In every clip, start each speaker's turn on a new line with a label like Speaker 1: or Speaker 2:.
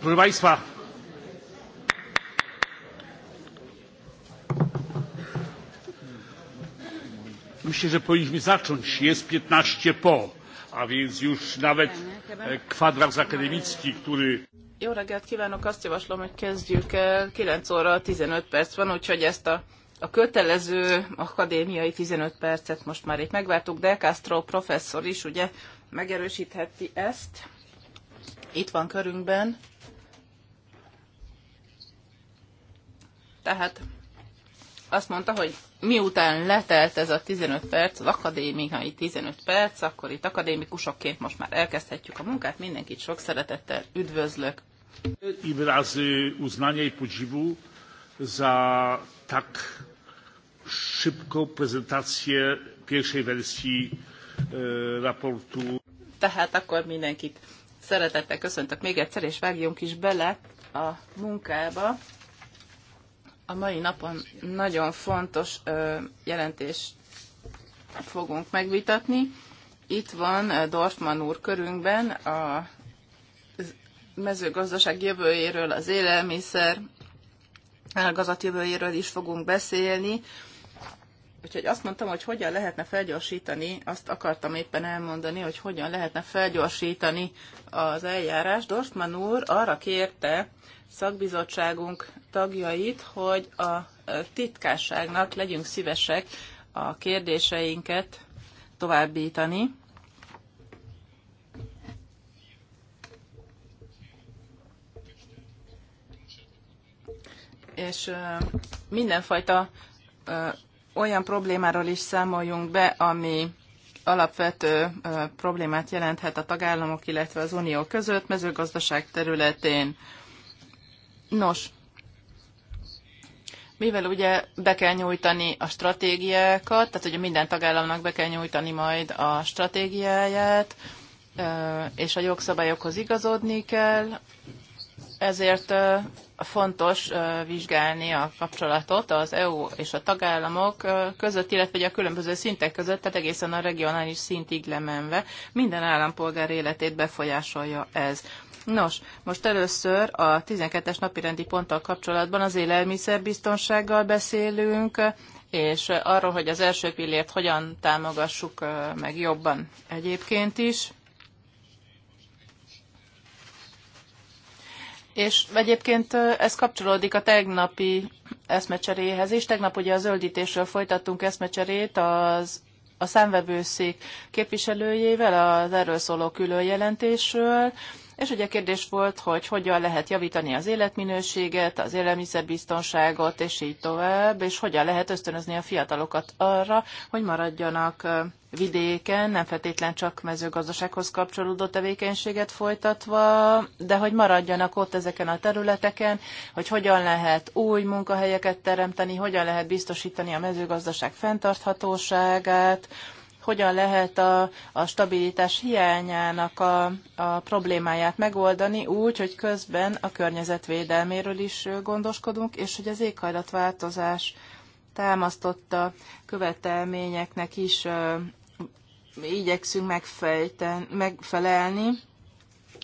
Speaker 1: Proszę Państwa, myślę, że powinniśmy zacząć. Jest 15 po, a więc już nawet e, kwadrans akademicki, który... Jó reggelt kívánok, azt javaslom, hogy kezdjük el. 9 óra 15 perc van, úgyhogy ezt a, a kötelező akadémiai tizenöt percet most már itt megvártuk. De Castro professzor is ugye megerősítheti ezt. Itt van körünkben Tehát azt mondta, hogy miután letelt ez a 15 perc, az akadémiai 15 perc, akkor itt akadémikusokként most már elkezdhetjük a munkát. Mindenkit sok szeretettel üdvözlök. I wyrazy uznania i podziwu za tak szybką prezentację
Speaker 2: pierwszej wersji raportu.
Speaker 1: Tehát akkor mindenkit szeretettel köszöntök még egyszer, és vágjunk is bele a munkába a mai napon nagyon fontos jelentést fogunk megvitatni. Itt van Dorfman úr körünkben a mezőgazdaság jövőjéről, az élelmiszer ágazat jövőjéről is fogunk beszélni. Úgyhogy azt mondtam, hogy hogyan lehetne felgyorsítani, azt akartam éppen elmondani, hogy hogyan lehetne felgyorsítani az eljárás. Dorfman úr arra kérte szakbizottságunk tagjait, hogy a titkárságnak legyünk szívesek a kérdéseinket továbbítani. És mindenfajta olyan problémáról is számoljunk be, ami alapvető problémát jelenthet a tagállamok, illetve az unió között mezőgazdaság területén. Nos, mivel ugye be kell nyújtani a stratégiákat, tehát ugye minden tagállamnak be kell nyújtani majd a stratégiáját, és a jogszabályokhoz igazodni kell, ezért fontos vizsgálni a kapcsolatot az EU és a tagállamok között, illetve a különböző szintek között, tehát egészen a regionális szintig lemenve minden állampolgár életét befolyásolja ez. Nos, most először a 12-es napirendi ponttal kapcsolatban az élelmiszerbiztonsággal beszélünk, és arról, hogy az első pillért hogyan támogassuk meg jobban egyébként is. És egyébként ez kapcsolódik a tegnapi eszmecseréhez is. Tegnap ugye a zöldítésről folytattunk eszmecserét az a számvevőszék képviselőjével az erről szóló külön jelentésről, és ugye kérdés volt, hogy hogyan lehet javítani az életminőséget, az élelmiszerbiztonságot, és így tovább, és hogyan lehet ösztönözni a fiatalokat arra, hogy maradjanak vidéken, nem feltétlen csak mezőgazdasághoz kapcsolódó tevékenységet folytatva, de hogy maradjanak ott ezeken a területeken, hogy hogyan lehet új munkahelyeket teremteni, hogyan lehet biztosítani a mezőgazdaság fenntarthatóságát, hogyan lehet a, a stabilitás hiányának a, a problémáját megoldani úgy, hogy közben a környezetvédelméről is gondoskodunk, és hogy az éghajlatváltozás támasztotta követelményeknek is igyekszünk megfejten, megfelelni,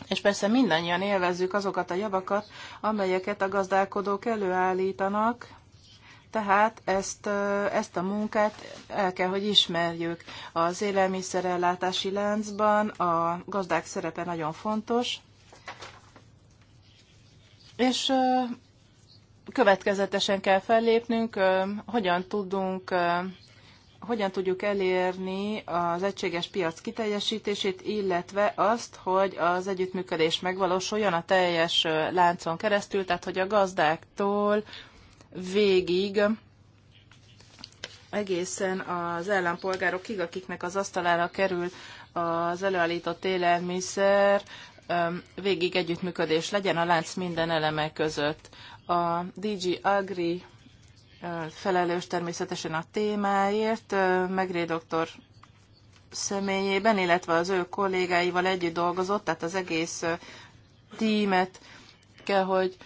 Speaker 1: és persze mindannyian élvezzük azokat a javakat, amelyeket a gazdálkodók előállítanak, tehát ezt, ezt a munkát el kell, hogy ismerjük. Az élelmiszerellátási láncban a gazdák szerepe nagyon fontos, és következetesen kell fellépnünk, hogyan tudunk hogyan tudjuk elérni az egységes piac kiteljesítését, illetve azt, hogy az együttműködés megvalósuljon a teljes láncon keresztül, tehát hogy a gazdáktól végig, egészen az ellenpolgárokig, akiknek az asztalára kerül az előállított élelmiszer, végig együttműködés legyen a lánc minden eleme között. A DG Agri felelős természetesen a témáért, Megré doktor személyében, illetve az ő kollégáival együtt dolgozott, tehát az egész tímet kell, hogy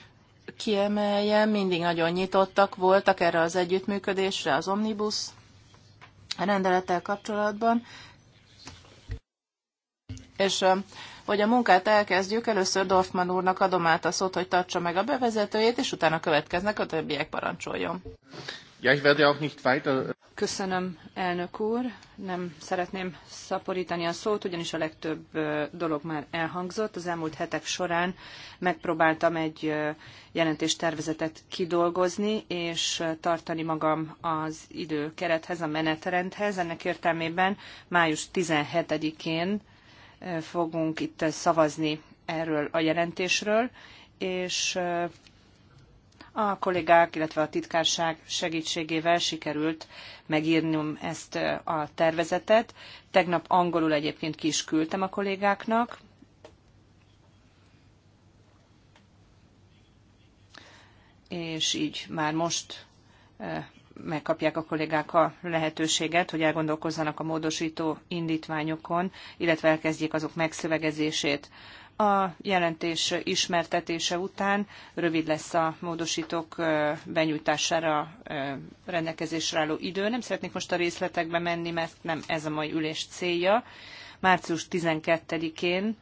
Speaker 1: kiemeljem, mindig nagyon nyitottak voltak erre az együttműködésre az Omnibus rendelettel kapcsolatban. És hogy a munkát elkezdjük, először Dorfman úrnak adom át a szót, hogy tartsa meg a bevezetőjét, és utána következnek
Speaker 2: a többiek, parancsoljon. Ja, ich werde auch nicht weiter... Köszönöm, elnök úr. Nem szeretném szaporítani a szót, ugyanis a legtöbb dolog már elhangzott. Az elmúlt hetek során megpróbáltam egy jelentéstervezetet kidolgozni, és tartani magam az időkerethez, a menetrendhez. Ennek értelmében május 17-én fogunk itt szavazni erről a jelentésről, és a kollégák, illetve a titkárság segítségével sikerült megírnom ezt a tervezetet. Tegnap angolul egyébként ki is küldtem a kollégáknak. És így már most megkapják a kollégák a lehetőséget, hogy elgondolkozzanak a módosító indítványokon, illetve elkezdjék azok megszövegezését. A jelentés ismertetése után rövid lesz a módosítók benyújtására rendelkezésre álló idő. Nem szeretnék most a részletekbe menni, mert nem ez a mai ülés célja. Március 12-én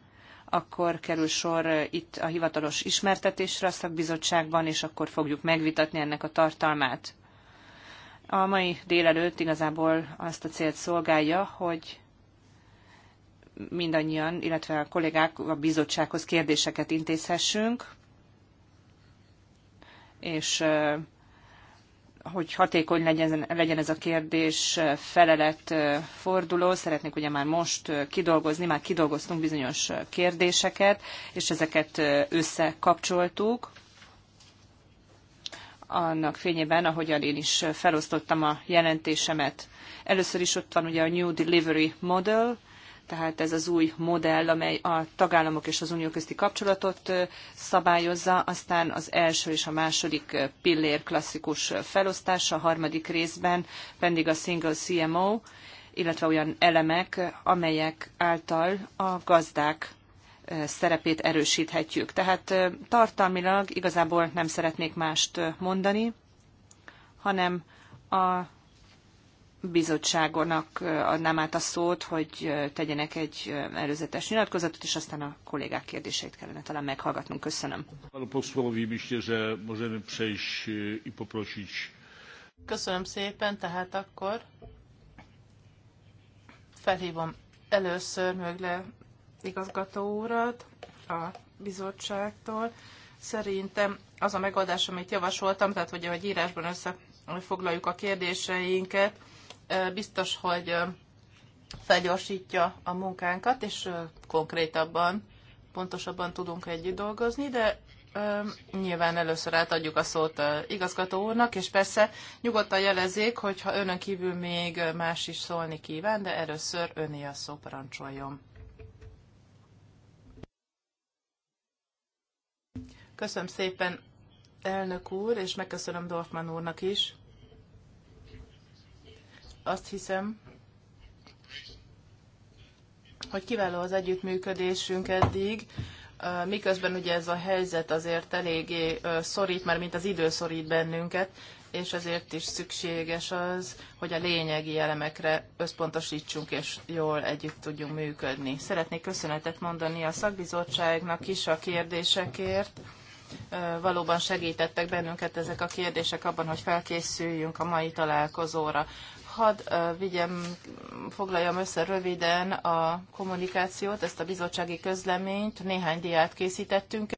Speaker 2: akkor kerül sor itt a hivatalos ismertetésre a szakbizottságban, és akkor fogjuk megvitatni ennek a tartalmát. A mai délelőtt igazából azt a célt szolgálja, hogy mindannyian, illetve a kollégák a bizottsághoz kérdéseket intézhessünk, és hogy hatékony legyen, legyen ez a kérdés felelet forduló. Szeretnék ugye már most kidolgozni, már kidolgoztunk bizonyos kérdéseket, és ezeket összekapcsoltuk annak fényében, ahogyan én is felosztottam a jelentésemet. Először is ott van ugye a New Delivery Model, tehát ez az új modell, amely a tagállamok és az unió közti kapcsolatot szabályozza, aztán az első és a második pillér klasszikus felosztása, a harmadik részben pedig a single CMO, illetve olyan elemek, amelyek által a gazdák szerepét erősíthetjük. Tehát tartalmilag igazából nem szeretnék mást mondani, hanem a bizottságonak adnám át a szót, hogy tegyenek egy előzetes nyilatkozatot, és aztán a kollégák kérdéseit kellene talán meghallgatnunk. Köszönöm.
Speaker 1: Köszönöm szépen, tehát akkor felhívom először Mögle igazgató urat a bizottságtól. Szerintem az a megoldás, amit javasoltam, tehát hogy, hogy írásban összefoglaljuk a kérdéseinket, biztos, hogy felgyorsítja a munkánkat, és konkrétabban, pontosabban tudunk együtt dolgozni, de nyilván először átadjuk a szót a igazgató úrnak, és persze nyugodtan jelezzék, hogyha önön kívül még más is szólni kíván, de először öné a szó parancsoljon. Köszönöm szépen, elnök úr, és megköszönöm Dorfman úrnak is. Azt hiszem, hogy kiváló az együttműködésünk eddig, miközben ugye ez a helyzet azért eléggé szorít, már mint az idő szorít bennünket, és ezért is szükséges az, hogy a lényegi elemekre összpontosítsunk, és jól együtt tudjunk működni. Szeretnék köszönetet mondani a szakbizottságnak is a kérdésekért, valóban segítettek bennünket ezek a kérdések abban, hogy felkészüljünk a mai találkozóra. Hadd vigyem, foglaljam össze röviden a kommunikációt, ezt a bizottsági közleményt, néhány diát készítettünk.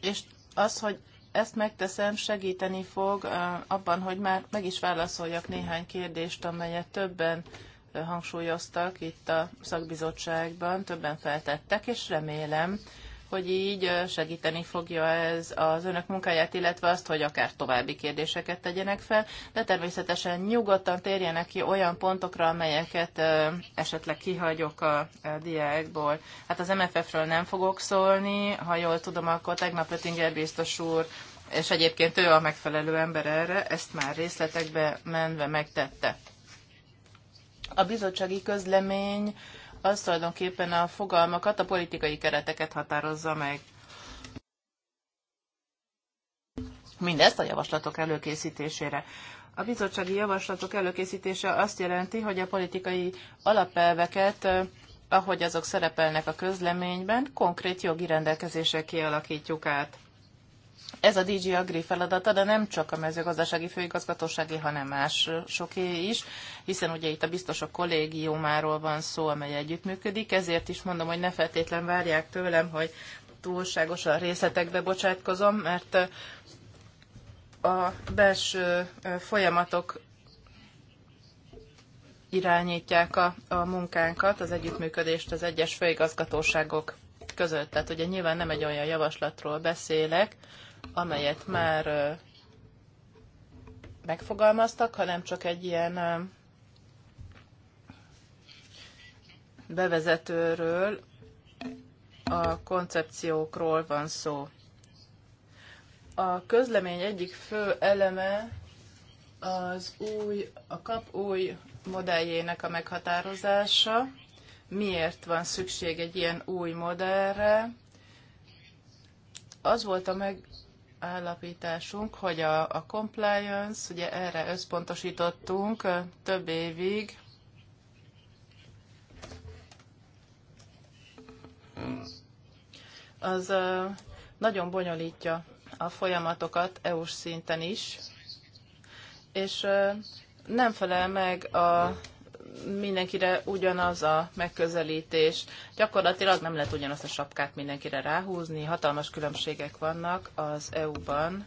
Speaker 1: És az, hogy ezt megteszem, segíteni fog abban, hogy már meg is válaszoljak néhány kérdést, amelyet többen hangsúlyoztak itt a szakbizottságban, többen feltettek, és remélem, hogy így segíteni fogja ez az önök munkáját, illetve azt, hogy akár további kérdéseket tegyenek fel, de természetesen nyugodtan térjenek ki olyan pontokra, amelyeket esetleg kihagyok a diákból. Hát az MFF-ről nem fogok szólni, ha jól tudom, akkor tegnap Ötinger biztos úr és egyébként ő a megfelelő ember erre, ezt már részletekbe menve megtette a bizottsági közlemény az tulajdonképpen a fogalmakat, a politikai kereteket határozza meg. Mindezt a javaslatok előkészítésére. A bizottsági javaslatok előkészítése azt jelenti, hogy a politikai alapelveket, eh, ahogy azok szerepelnek a közleményben, konkrét jogi rendelkezések kialakítjuk át. Ez a DG Agri feladata, de nem csak a mezőgazdasági főigazgatósági, hanem más soké is, hiszen ugye itt a biztosok kollégiumáról van szó, amely együttműködik, ezért is mondom, hogy ne feltétlen várják tőlem, hogy túlságosan részletekbe bocsátkozom, mert a belső folyamatok irányítják a, a munkánkat, az együttműködést az egyes főigazgatóságok között. Tehát ugye nyilván nem egy olyan javaslatról beszélek, amelyet már megfogalmaztak, hanem csak egy ilyen bevezetőről, a koncepciókról van szó. A közlemény egyik fő eleme az új, a kap új modelljének a meghatározása. Miért van szükség egy ilyen új modellre? Az volt a meg, állapításunk, hogy a, a compliance, ugye erre összpontosítottunk több évig, az nagyon bonyolítja a folyamatokat EU-s szinten is, és nem felel meg a mindenkire ugyanaz a megközelítés. Gyakorlatilag nem lehet ugyanazt a sapkát mindenkire ráhúzni, hatalmas különbségek vannak az EU-ban,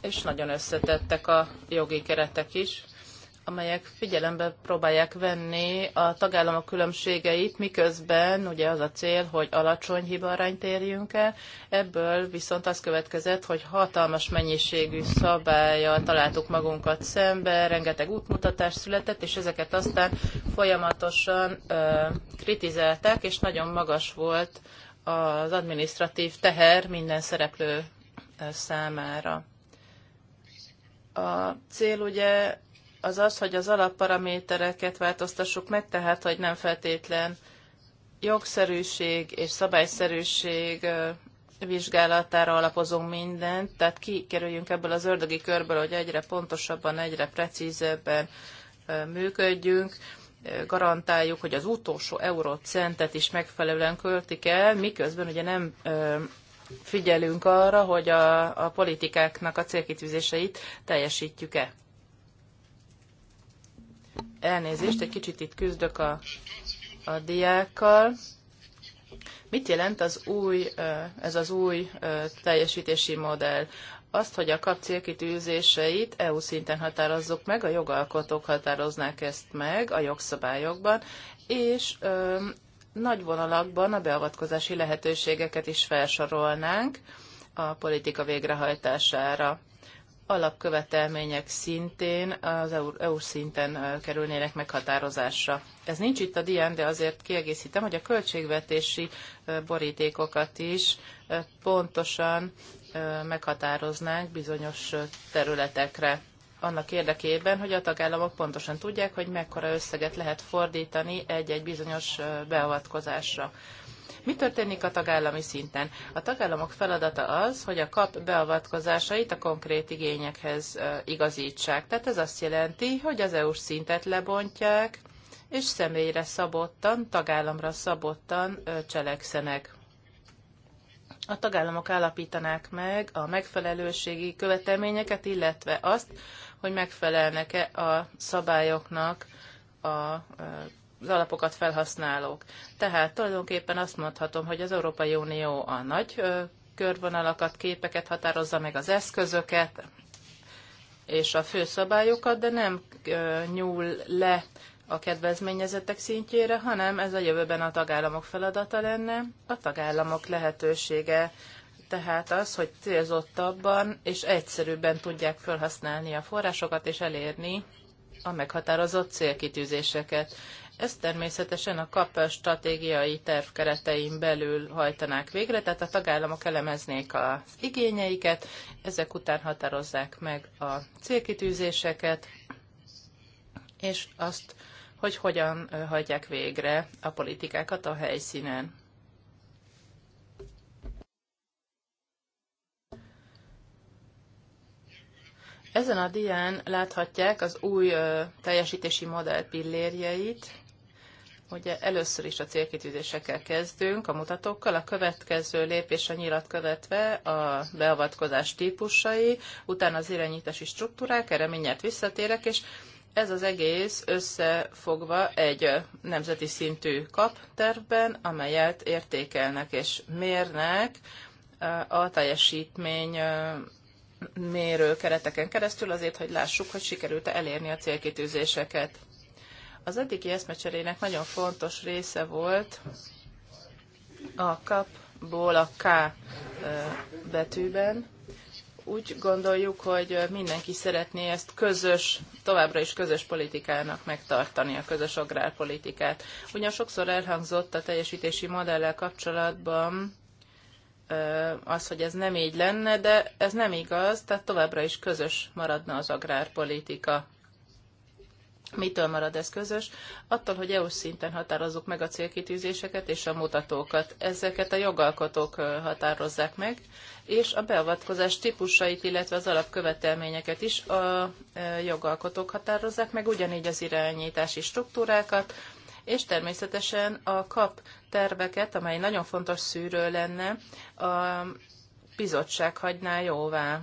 Speaker 1: és nagyon összetettek a jogi keretek is amelyek figyelembe próbálják venni a tagállamok különbségeit, miközben ugye az a cél, hogy alacsony hibarányt érjünk el. Ebből viszont az következett, hogy hatalmas mennyiségű szabályjal találtuk magunkat szembe, rengeteg útmutatás született, és ezeket aztán folyamatosan ö, kritizálták, és nagyon magas volt az administratív teher minden szereplő számára. A cél ugye az az, hogy az alapparamétereket változtassuk meg, tehát hogy nem feltétlen jogszerűség és szabályszerűség vizsgálatára alapozunk mindent, tehát kikerüljünk ebből az ördögi körből, hogy egyre pontosabban, egyre precízebben működjünk, garantáljuk, hogy az utolsó eurócentet is megfelelően költik el, miközben ugye nem figyelünk arra, hogy a, a politikáknak a célkitűzéseit teljesítjük-e. Elnézést, egy kicsit itt küzdök a, a diákkal. Mit jelent az új, ez az új teljesítési modell? Azt, hogy a kap célkitűzéseit EU szinten határozzuk meg, a jogalkotók határoznák ezt meg a jogszabályokban, és nagy vonalakban a beavatkozási lehetőségeket is felsorolnánk a politika végrehajtására alapkövetelmények szintén, az EU, EU szinten kerülnének meghatározásra. Ez nincs itt a dián, de azért kiegészítem, hogy a költségvetési borítékokat is pontosan meghatároznánk bizonyos területekre annak érdekében, hogy a tagállamok pontosan tudják, hogy mekkora összeget lehet fordítani egy-egy bizonyos beavatkozásra. Mi történik a tagállami szinten? A tagállamok feladata az, hogy a kap beavatkozásait a konkrét igényekhez igazítsák. Tehát ez azt jelenti, hogy az EU-s szintet lebontják, és személyre szabottan, tagállamra szabottan cselekszenek. A tagállamok állapítanák meg a megfelelőségi követelményeket, illetve azt, hogy megfelelnek-e a szabályoknak a az alapokat felhasználók. Tehát tulajdonképpen azt mondhatom, hogy az Európai Unió a nagy körvonalakat, képeket határozza meg az eszközöket és a fő szabályokat, de nem nyúl le a kedvezményezettek szintjére, hanem ez a jövőben a tagállamok feladata lenne, a tagállamok lehetősége tehát az, hogy célzottabban és egyszerűbben tudják felhasználni a forrásokat és elérni a meghatározott célkitűzéseket. Ezt természetesen a KAP stratégiai terv keretein belül hajtanák végre, tehát a tagállamok elemeznék az igényeiket, ezek után határozzák meg a célkitűzéseket, és azt, hogy hogyan hagyják végre a politikákat a helyszínen. Ezen a dián láthatják az új teljesítési modell pillérjeit, Ugye először is a célkitűzésekkel kezdünk, a mutatókkal, a következő lépés a nyilat követve a beavatkozás típusai, utána az irányítási struktúrák, erre mindjárt visszatérek, és ez az egész összefogva egy nemzeti szintű kaptervben, amelyet értékelnek és mérnek a teljesítmény mérő kereteken keresztül azért, hogy lássuk, hogy sikerült-e elérni a célkitűzéseket. Az eddigi eszmecserének nagyon fontos része volt a kapból a K betűben. Úgy gondoljuk, hogy mindenki szeretné ezt közös, továbbra is közös politikának megtartani, a közös agrárpolitikát. Ugyan sokszor elhangzott a teljesítési modellel kapcsolatban, az, hogy ez nem így lenne, de ez nem igaz, tehát továbbra is közös maradna az agrárpolitika. Mitől marad ez közös? Attól, hogy EU szinten határozzuk meg a célkitűzéseket és a mutatókat. Ezeket a jogalkotók határozzák meg, és a beavatkozás típusait, illetve az alapkövetelményeket is a jogalkotók határozzák meg, ugyanígy az irányítási struktúrákat, és természetesen a kap terveket, amely nagyon fontos szűrő lenne, a bizottság hagyná jóvá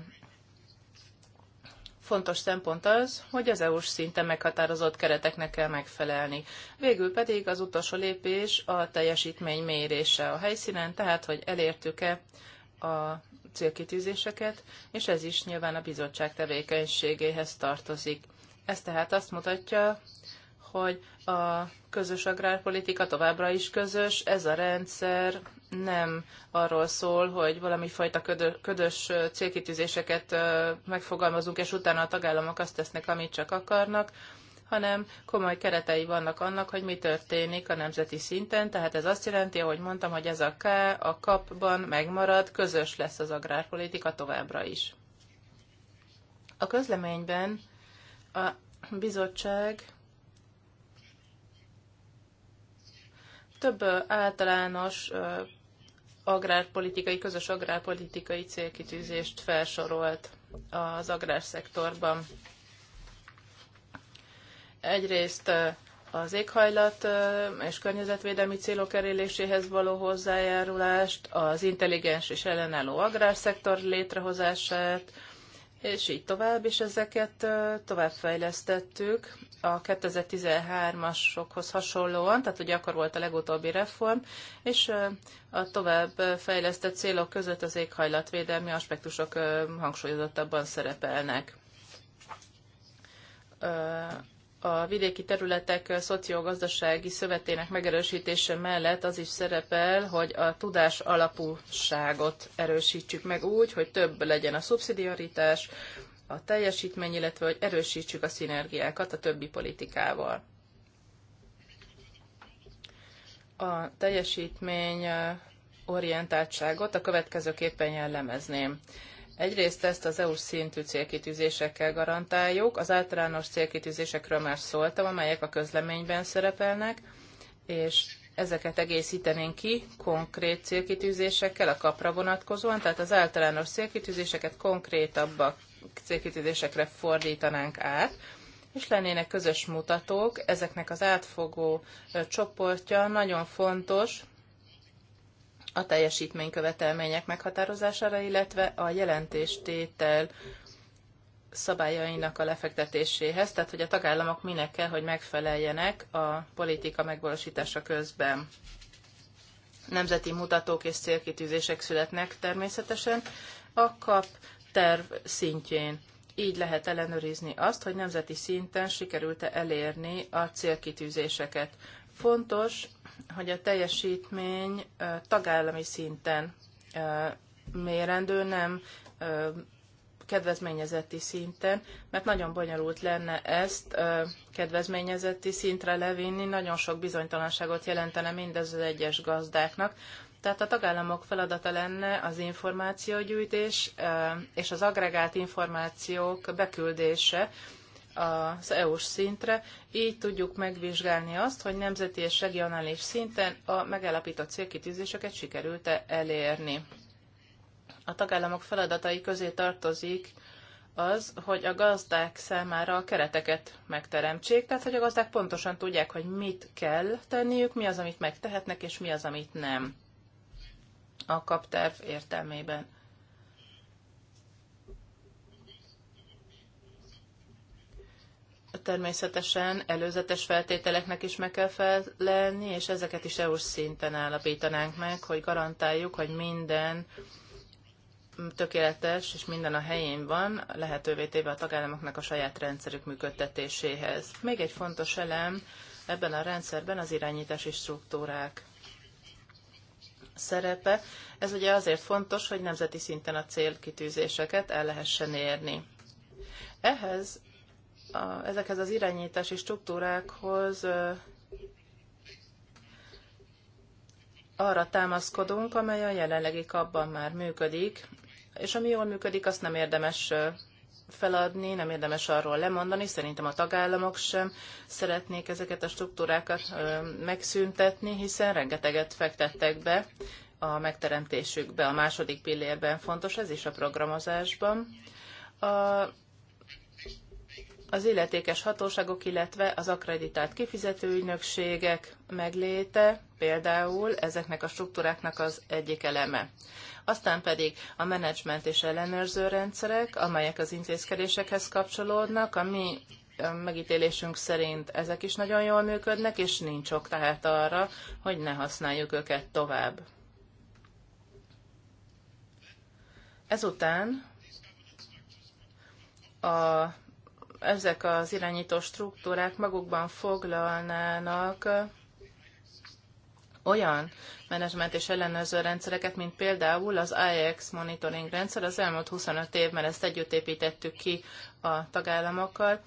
Speaker 1: Fontos szempont az, hogy az EU-s szinten meghatározott kereteknek kell megfelelni. Végül pedig az utolsó lépés a teljesítmény mérése a helyszínen, tehát hogy elértük-e a célkitűzéseket, és ez is nyilván a bizottság tevékenységéhez tartozik. Ez tehát azt mutatja, hogy a közös agrárpolitika továbbra is közös, ez a rendszer nem arról szól, hogy valami fajta ködös célkitűzéseket megfogalmazunk, és utána a tagállamok azt tesznek, amit csak akarnak, hanem komoly keretei vannak annak, hogy mi történik a nemzeti szinten. Tehát ez azt jelenti, ahogy mondtam, hogy ez a K a kapban megmarad, közös lesz az agrárpolitika továbbra is. A közleményben a bizottság Több általános agrárpolitikai, közös agrárpolitikai célkitűzést felsorolt az agrárszektorban. Egyrészt az éghajlat és környezetvédelmi célok eléréséhez való hozzájárulást, az intelligens és ellenálló agrárszektor létrehozását, és így tovább, és ezeket továbbfejlesztettük a 2013-asokhoz hasonlóan, tehát ugye akkor volt a legutóbbi reform, és a tovább fejlesztett célok között az éghajlatvédelmi aspektusok hangsúlyozottabban szerepelnek. A vidéki területek szociogazdasági szövetének megerősítése mellett az is szerepel, hogy a tudás alapúságot erősítsük meg úgy, hogy több legyen a szubszidiaritás, a teljesítmény, illetve hogy erősítsük a szinergiákat a többi politikával. A teljesítmény orientáltságot a következőképpen jellemezném. Egyrészt ezt az EU szintű célkitűzésekkel garantáljuk, az általános célkitűzésekről már szóltam, amelyek a közleményben szerepelnek, és ezeket egészítenénk ki konkrét célkitűzésekkel a kapra vonatkozóan, tehát az általános célkitűzéseket konkrétabbak célkitűzésekre fordítanánk át, és lennének közös mutatók. Ezeknek az átfogó csoportja nagyon fontos a teljesítménykövetelmények meghatározására, illetve a jelentéstétel szabályainak a lefektetéséhez, tehát hogy a tagállamok minek kell, hogy megfeleljenek a politika megvalósítása közben. Nemzeti mutatók és célkitűzések születnek természetesen. A kap terv szintjén. Így lehet ellenőrizni azt, hogy nemzeti szinten sikerült-e elérni a célkitűzéseket. Fontos, hogy a teljesítmény tagállami szinten mérendő, nem kedvezményezeti szinten, mert nagyon bonyolult lenne ezt kedvezményezeti szintre levinni, nagyon sok bizonytalanságot jelentene mindez az egyes gazdáknak, tehát a tagállamok feladata lenne az információgyűjtés és az agregált információk beküldése az EU-s szintre, így tudjuk megvizsgálni azt, hogy nemzeti és regionális szinten a megállapított célkitűzéseket sikerült-e elérni. A tagállamok feladatai közé tartozik az, hogy a gazdák számára a kereteket megteremtsék, tehát hogy a gazdák pontosan tudják, hogy mit kell tenniük, mi az, amit megtehetnek, és mi az, amit nem a kapterv értelmében. Természetesen előzetes feltételeknek is meg kell felelni, és ezeket is EU-s szinten állapítanánk meg, hogy garantáljuk, hogy minden tökéletes, és minden a helyén van, lehetővé téve a tagállamoknak a saját rendszerük működtetéséhez. Még egy fontos elem ebben a rendszerben az irányítási struktúrák szerepe. Ez ugye azért fontos, hogy nemzeti szinten a célkitűzéseket el lehessen érni. Ehhez, a, ezekhez az irányítási struktúrákhoz arra támaszkodunk, amely a jelenlegi kapban már működik, és ami jól működik, azt nem érdemes feladni, nem érdemes arról lemondani, szerintem a tagállamok sem szeretnék ezeket a struktúrákat megszüntetni, hiszen rengeteget fektettek be a megteremtésükbe, a második pillérben fontos, ez is a programozásban. A, az illetékes hatóságok, illetve az akreditált kifizető ügynökségek megléte például ezeknek a struktúráknak az egyik eleme aztán pedig a menedzsment és ellenőrző rendszerek, amelyek az intézkedésekhez kapcsolódnak, ami megítélésünk szerint ezek is nagyon jól működnek, és nincs ok tehát arra, hogy ne használjuk őket tovább. Ezután a, ezek az irányító struktúrák magukban foglalnának olyan menedzsment és ellenőrző rendszereket, mint például az IEX monitoring rendszer. Az elmúlt 25 évben ezt együtt építettük ki a tagállamokkal,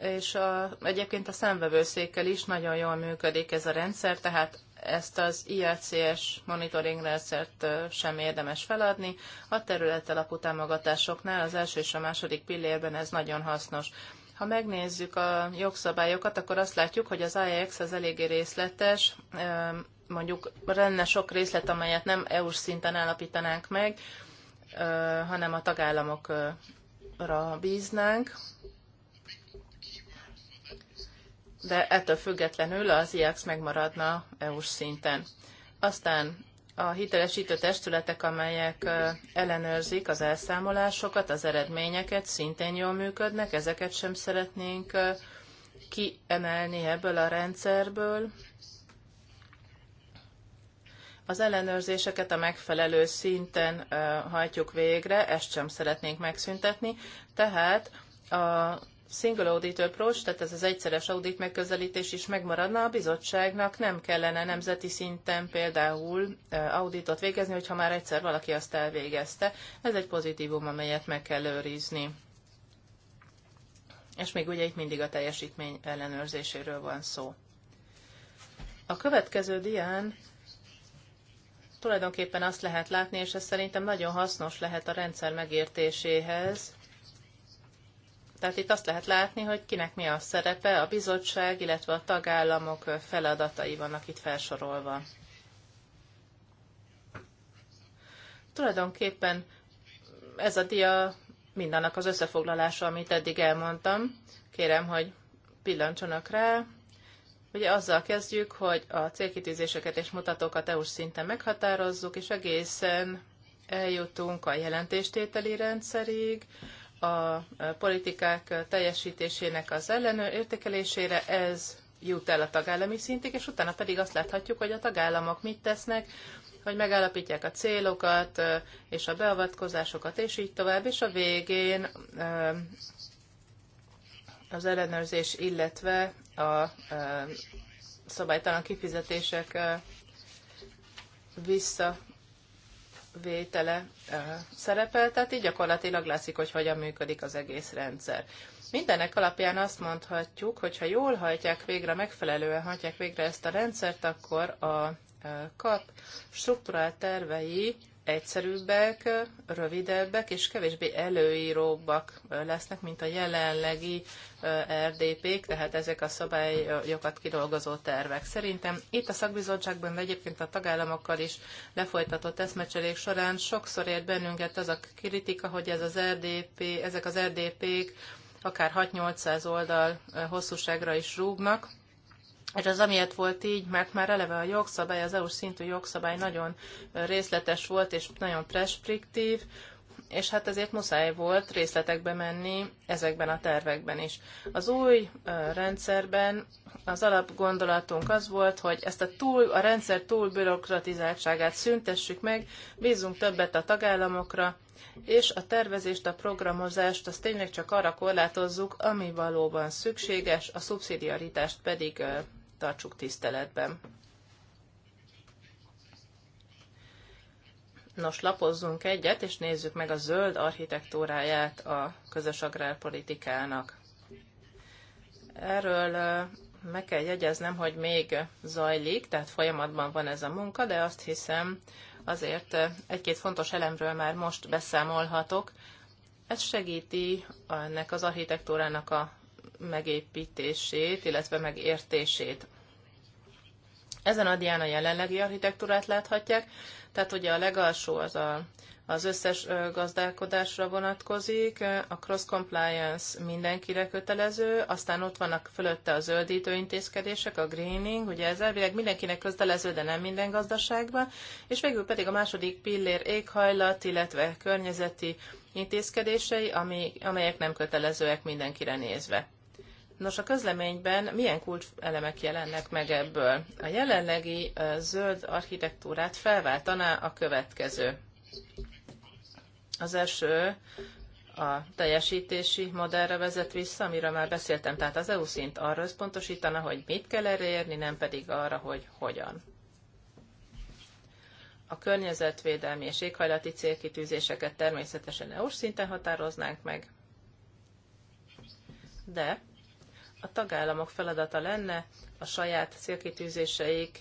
Speaker 1: és a, egyébként a szemvevőszékkel is nagyon jól működik ez a rendszer, tehát ezt az IACS monitoring rendszert sem érdemes feladni. A terület alapú támogatásoknál az első és a második pillérben ez nagyon hasznos. Ha megnézzük a jogszabályokat, akkor azt látjuk, hogy az IEX az eléggé részletes, mondjuk lenne sok részlet, amelyet nem EU-s szinten állapítanánk meg, hanem a tagállamokra bíznánk. De ettől függetlenül az IAX megmaradna EU-s szinten. Aztán a hitelesítő testületek, amelyek ellenőrzik az elszámolásokat, az eredményeket, szintén jól működnek, ezeket sem szeretnénk kiemelni ebből a rendszerből az ellenőrzéseket a megfelelő szinten hajtjuk végre, ezt sem szeretnénk megszüntetni, tehát a single audit approach, tehát ez az egyszeres audit megközelítés is megmaradna, a bizottságnak nem kellene nemzeti szinten például auditot végezni, hogyha már egyszer valaki azt elvégezte. Ez egy pozitívum, amelyet meg kell őrizni. És még ugye itt mindig a teljesítmény ellenőrzéséről van szó. A következő dián tulajdonképpen azt lehet látni, és ez szerintem nagyon hasznos lehet a rendszer megértéséhez. Tehát itt azt lehet látni, hogy kinek mi a szerepe, a bizottság, illetve a tagállamok feladatai vannak itt felsorolva. Tulajdonképpen ez a dia mindannak az összefoglalása, amit eddig elmondtam. Kérem, hogy pillantsanak rá, Ugye azzal kezdjük, hogy a célkitűzéseket és mutatókat EU-s szinten meghatározzuk, és egészen eljutunk a jelentéstételi rendszerig, a politikák teljesítésének az ellenő értékelésére, ez jut el a tagállami szintig, és utána pedig azt láthatjuk, hogy a tagállamok mit tesznek, hogy megállapítják a célokat és a beavatkozásokat, és így tovább, és a végén az ellenőrzés, illetve a szabálytalan kifizetések visszavétele szerepel, tehát így gyakorlatilag látszik, hogy hogyan működik az egész rendszer. Mindenek alapján azt mondhatjuk, hogy ha jól hajtják végre, megfelelően hajtják végre ezt a rendszert, akkor a kap struktúrált tervei egyszerűbbek, rövidebbek és kevésbé előíróbbak lesznek, mint a jelenlegi RDP-k, tehát ezek a szabályokat kidolgozó tervek. Szerintem itt a szakbizottságban, de egyébként a tagállamokkal is lefolytatott eszmecserék során sokszor ért bennünket az a kritika, hogy ez az RDP, ezek az RDP-k akár 6-800 oldal hosszúságra is rúgnak, és az amiért volt így, mert már eleve a jogszabály, az EU-s szintű jogszabály nagyon részletes volt és nagyon preskriptív, és hát ezért muszáj volt részletekbe menni ezekben a tervekben is. Az új rendszerben az alapgondolatunk az volt, hogy ezt a, túl, a rendszer túl bürokratizáltságát szüntessük meg, bízunk többet a tagállamokra, és a tervezést, a programozást azt tényleg csak arra korlátozzuk, ami valóban szükséges, a szubszidiaritást pedig tartsuk tiszteletben. Nos, lapozzunk egyet, és nézzük meg a zöld architektúráját a közös agrárpolitikának. Erről meg kell jegyeznem, hogy még zajlik, tehát folyamatban van ez a munka, de azt hiszem azért egy-két fontos elemről már most beszámolhatok. Ez segíti ennek az architektúrának a megépítését, illetve megértését. Ezen a dián a jelenlegi architektúrát láthatják, tehát ugye a legalsó az a, az összes gazdálkodásra vonatkozik, a cross compliance mindenkire kötelező, aztán ott vannak fölötte a zöldítő intézkedések, a greening, ugye ez elvileg mindenkinek kötelező, de nem minden gazdaságban, és végül pedig a második pillér éghajlat, illetve környezeti intézkedései, ami, amelyek nem kötelezőek mindenkire nézve. Nos, a közleményben milyen kulcselemek jelennek meg ebből? A jelenlegi zöld architektúrát felváltaná a következő. Az első a teljesítési modellre vezet vissza, amiről már beszéltem. Tehát az EU szint arra összpontosítana, hogy mit kell elérni, nem pedig arra, hogy hogyan. A környezetvédelmi és éghajlati célkitűzéseket természetesen eu szinten határoznánk meg, de a tagállamok feladata lenne a saját célkitűzéseik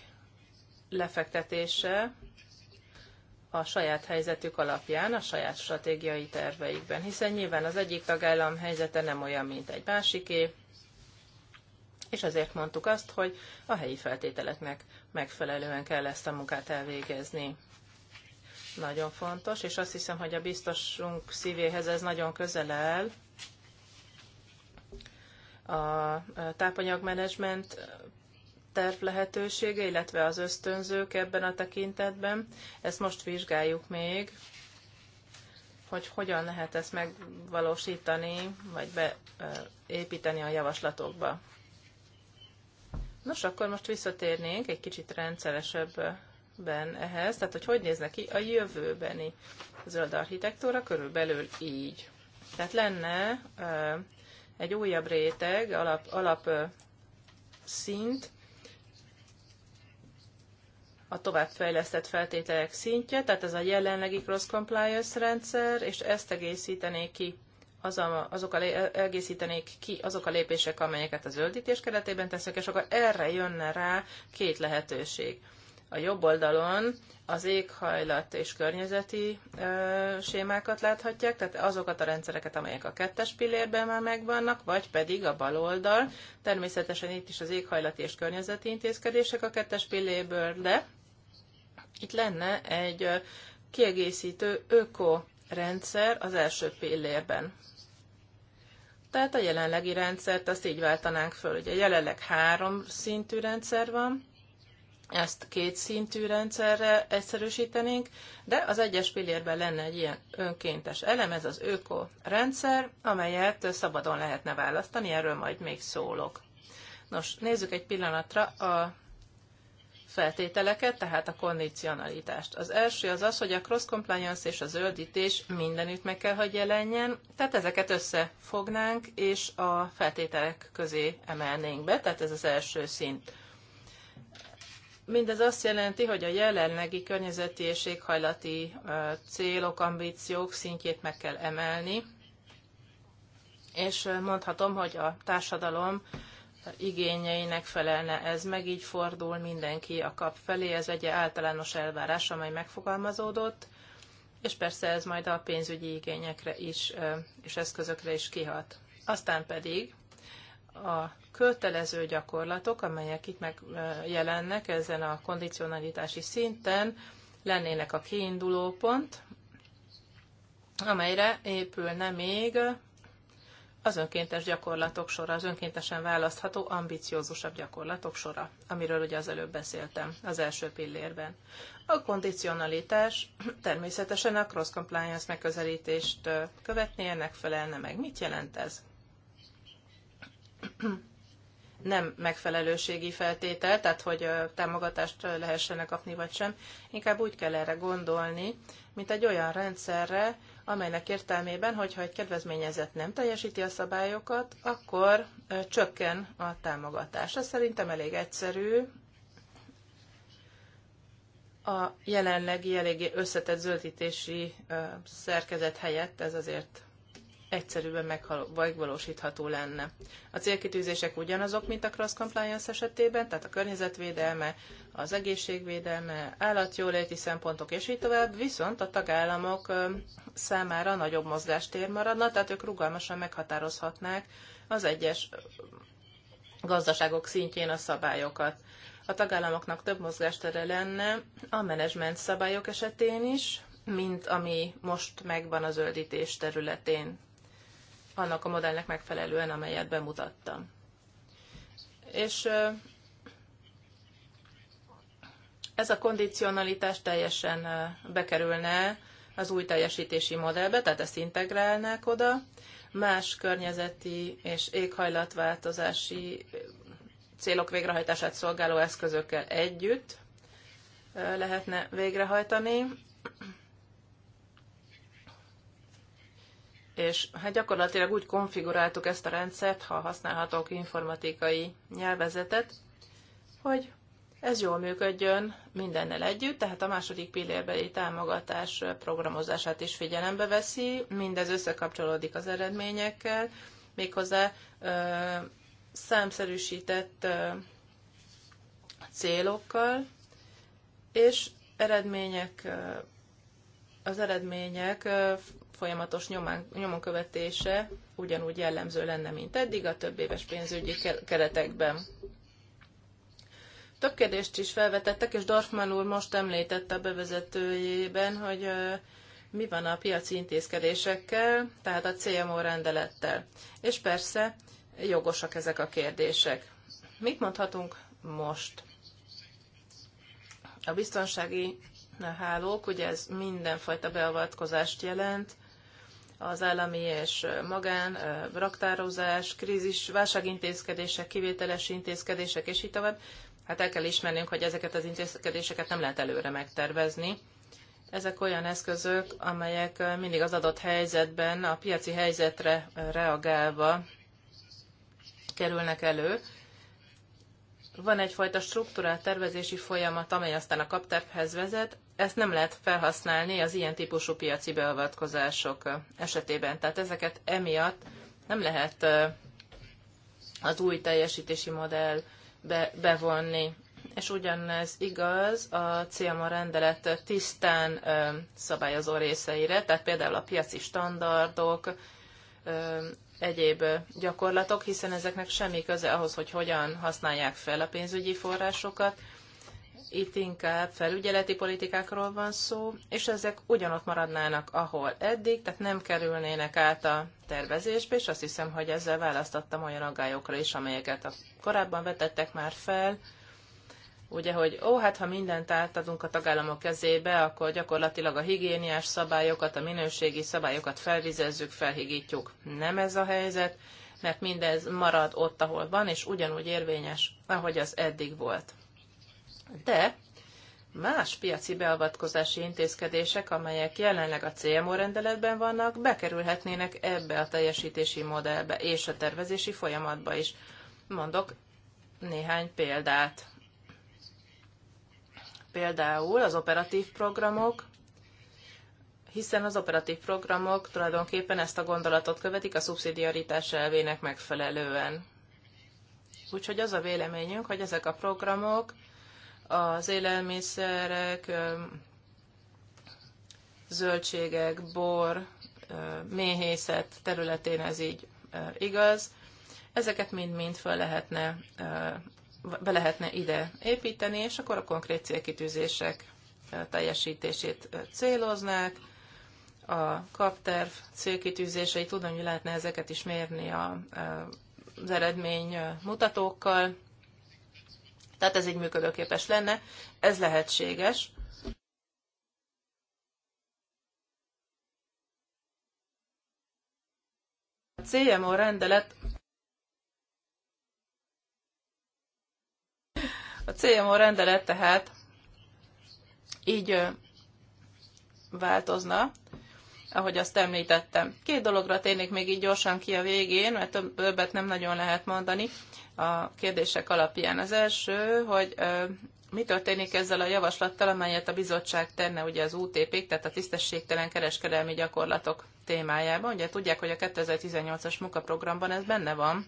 Speaker 1: lefektetése a saját helyzetük alapján, a saját stratégiai terveikben, hiszen nyilván az egyik tagállam helyzete nem olyan, mint egy másiké, és azért mondtuk azt, hogy a helyi feltételeknek megfelelően kell ezt a munkát elvégezni. Nagyon fontos, és azt hiszem, hogy a biztosunk szívéhez ez nagyon közel áll, a tápanyagmenedzsment terv lehetősége, illetve az ösztönzők ebben a tekintetben. Ezt most vizsgáljuk még, hogy hogyan lehet ezt megvalósítani, vagy beépíteni a javaslatokba. Nos, akkor most visszatérnénk egy kicsit rendszeresebben ehhez, tehát hogy hogy néz neki a jövőbeni zöld architektúra körülbelül így. Tehát lenne egy újabb réteg, alap, alap szint, a továbbfejlesztett feltételek szintje, tehát ez a jelenlegi cross-compliance rendszer, és ezt egészítenék ki az a, azok a, e, egészítenék ki azok a lépések, amelyeket a zöldítés keretében teszek, és akkor erre jönne rá két lehetőség. A jobb oldalon az éghajlat és környezeti ö, sémákat láthatják, tehát azokat a rendszereket, amelyek a kettes pillérben már megvannak, vagy pedig a bal oldal. Természetesen itt is az éghajlati és környezeti intézkedések a kettes pillérből, de itt lenne egy kiegészítő öko rendszer az első pillérben. Tehát a jelenlegi rendszert azt így váltanánk föl. a jelenleg három szintű rendszer van, ezt két szintű rendszerre egyszerűsítenénk, de az egyes pillérben lenne egy ilyen önkéntes elem, ez az öko rendszer, amelyet szabadon lehetne választani, erről majd még szólok. Nos, nézzük egy pillanatra a feltételeket, tehát a kondicionalitást. Az első az az, hogy a cross compliance és a zöldítés mindenütt meg kell, hogy jelenjen, tehát ezeket összefognánk, és a feltételek közé emelnénk be, tehát ez az első szint. Mindez azt jelenti, hogy a jelenlegi környezeti és éghajlati célok, ambíciók szintjét meg kell emelni, és mondhatom, hogy a társadalom igényeinek felelne ez meg, így fordul mindenki a kap felé, ez egy általános elvárás, amely megfogalmazódott, és persze ez majd a pénzügyi igényekre is, és eszközökre is kihat. Aztán pedig a kötelező gyakorlatok, amelyek itt megjelennek ezen a kondicionalitási szinten, lennének a kiindulópont, amelyre épülne még az önkéntes gyakorlatok sora, az önkéntesen választható ambiciózusabb gyakorlatok sora, amiről ugye az előbb beszéltem az első pillérben. A kondicionalitás természetesen a cross-compliance megközelítést követni, ennek felelne meg. Mit jelent ez? nem megfelelőségi feltétel, tehát hogy támogatást lehessenek kapni vagy sem, inkább úgy kell erre gondolni, mint egy olyan rendszerre, amelynek értelmében, hogyha egy kedvezményezett nem teljesíti a szabályokat, akkor csökken a támogatás. Ez szerintem elég egyszerű. A jelenlegi eléggé összetett zöldítési szerkezet helyett ez azért egyszerűbben megvalósítható lenne. A célkitűzések ugyanazok, mint a cross compliance esetében, tehát a környezetvédelme, az egészségvédelme, állatjóléti szempontok és így tovább, viszont a tagállamok számára nagyobb mozgástér maradna, tehát ők rugalmasan meghatározhatnák az egyes gazdaságok szintjén a szabályokat. A tagállamoknak több mozgástere lenne a menedzsment szabályok esetén is, mint ami most megvan a zöldítés területén annak a modellnek megfelelően, amelyet bemutattam. És ez a kondicionalitás teljesen bekerülne az új teljesítési modellbe, tehát ezt integrálnák oda. Más környezeti és éghajlatváltozási célok végrehajtását szolgáló eszközökkel együtt lehetne végrehajtani. és hát gyakorlatilag úgy konfiguráltuk ezt a rendszert, ha használhatok informatikai nyelvezetet, hogy ez jól működjön mindennel együtt, tehát a második pillérbeli támogatás programozását is figyelembe veszi, mindez összekapcsolódik az eredményekkel, méghozzá ö, számszerűsített ö, célokkal, és eredmények, ö, az eredmények ö, folyamatos nyomán, nyomon követése ugyanúgy jellemző lenne, mint eddig a több éves pénzügyi keretekben. Több kérdést is felvetettek, és Dorfman úr most említette a bevezetőjében, hogy mi van a piaci intézkedésekkel, tehát a CMO rendelettel. És persze jogosak ezek a kérdések. Mit mondhatunk most? A biztonsági hálók, ugye ez mindenfajta beavatkozást jelent, az állami és magán, raktározás, krízis, válságintézkedések, kivételes intézkedések, és így tovább. Hát el kell ismernünk, hogy ezeket az intézkedéseket nem lehet előre megtervezni. Ezek olyan eszközök, amelyek mindig az adott helyzetben, a piaci helyzetre reagálva kerülnek elő. Van egyfajta struktúrált tervezési folyamat, amely aztán a kaptervhez vezet, ezt nem lehet felhasználni az ilyen típusú piaci beavatkozások esetében. Tehát ezeket emiatt nem lehet az új teljesítési be, bevonni. És ugyanez igaz a CMA rendelet tisztán szabályozó részeire, tehát például a piaci standardok, egyéb gyakorlatok, hiszen ezeknek semmi köze ahhoz, hogy hogyan használják fel a pénzügyi forrásokat, itt inkább felügyeleti politikákról van szó, és ezek ugyanott maradnának, ahol eddig, tehát nem kerülnének át a tervezésbe, és azt hiszem, hogy ezzel választottam olyan aggályokra is, amelyeket a korábban vetettek már fel, ugye, hogy ó, hát ha mindent átadunk a tagállamok kezébe, akkor gyakorlatilag a higiéniás szabályokat, a minőségi szabályokat felvizezzük, felhigítjuk. Nem ez a helyzet, mert mindez marad ott, ahol van, és ugyanúgy érvényes, ahogy az eddig volt de más piaci beavatkozási intézkedések, amelyek jelenleg a CMO rendeletben vannak, bekerülhetnének ebbe a teljesítési modellbe és a tervezési folyamatba is. Mondok néhány példát. Például az operatív programok, hiszen az operatív programok tulajdonképpen ezt a gondolatot követik a szubszidiaritás elvének megfelelően. Úgyhogy az a véleményünk, hogy ezek a programok az élelmiszerek, zöldségek, bor, méhészet területén ez így igaz. Ezeket mind-mind fel lehetne, be lehetne ide építeni, és akkor a konkrét célkitűzések teljesítését céloznák. A kapterv célkitűzései, tudom, hogy lehetne ezeket is mérni a, az eredmény mutatókkal, tehát ez így működőképes lenne, ez lehetséges. A CMO rendelet A CMO rendelet tehát így változna, ahogy azt említettem. Két dologra térnék még így gyorsan ki a végén, mert többet nem nagyon lehet mondani a kérdések alapján. Az első, hogy mi történik ezzel a javaslattal, amelyet a bizottság tenne ugye az utp tehát a tisztességtelen kereskedelmi gyakorlatok témájában. Ugye tudják, hogy a 2018-as munkaprogramban ez benne van.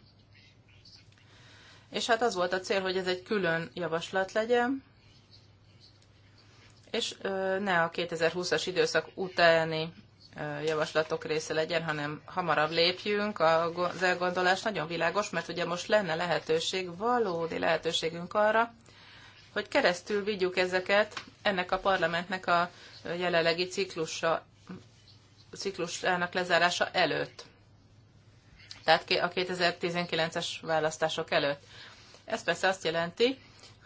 Speaker 1: És hát az volt a cél, hogy ez egy külön javaslat legyen, és ne a 2020-as időszak utáni javaslatok része legyen, hanem hamarabb lépjünk. Az elgondolás nagyon világos, mert ugye most lenne lehetőség, valódi lehetőségünk arra, hogy keresztül vigyük ezeket ennek a parlamentnek a jelenlegi ciklusa, ciklusának lezárása előtt. Tehát a 2019-es választások előtt. Ez persze azt jelenti,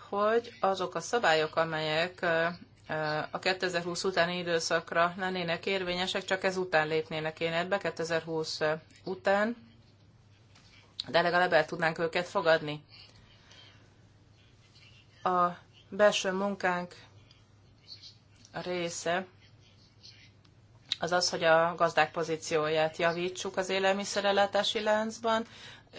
Speaker 1: hogy azok a szabályok, amelyek a 2020 utáni időszakra lennének érvényesek, csak ez után lépnének életbe, 2020 után, de legalább el tudnánk őket fogadni. A belső munkánk része az az, hogy a gazdák pozícióját javítsuk az élelmiszerellátási láncban,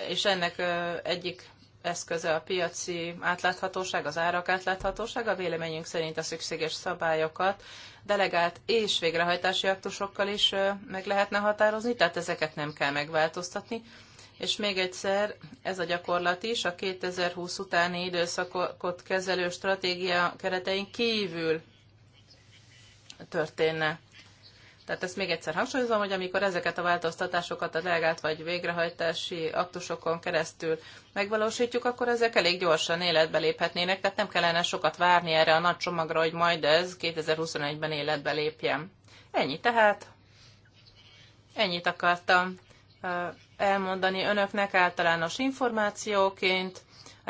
Speaker 1: és ennek egyik eszköze a piaci átláthatóság, az árak átláthatósága, véleményünk szerint a szükséges szabályokat delegált és végrehajtási aktusokkal is meg lehetne határozni, tehát ezeket nem kell megváltoztatni. És még egyszer, ez a gyakorlat is a 2020 utáni időszakot kezelő stratégia keretein kívül történne. Tehát ezt még egyszer hangsúlyozom, hogy amikor ezeket a változtatásokat a delegált vagy végrehajtási aktusokon keresztül megvalósítjuk, akkor ezek elég gyorsan életbe léphetnének, tehát nem kellene sokat várni erre a nagy csomagra, hogy majd ez 2021-ben életbe lépjen. Ennyi tehát. Ennyit akartam elmondani önöknek általános információként.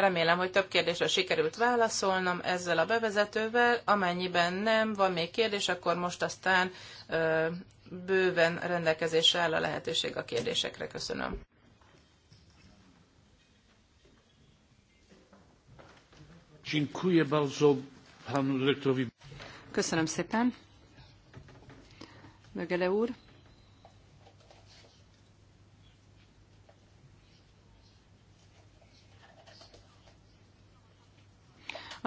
Speaker 1: Remélem, hogy több kérdésre sikerült válaszolnom ezzel a bevezetővel. Amennyiben nem van még kérdés, akkor most aztán ö, bőven rendelkezésre áll a lehetőség a kérdésekre. Köszönöm.
Speaker 2: Köszönöm szépen. Mögele úr.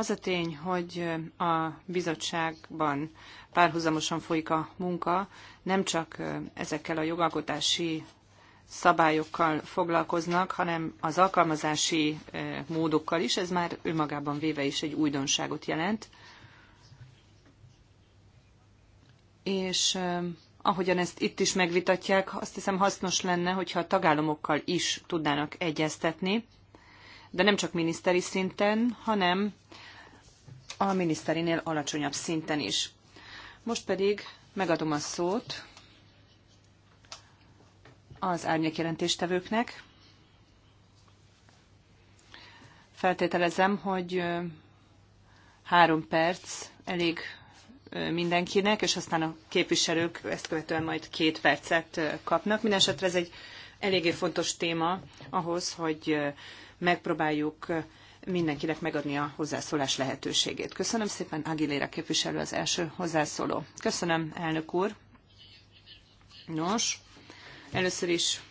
Speaker 2: Az a tény, hogy a bizottságban párhuzamosan folyik a munka, nem csak ezekkel a jogalkotási szabályokkal foglalkoznak, hanem az alkalmazási módokkal is. Ez már önmagában véve is egy újdonságot jelent. És ahogyan ezt itt is megvitatják, azt hiszem hasznos lenne, hogyha a tagállamokkal is tudnának egyeztetni, de nem csak miniszteri szinten, hanem a miniszterinél alacsonyabb szinten is. Most pedig megadom a szót az árnyékjelentéstevőknek. Feltételezem, hogy három perc elég mindenkinek, és aztán a képviselők ezt követően majd két percet kapnak. Mindenesetre ez egy eléggé fontos téma ahhoz, hogy megpróbáljuk mindenkinek megadni a hozzászólás lehetőségét. Köszönöm szépen, Agiléra képviselő az első hozzászóló. Köszönöm, elnök úr. Nos, először is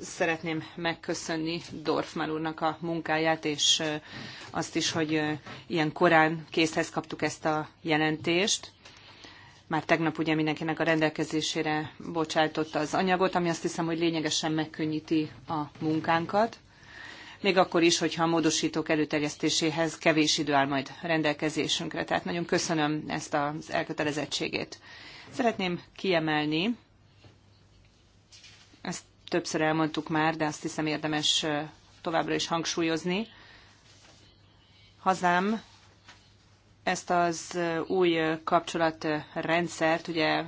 Speaker 2: szeretném megköszönni Dorfman úrnak a munkáját, és azt is, hogy ilyen korán készhez kaptuk ezt a jelentést. Már tegnap ugye mindenkinek a rendelkezésére bocsájtotta az anyagot, ami azt hiszem, hogy lényegesen megkönnyíti a munkánkat még akkor is, hogyha a módosítók előterjesztéséhez kevés idő áll majd rendelkezésünkre. Tehát nagyon köszönöm ezt az elkötelezettségét. Szeretném kiemelni, ezt többször elmondtuk már, de azt hiszem érdemes továbbra is hangsúlyozni. Hazám ezt az új kapcsolatrendszert ugye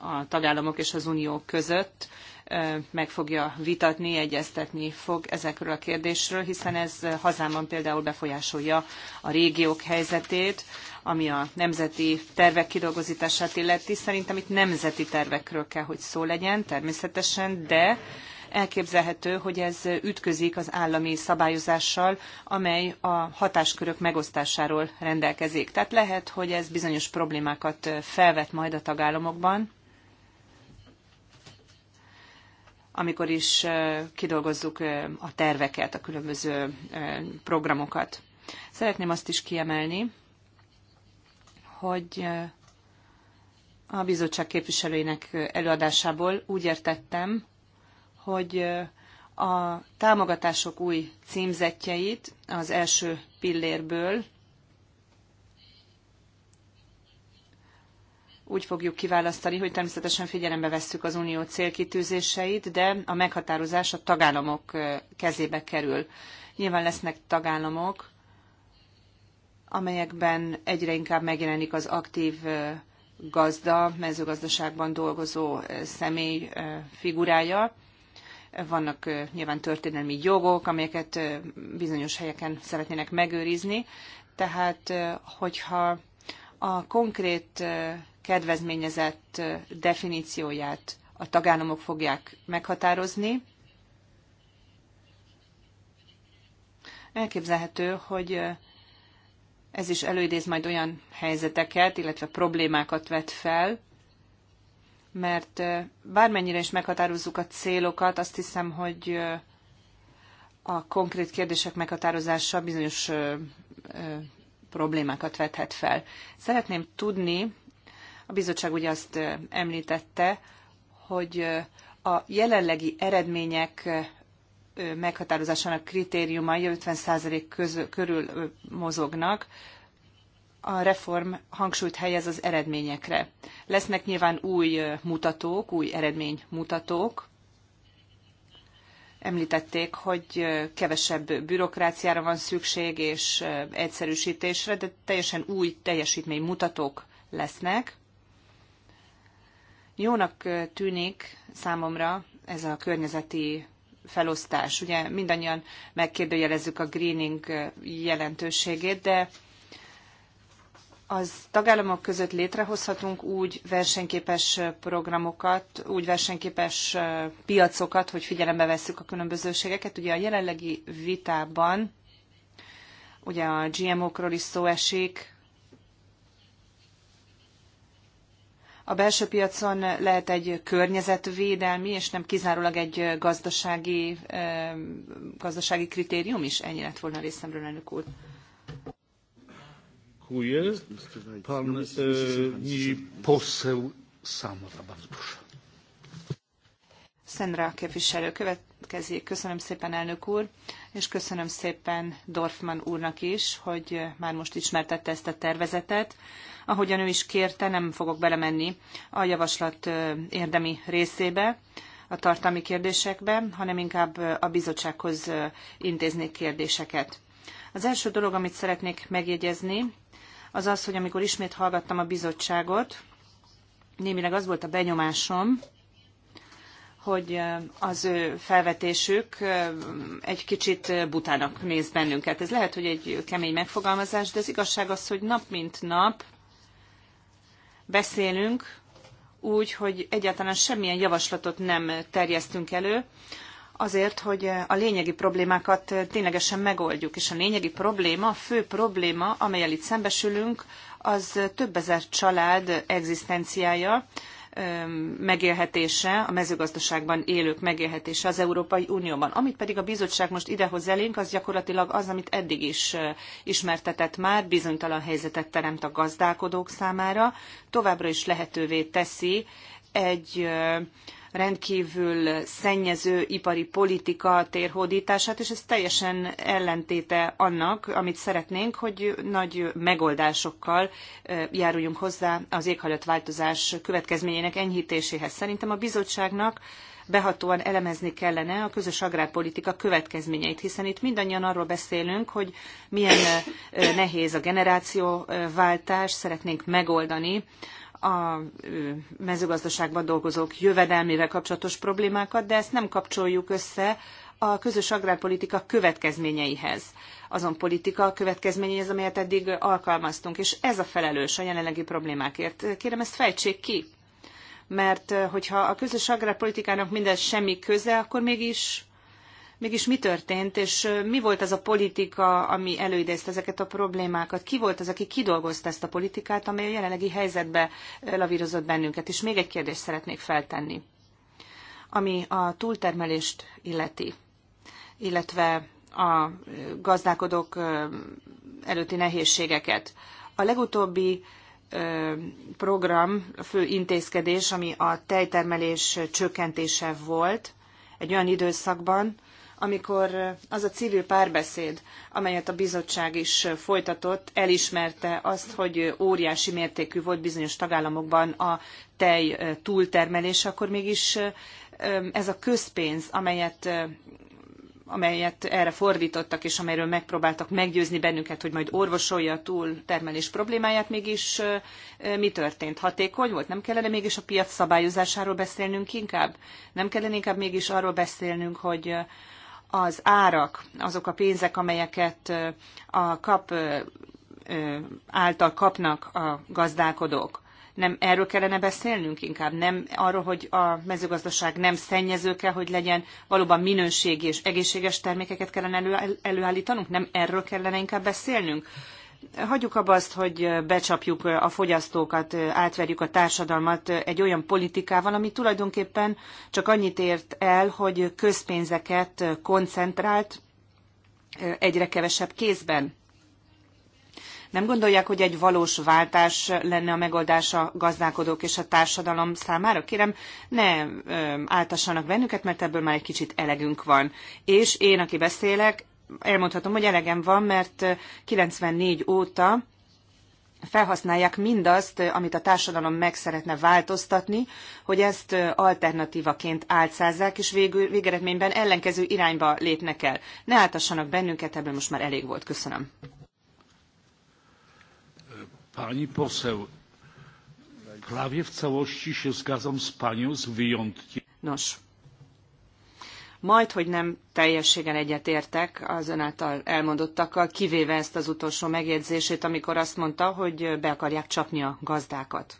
Speaker 2: a tagállamok és az unió között meg fogja vitatni, egyeztetni fog ezekről a kérdésről, hiszen ez hazámban például befolyásolja a régiók helyzetét, ami a nemzeti tervek kidolgozítását illeti. Szerintem itt nemzeti tervekről kell, hogy szó legyen természetesen, de elképzelhető, hogy ez ütközik az állami szabályozással, amely a hatáskörök megosztásáról rendelkezik. Tehát lehet, hogy ez bizonyos problémákat felvet majd a tagállamokban, amikor is kidolgozzuk a terveket, a különböző programokat. Szeretném azt is kiemelni, hogy a bizottság képviselőinek előadásából úgy értettem, hogy a támogatások új címzetjeit az első pillérből úgy fogjuk kiválasztani, hogy természetesen figyelembe vesszük az unió célkitűzéseit, de a meghatározás a tagállamok kezébe kerül. Nyilván lesznek tagállamok, amelyekben egyre inkább megjelenik az aktív gazda, mezőgazdaságban dolgozó személy figurája. Vannak nyilván történelmi jogok, amelyeket bizonyos helyeken szeretnének megőrizni. Tehát, hogyha a konkrét kedvezményezett definícióját a tagállamok fogják meghatározni. Elképzelhető, hogy ez is előidéz majd olyan helyzeteket, illetve problémákat vet fel, mert bármennyire is meghatározzuk a célokat, azt hiszem, hogy a konkrét kérdések meghatározása bizonyos problémákat vethet fel. Szeretném tudni, a bizottság ugye azt említette, hogy a jelenlegi eredmények meghatározásának kritériumai 50% körül mozognak, a reform hangsúlyt helyez az eredményekre. Lesznek nyilván új mutatók, új eredménymutatók. Említették, hogy kevesebb bürokráciára van szükség és egyszerűsítésre, de teljesen új teljesítménymutatók lesznek. Jónak tűnik számomra ez a környezeti felosztás. Ugye mindannyian megkérdőjelezzük a greening jelentőségét, de az tagállamok között létrehozhatunk úgy versenyképes programokat, úgy versenyképes piacokat, hogy figyelembe vesszük a különbözőségeket. Ugye a jelenlegi vitában ugye a GMO-król is szó esik, A belső piacon lehet egy környezetvédelmi, és nem kizárólag egy gazdasági, gazdasági kritérium is? Ennyi lett volna részemről, elnök úr. Dziękuję. E, képviselő következik. Köszönöm szépen, elnök úr, és köszönöm szépen Dorfman úrnak is, hogy már most ismertette ezt a tervezetet. Ahogyan ő is kérte, nem fogok belemenni a javaslat érdemi részébe, a tartalmi kérdésekbe, hanem inkább a bizottsághoz intéznék kérdéseket. Az első dolog, amit szeretnék megjegyezni, az az, hogy amikor ismét hallgattam a bizottságot, némileg az volt a benyomásom, hogy az ő felvetésük egy kicsit butának néz bennünket. Ez lehet, hogy egy kemény megfogalmazás, de az igazság az, hogy nap mint nap beszélünk, úgy, hogy egyáltalán semmilyen javaslatot nem terjesztünk elő, azért, hogy a lényegi problémákat ténylegesen megoldjuk. És a lényegi probléma, a fő probléma, amelyel itt szembesülünk, az több ezer család egzisztenciája, megélhetése, a mezőgazdaságban élők megélhetése az Európai Unióban. Amit pedig a bizottság most idehoz elénk, az gyakorlatilag az, amit eddig is ismertetett már, bizonytalan helyzetet teremt a gazdálkodók számára, továbbra is lehetővé teszi egy rendkívül szennyező ipari politika térhódítását, és ez teljesen ellentéte annak, amit szeretnénk, hogy nagy megoldásokkal járuljunk hozzá az éghajlatváltozás következményének enyhítéséhez. Szerintem a bizottságnak behatóan elemezni kellene a közös agrárpolitika következményeit, hiszen itt mindannyian arról beszélünk, hogy milyen nehéz a generációváltás, szeretnénk megoldani a mezőgazdaságban dolgozók jövedelmével kapcsolatos problémákat, de ezt nem kapcsoljuk össze a közös agrárpolitika következményeihez. Azon politika következményeihez, amelyet eddig alkalmaztunk, és ez a felelős a jelenlegi problémákért. Kérem, ezt fejtsék ki, mert hogyha a közös agrárpolitikának minden semmi köze, akkor mégis Mégis mi történt, és mi volt az a politika, ami előidézte ezeket a problémákat? Ki volt az, aki kidolgozta ezt a politikát, amely a jelenlegi helyzetbe lavírozott bennünket? És még egy kérdést szeretnék feltenni, ami a túltermelést illeti, illetve a gazdálkodók előtti nehézségeket. A legutóbbi program, a fő intézkedés, ami a tejtermelés csökkentése volt, egy olyan időszakban, amikor az a civil párbeszéd, amelyet a bizottság is folytatott, elismerte azt, hogy óriási mértékű volt bizonyos tagállamokban a tej túltermelése, akkor mégis ez a közpénz, amelyet amelyet erre fordítottak, és amelyről megpróbáltak meggyőzni bennünket, hogy majd orvosolja a túltermelés problémáját, mégis mi történt? Hatékony volt? Nem kellene mégis a piac szabályozásáról beszélnünk inkább? Nem kellene inkább mégis arról beszélnünk, hogy az árak, azok a pénzek, amelyeket a kap által kapnak a gazdálkodók. Nem erről kellene beszélnünk inkább, nem arról, hogy a mezőgazdaság nem szennyező kell, hogy legyen, valóban minőségi és egészséges termékeket kellene előállítanunk, nem erről kellene inkább beszélnünk hagyjuk abba azt, hogy becsapjuk a fogyasztókat, átverjük a társadalmat egy olyan politikával, ami tulajdonképpen csak annyit ért el, hogy közpénzeket koncentrált egyre kevesebb kézben. Nem gondolják, hogy egy valós váltás lenne a megoldás a gazdálkodók és a társadalom számára? Kérem, ne áltassanak bennünket, mert ebből már egy kicsit elegünk van. És én, aki beszélek, elmondhatom, hogy elegem van, mert 94 óta felhasználják mindazt, amit a társadalom meg szeretne változtatni, hogy ezt alternatívaként álcázzák, és végül, végeredményben ellenkező irányba lépnek el. Ne áltassanak bennünket, ebből most már elég volt. Köszönöm.
Speaker 1: Pani poseł, prawie w całości się zgadzam z panią z wyjątkiem.
Speaker 2: Nos, majd, hogy nem teljességen egyetértek az ön által elmondottakkal, kivéve ezt az utolsó megjegyzését, amikor azt mondta, hogy be akarják csapni a gazdákat.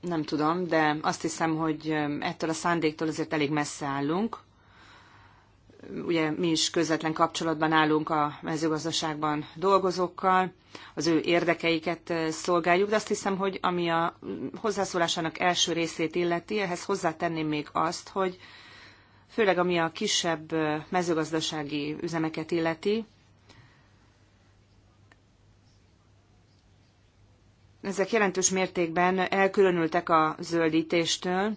Speaker 2: Nem tudom, de azt hiszem, hogy ettől a szándéktól azért elég messze állunk ugye mi is közvetlen kapcsolatban állunk a mezőgazdaságban dolgozókkal, az ő érdekeiket szolgáljuk, de azt hiszem, hogy ami a hozzászólásának első részét illeti, ehhez hozzátenném még azt, hogy főleg ami a kisebb mezőgazdasági üzemeket illeti, ezek jelentős mértékben elkülönültek a zöldítéstől,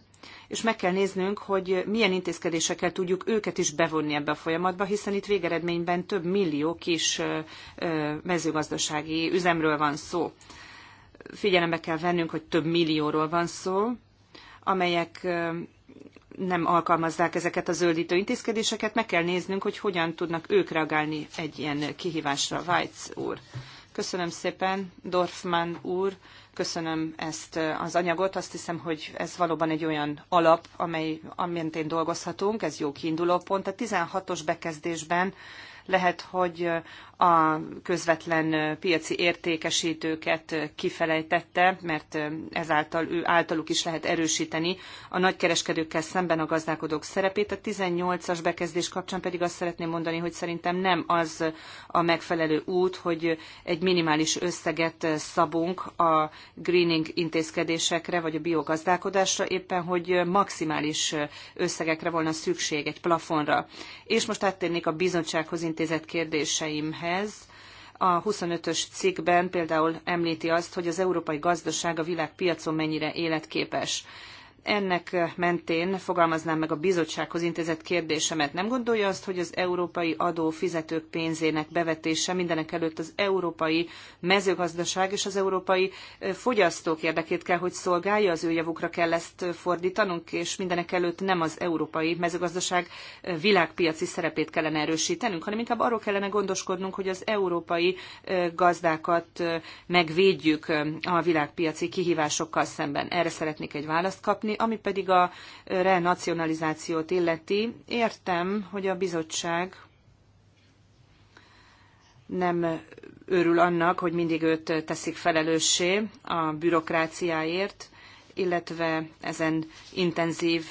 Speaker 2: és meg kell néznünk, hogy milyen intézkedésekkel tudjuk őket is bevonni ebbe a folyamatba, hiszen itt végeredményben több millió kis mezőgazdasági üzemről van szó. Figyelembe kell vennünk, hogy több millióról van szó, amelyek nem alkalmazzák ezeket a zöldítő intézkedéseket, meg kell néznünk, hogy hogyan tudnak ők reagálni egy ilyen kihívásra, Vájc úr. Köszönöm szépen, Dorfman úr, köszönöm ezt eh, az anyagot. Azt hiszem, hogy ez valóban egy olyan alap, amely, amintén dolgozhatunk, ez jó kiinduló pont. A 16-os bekezdésben lehet, hogy a közvetlen piaci értékesítőket kifelejtette, mert ezáltal ő általuk is lehet erősíteni a nagykereskedőkkel szemben a gazdálkodók szerepét. A 18-as bekezdés kapcsán pedig azt szeretném mondani, hogy szerintem nem az a megfelelő út, hogy egy minimális összeget szabunk a greening intézkedésekre vagy a biogazdálkodásra, éppen hogy maximális összegekre volna szükség, egy plafonra. És most áttérnék a bizottsághoz intézett kérdéseimhez ez. a 25-ös cikkben például említi azt, hogy az európai gazdaság a világpiacon mennyire életképes. Ennek mentén fogalmaznám meg a bizottsághoz intézett kérdésemet. Nem gondolja azt, hogy az európai adófizetők pénzének bevetése mindenek előtt az európai mezőgazdaság és az európai fogyasztók érdekét kell, hogy szolgálja, az ő javukra kell ezt fordítanunk, és mindenek előtt nem az európai mezőgazdaság világpiaci szerepét kellene erősítenünk, hanem inkább arról kellene gondoskodnunk, hogy az európai gazdákat megvédjük a világpiaci kihívásokkal szemben. Erre szeretnék egy választ kapni tenni, ami pedig a renacionalizációt illeti. Értem, hogy a bizottság nem örül annak, hogy mindig őt teszik felelőssé a bürokráciáért, illetve ezen intenzív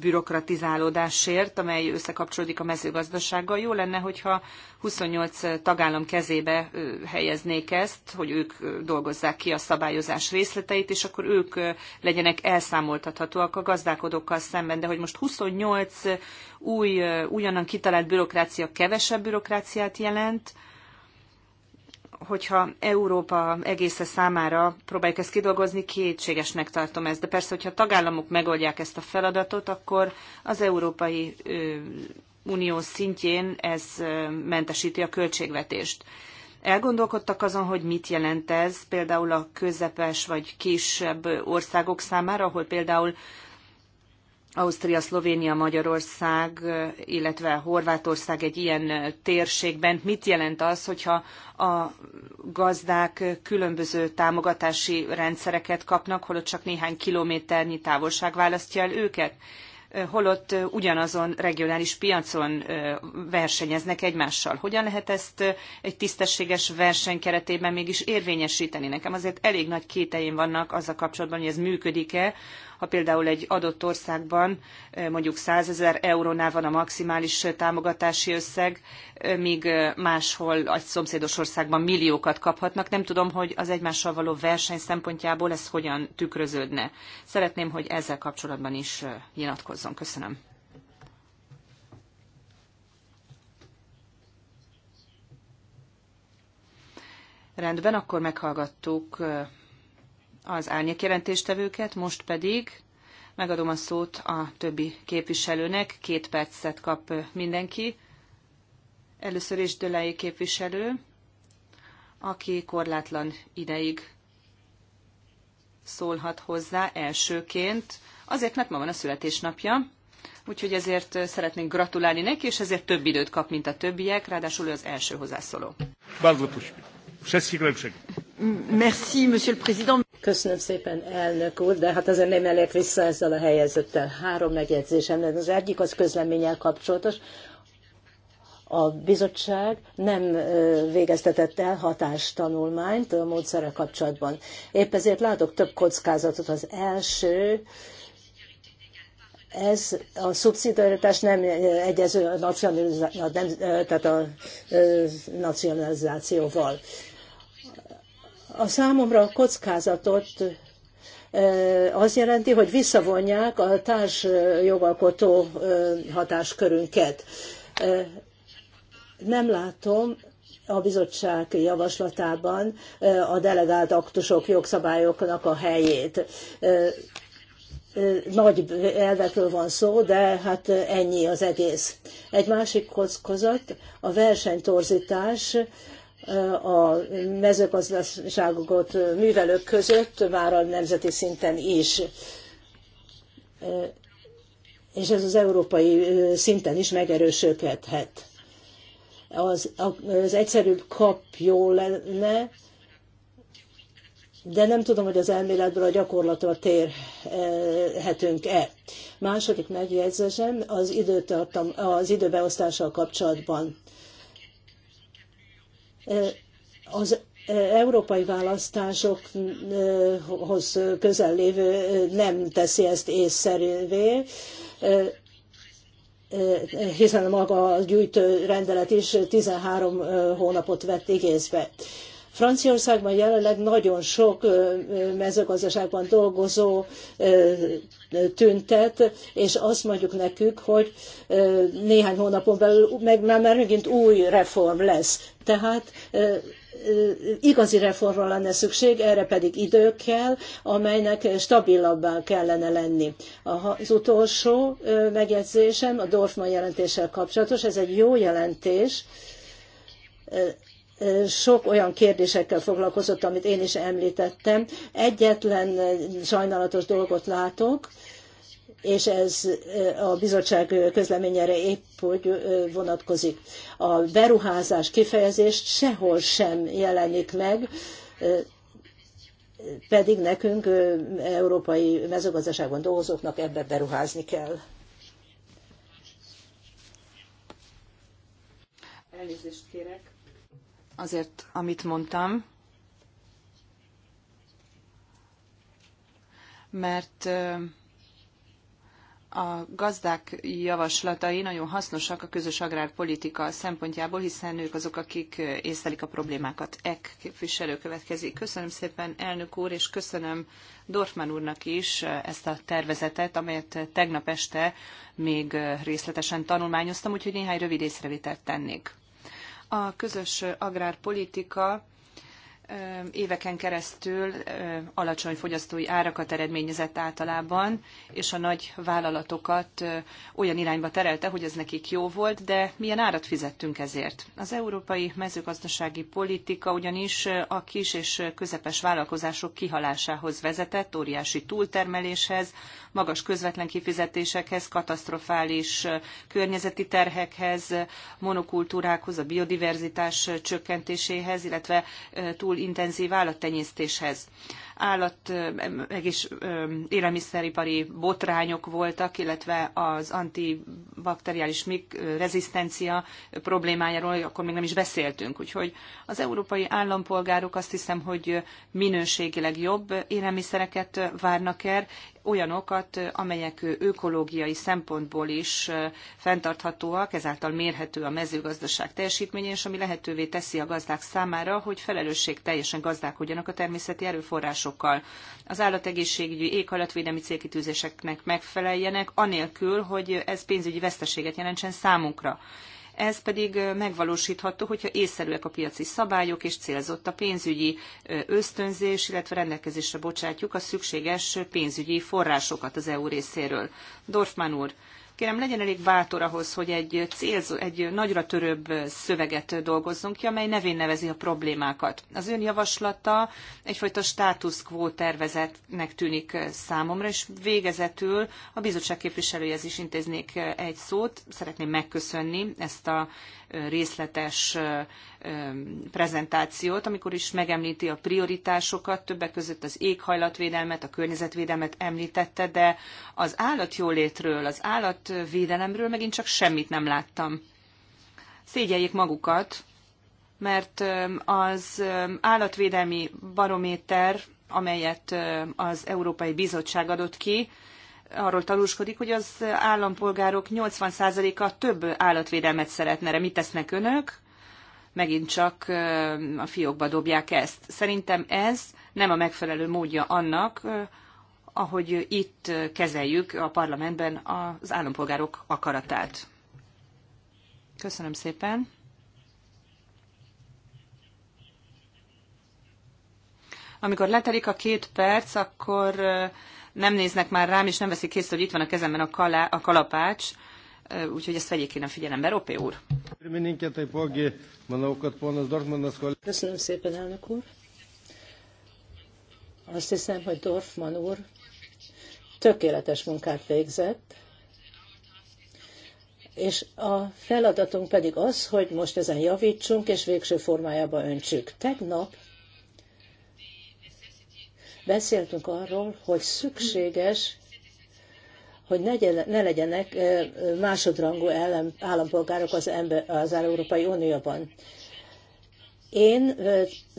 Speaker 2: bürokratizálódásért, amely összekapcsolódik a mezőgazdasággal. Jó lenne, hogyha 28 tagállam kezébe helyeznék ezt, hogy ők dolgozzák ki a szabályozás részleteit, és akkor ők legyenek elszámoltathatóak a gazdálkodókkal szemben. De hogy most 28 új, újonnan kitalált bürokrácia kevesebb bürokráciát jelent, hogyha Európa egésze számára próbáljuk ezt kidolgozni, kétségesnek tartom ezt. De persze, hogyha a tagállamok megoldják ezt a feladatot, akkor az Európai Unió szintjén ez mentesíti a költségvetést. Elgondolkodtak azon, hogy mit jelent ez például a közepes vagy kisebb országok számára, ahol például Ausztria, Szlovénia, Magyarország, illetve Horvátország egy ilyen térségben. Mit jelent az, hogyha a gazdák különböző támogatási rendszereket kapnak, holott csak néhány kilométernyi távolság választja el őket? holott ugyanazon regionális piacon versenyeznek egymással. Hogyan lehet ezt egy tisztességes verseny keretében mégis érvényesíteni? Nekem azért elég nagy kételjén vannak azzal kapcsolatban, hogy ez működik-e, ha például egy adott országban mondjuk 100 ezer eurónál van a maximális támogatási összeg, míg máshol egy szomszédos országban milliókat kaphatnak. Nem tudom, hogy az egymással való verseny szempontjából ez hogyan tükröződne. Szeretném, hogy ezzel kapcsolatban is nyilatkozzon. Köszönöm. Rendben, akkor meghallgattuk az árnyék jelentéstevőket, most pedig megadom a szót a többi képviselőnek. Két percet kap mindenki. Először is Dölei képviselő, aki korlátlan ideig szólhat hozzá elsőként, azért, mert ma van a születésnapja, úgyhogy ezért szeretnénk gratulálni neki, és ezért több időt kap, mint a többiek, ráadásul ő az első hozzászóló.
Speaker 1: Bardzo
Speaker 3: Merci, monsieur le président. Köszönöm szépen, elnök úr, de hát azért nem elég vissza ezzel a helyezettel Három megjegyzésem lenne. Az egyik az közleménnyel kapcsolatos. A bizottság nem végeztetett el hatástanulmányt a módszere kapcsolatban. Épp ezért látok több kockázatot. Az első, ez a szubszidiaritás nem egyező a, nacionalizá- a, nem, tehát a nacionalizációval. A számomra a kockázatot az jelenti, hogy visszavonják a társ jogalkotó hatáskörünket. Nem látom a bizottság javaslatában a delegált aktusok, jogszabályoknak a helyét. Nagy elvekről van szó, de hát ennyi az egész. Egy másik kockázat a versenytorzítás, a mezőgazdaságot művelők között, már a nemzeti szinten is. És ez az európai szinten is megerősödhet. Az, az egyszerűbb kap jó lenne, de nem tudom, hogy az elméletből a gyakorlatra térhetünk-e. Második megjegyzésem az, időtartam, az időbeosztással kapcsolatban az európai választásokhoz közel lévő nem teszi ezt észszerűvé, hiszen maga a gyűjtő rendelet is 13 hónapot vett igézbe. Franciaországban jelenleg nagyon sok mezőgazdaságban dolgozó tüntet, és azt mondjuk nekük, hogy néhány hónapon belül meg már megint új reform lesz. Tehát igazi reformra lenne szükség, erre pedig idő kell, amelynek stabilabbá kellene lenni. Az utolsó megjegyzésem a Dorfman jelentéssel kapcsolatos, ez egy jó jelentés, sok olyan kérdésekkel foglalkozott, amit én is említettem. Egyetlen sajnálatos dolgot látok, és ez a bizottság közleményére épp hogy vonatkozik. A beruházás kifejezést sehol sem jelenik meg, pedig nekünk, európai mezőgazdaságban dolgozóknak ebbe beruházni kell.
Speaker 2: Elnézést kérek azért, amit mondtam, mert a gazdák javaslatai nagyon hasznosak a közös agrárpolitika szempontjából, hiszen ők azok, akik észlelik a problémákat. Ek képviselő következik. Köszönöm szépen, elnök úr, és köszönöm Dorfman úrnak is ezt a tervezetet, amelyet tegnap este még részletesen tanulmányoztam, úgyhogy néhány rövid észrevételt tennék. A közös agrárpolitika éveken keresztül alacsony fogyasztói árakat eredményezett általában, és a nagy vállalatokat olyan irányba terelte, hogy ez nekik jó volt, de milyen árat fizettünk ezért? Az európai mezőgazdasági politika ugyanis a kis és közepes vállalkozások kihalásához vezetett, óriási túltermeléshez, magas közvetlen kifizetésekhez, katasztrofális környezeti terhekhez, monokultúrákhoz, a biodiverzitás csökkentéséhez, illetve túl intenzív állattenyésztéshez állat is élelmiszeripari botrányok voltak, illetve az antibakteriális rezisztencia problémájáról akkor még nem is beszéltünk. Úgyhogy az európai állampolgárok azt hiszem, hogy minőségileg jobb élelmiszereket várnak el, olyanokat, amelyek ökológiai szempontból is fenntarthatóak, ezáltal mérhető a mezőgazdaság teljesítménye, és ami lehetővé teszi a gazdák számára, hogy felelősség teljesen gazdálkodjanak a természeti erőforrások forrásokkal. Az állategészségügyi éghajlatvédelmi célkitűzéseknek megfeleljenek, anélkül, hogy ez pénzügyi veszteséget jelentsen számunkra. Ez pedig megvalósítható, hogyha észszerűek a piaci szabályok és célzott a pénzügyi ösztönzés, illetve rendelkezésre bocsátjuk a szükséges pénzügyi forrásokat az EU részéről. Dorfman úr, Kérem, legyen elég bátor ahhoz, hogy egy, célzó, egy nagyra törőbb szöveget dolgozzunk ki, amely nevén nevezi a problémákat. Az ön javaslata egyfajta status quo tervezetnek tűnik számomra, és végezetül a bizottság képviselőjehez is intéznék egy szót. Szeretném megköszönni ezt a részletes prezentációt, amikor is megemlíti a prioritásokat, többek között az éghajlatvédelmet, a környezetvédelmet említette, de az állatjólétről, az állatvédelemről megint csak semmit nem láttam. Szégyeljék magukat, mert az állatvédelmi barométer, amelyet az Európai Bizottság adott ki, arról tanúskodik, hogy az állampolgárok 80%-a több állatvédelmet szeretne. Erre mit tesznek önök? Megint csak a fiókba dobják ezt. Szerintem ez nem a megfelelő módja annak, ahogy itt kezeljük a parlamentben az állampolgárok akaratát. Köszönöm szépen. Amikor letelik a két perc, akkor nem néznek már rám, és nem veszik észre, hogy itt van a kezemben a, kalá, a kalapács, úgyhogy ezt vegyék én a figyelembe. Ropé úr.
Speaker 3: Köszönöm szépen, elnök úr.
Speaker 2: Azt hiszem, hogy Dorfman
Speaker 3: úr tökéletes munkát végzett, és a feladatunk pedig az, hogy most ezen javítsunk, és végső formájába öntsük. Tegnap Beszéltünk arról, hogy szükséges, hogy ne legyenek másodrangú állampolgárok az, ember, az Európai Unióban. Én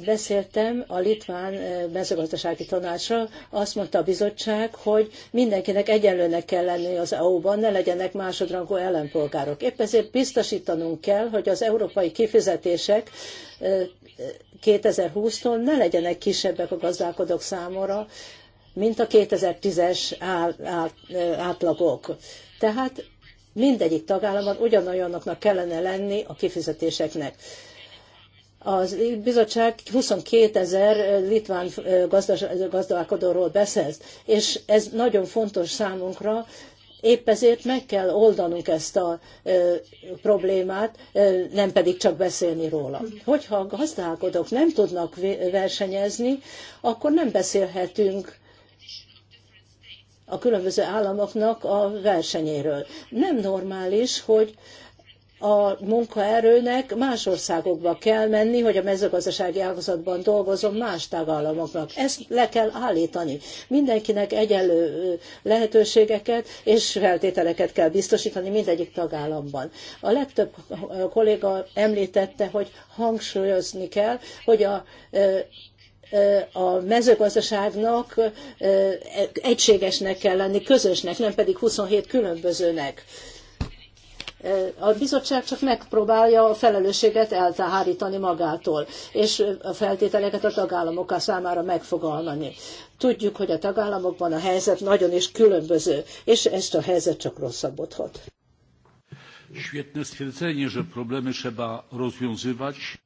Speaker 3: beszéltem a litván mezőgazdasági tanácsra, azt mondta a bizottság, hogy mindenkinek egyenlőnek kell lenni az EU-ban, ne legyenek másodrangú ellenpolgárok. Épp ezért biztosítanunk kell, hogy az európai kifizetések 2020-tól ne legyenek kisebbek a gazdálkodók számára, mint a 2010-es átlagok. Tehát mindegyik tagállamban ugyanolyanoknak kellene lenni a kifizetéseknek az bizottság 22 ezer litván eh, gazdálkodóról beszélt, és ez nagyon fontos számunkra, Épp ezért meg kell oldanunk ezt a ö, eh, problémát, ö, eh, nem pedig csak beszélni róla. Hogyha a gazdálkodók nem tudnak versenyezni, akkor nem beszélhetünk a különböző államoknak a versenyéről. Nem normális, hogy a munkaerőnek más országokba kell menni, hogy a mezőgazdasági ágazatban dolgozom más tagállamoknak. Ezt le kell állítani. Mindenkinek egyenlő lehetőségeket és feltételeket kell biztosítani mindegyik tagállamban. A legtöbb kolléga említette, hogy hangsúlyozni kell, hogy a a mezőgazdaságnak egységesnek kell lenni, közösnek, nem pedig 27 különbözőnek a bizottság csak megpróbálja a felelősséget eltárítani magától, és a feltételeket a tagállamok számára megfogalmazni. Tudjuk, hogy a tagállamokban a helyzet nagyon is különböző, és ezt a helyzet csak rosszabbodhat.
Speaker 1: Świetne stwierdzenie, że problemy trzeba rozwiązywać.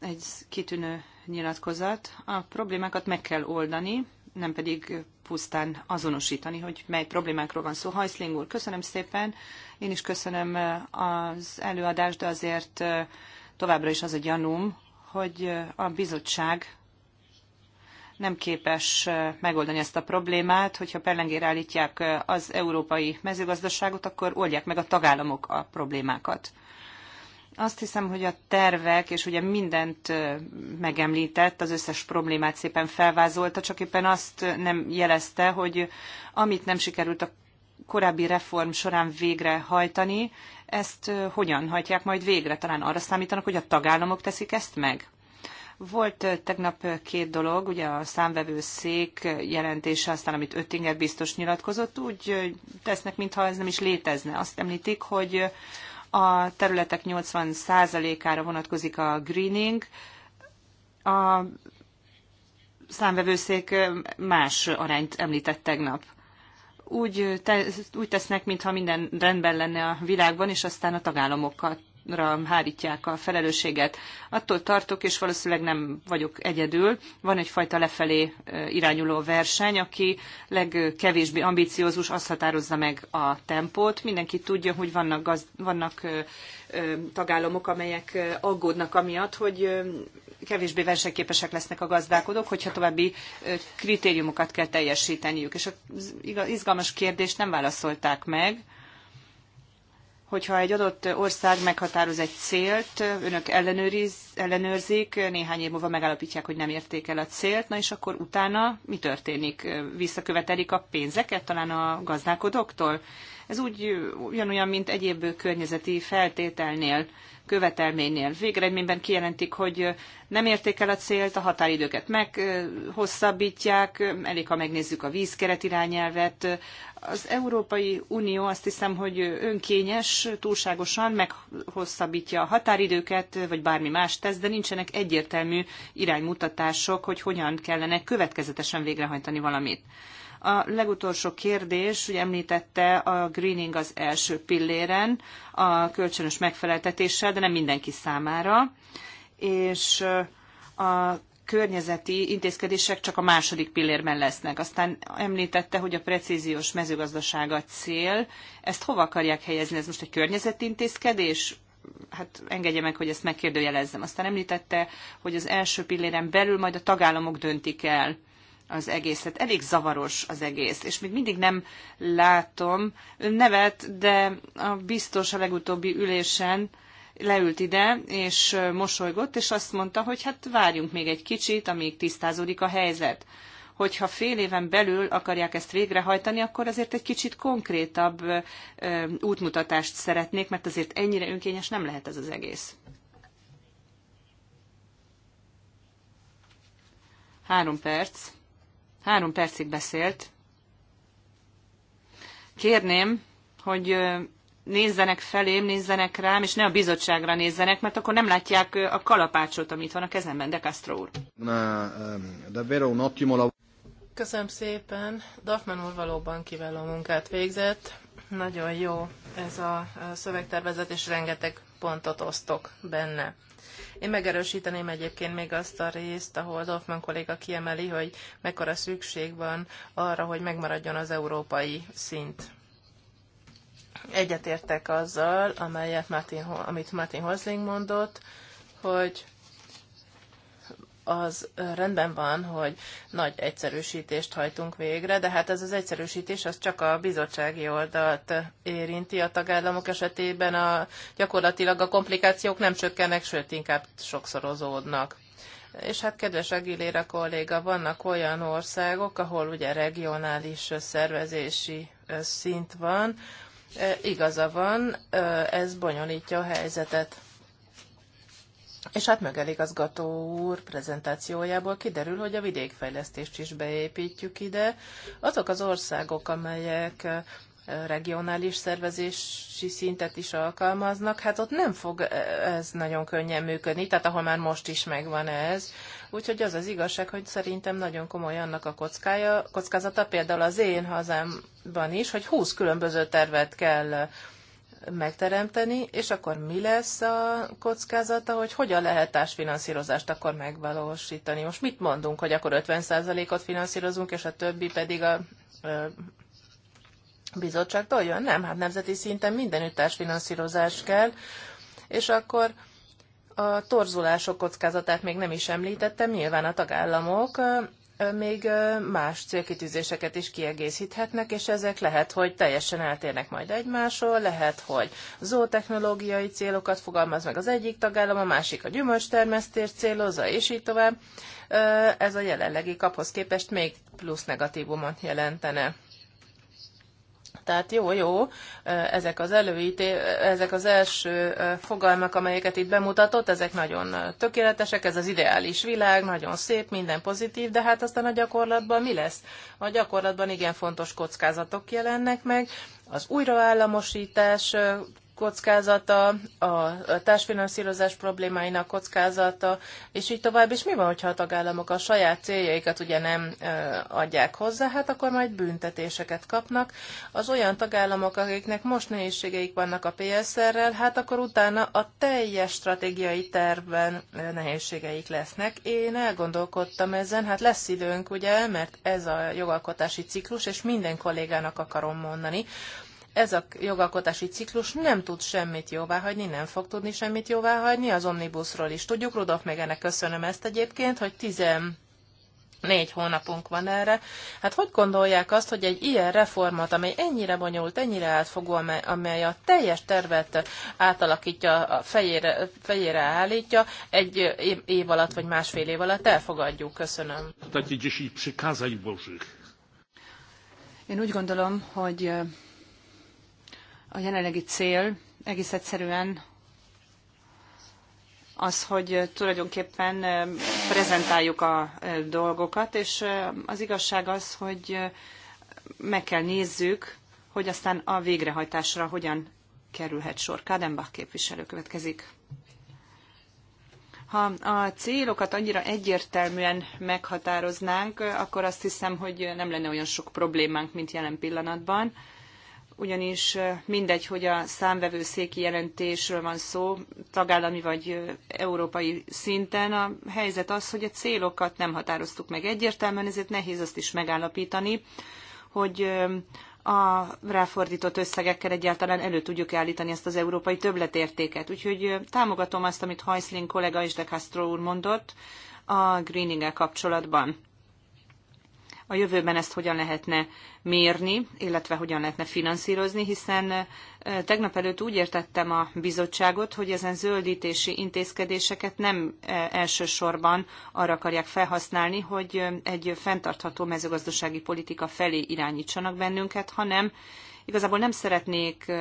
Speaker 2: Egy kitűnő nyilatkozat. A problémákat meg kell oldani, nem pedig pusztán azonosítani, hogy mely problémákról van szó. Hajszling úr, köszönöm szépen, én is köszönöm eh, az előadást, de azért eh, továbbra is az a gyanúm, hogy eh, a bizottság nem képes megoldani ezt a problémát, hogyha pellengére állítják az európai mezőgazdaságot, akkor oldják meg a tagállamok a problémákat. Azt hiszem, hogy a tervek, és ugye mindent megemlített, az összes problémát szépen felvázolta, csak éppen azt nem jelezte, hogy amit nem sikerült a korábbi reform során végrehajtani, ezt hogyan hajtják majd végre? Talán arra számítanak, hogy a tagállamok teszik ezt meg? Volt tegnap két dolog, ugye a számvevőszék jelentése, aztán amit Öttinger biztos nyilatkozott, úgy tesznek, mintha ez nem is létezne. Azt említik, hogy a területek 80%-ára vonatkozik a greening. A számvevőszék más arányt említett tegnap. Úgy, te, úgy tesznek, mintha minden rendben lenne a világban, és aztán a tagállamokat ra hárítják a felelősséget. Attól tartok, és valószínűleg nem vagyok egyedül, van egyfajta lefelé irányuló verseny, aki legkevésbé ambiciózus, azt határozza meg a tempót. Mindenki tudja, hogy vannak, gaz, vannak tagállamok, amelyek aggódnak amiatt, hogy kevésbé versenyképesek lesznek a gazdálkodók, hogyha további kritériumokat kell teljesíteniük. És az izgalmas kérdést nem válaszolták meg, hogyha egy adott ország meghatároz egy célt, önök ellenőriz, ellenőrzik, néhány év múlva megállapítják, hogy nem érték el a célt, na és akkor utána mi történik? Visszakövetelik a pénzeket talán a gazdálkodóktól? Ez úgy ugyanolyan, mint egyéb környezeti feltételnél követelménynél. Végeredményben kijelentik, hogy nem érték el a célt, a határidőket meghosszabbítják, elég, ha megnézzük a vízkeret irányelvet. Az Európai Unió azt hiszem, hogy önkényes, túlságosan meghosszabbítja a határidőket, vagy bármi más tesz, de nincsenek egyértelmű iránymutatások, hogy hogyan kellene következetesen végrehajtani valamit. A legutolsó kérdés, ugye említette a greening az első pilléren, a kölcsönös megfeleltetéssel, de nem mindenki számára, és a környezeti intézkedések csak a második pillérben lesznek. Aztán említette, hogy a precíziós mezőgazdaság a cél. Ezt hova akarják helyezni? Ez most egy környezeti intézkedés? Hát engedje meg, hogy ezt megkérdőjelezzem. Aztán említette, hogy az első pilléren belül majd a tagállamok döntik el az egészet. Elég zavaros az egész, és még mindig nem látom. Ön nevet, de a biztos a legutóbbi ülésen leült ide, és mosolygott, és azt mondta, hogy hát várjunk még egy kicsit, amíg tisztázódik a helyzet. Hogyha fél éven belül akarják ezt végrehajtani, akkor azért egy kicsit konkrétabb ö, útmutatást szeretnék, mert azért ennyire önkényes nem lehet ez az egész. Három perc. Három percig beszélt. Kérném, hogy nézzenek felém, nézzenek rám, és ne a bizottságra nézzenek, mert akkor nem látják a kalapácsot, amit van a kezemben, de Castro úr.
Speaker 3: Na,
Speaker 1: Köszönöm szépen. Dafman úr valóban kiváló munkát végzett. Nagyon jó ez a szövegtervezet, és rengeteg pontot osztok benne. Én megerősíteném egyébként még azt a részt, ahol Dolfman kolléga kiemeli, hogy mekkora szükség van arra, hogy megmaradjon az európai szint egyetértek azzal, amelyet Martin, amit Martin Hosling mondott, hogy az rendben van, hogy nagy egyszerűsítést hajtunk végre, de hát ez az egyszerűsítés az csak a bizottsági oldalt érinti a tagállamok esetében. A, gyakorlatilag a komplikációk nem csökkennek, sőt inkább sokszorozódnak. És hát, kedves Agiléra kolléga, vannak olyan országok, ahol ugye regionális szervezési szint van, Igaza van, ez bonyolítja a helyzetet. És hát mögeligazgató úr prezentációjából kiderül, hogy a vidékfejlesztést is beépítjük ide. Azok az országok, amelyek eh, regionális szervezési szintet is alkalmaznak, hát ott nem fog eh, ez nagyon könnyen működni, tehát ahol már most is megvan ez. Úgyhogy az az igazság, hogy szerintem nagyon komoly annak a kockája, kockázata, például az én hazámban is, hogy 20 különböző tervet kell eh, megteremteni, és akkor mi lesz a kockázata, hogy hogyan lehet társfinanszírozást akkor megvalósítani. Most mit mondunk, hogy akkor 50%-ot finanszírozunk, és a többi pedig a bizottságtól jön? Nem, hát nemzeti szinten mindenütt társfinanszírozás kell, és akkor a torzulások kockázatát még nem is említettem, nyilván a tagállamok még más célkitűzéseket is kiegészíthetnek, és ezek lehet, hogy teljesen eltérnek majd egymásról, lehet, hogy zootechnológiai célokat fogalmaz meg az egyik tagállam, a másik a gyümölcstermesztés célozza, és így tovább. Ez a jelenlegi kaphoz képest még plusz negatívumot jelentene. Tehát jó, jó, ezek az előíté, ezek az első fogalmak, amelyeket itt bemutatott, ezek nagyon tökéletesek, ez az ideális világ, nagyon szép, minden pozitív, de hát aztán a gyakorlatban mi lesz? A gyakorlatban igen fontos kockázatok jelennek meg, az újraállamosítás kockázata, a társfinanszírozás problémáinak kockázata, és így tovább. És mi van, hogyha a tagállamok a saját céljaikat ugye nem adják hozzá, hát akkor majd büntetéseket kapnak. Az olyan tagállamok, akiknek most nehézségeik vannak a PSR-rel, hát akkor utána a teljes stratégiai tervben nehézségeik lesznek. Én elgondolkodtam ezen, hát lesz időnk, ugye, mert ez a jogalkotási ciklus, és minden kollégának akarom mondani, ez a jogalkotási ciklus nem tud semmit jóváhagyni, nem fog tudni semmit jóváhagyni, az omnibusról is tudjuk. Rudolf még ennek köszönöm ezt egyébként, hogy tizen négy hónapunk van erre. Hát hogy gondolják azt, hogy egy ilyen reformat, amely ennyire bonyolult, ennyire átfogó, amely, amely a teljes tervet átalakítja, a fejére, fejére állítja, egy év, év alatt vagy másfél év alatt elfogadjuk. Köszönöm.
Speaker 2: Én úgy gondolom, hogy a jelenlegi cél egész egyszerűen az, hogy tulajdonképpen prezentáljuk a dolgokat, és az igazság az, hogy meg kell nézzük, hogy aztán a végrehajtásra hogyan kerülhet sor. Kádenbach képviselő következik. Ha a célokat annyira egyértelműen meghatároznánk, akkor azt hiszem, hogy nem lenne olyan sok problémánk, mint jelen pillanatban ugyanis mindegy, hogy a számvevőszéki jelentésről van szó, tagállami vagy európai szinten, a helyzet az, hogy a célokat nem határoztuk meg egyértelműen, ezért nehéz azt is megállapítani, hogy a ráfordított összegekkel egyáltalán elő tudjuk állítani ezt az európai többletértéket. Úgyhogy támogatom azt, amit Heisling kollega és de Castro úr mondott a greening kapcsolatban a jövőben ezt hogyan lehetne mérni, illetve hogyan lehetne finanszírozni, hiszen tegnap előtt úgy értettem a bizottságot, hogy ezen zöldítési intézkedéseket nem elsősorban arra akarják felhasználni, hogy egy fenntartható mezőgazdasági politika felé irányítsanak bennünket, hanem igazából nem szeretnék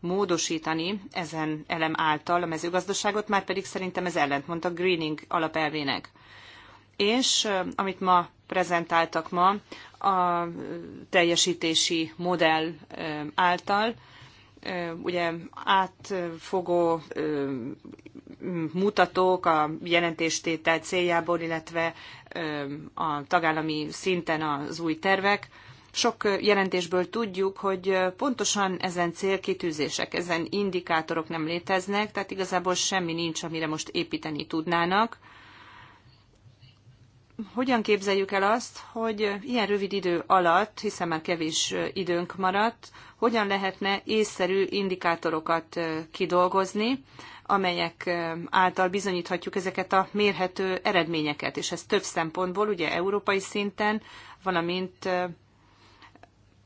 Speaker 2: módosítani ezen elem által a mezőgazdaságot, már pedig szerintem ez ellentmond a greening alapelvének. És amit ma prezentáltak ma a teljesítési modell által. Ugye átfogó mutatók a jelentéstétel céljából, illetve a tagállami szinten az új tervek. Sok jelentésből tudjuk, hogy pontosan ezen célkitűzések, ezen indikátorok nem léteznek, tehát igazából semmi nincs, amire most építeni tudnának hogyan képzeljük el azt, hogy ilyen rövid idő alatt, hiszen már kevés időnk maradt, hogyan lehetne észszerű indikátorokat kidolgozni, amelyek által bizonyíthatjuk ezeket a mérhető eredményeket, és ez több szempontból, ugye európai szinten, valamint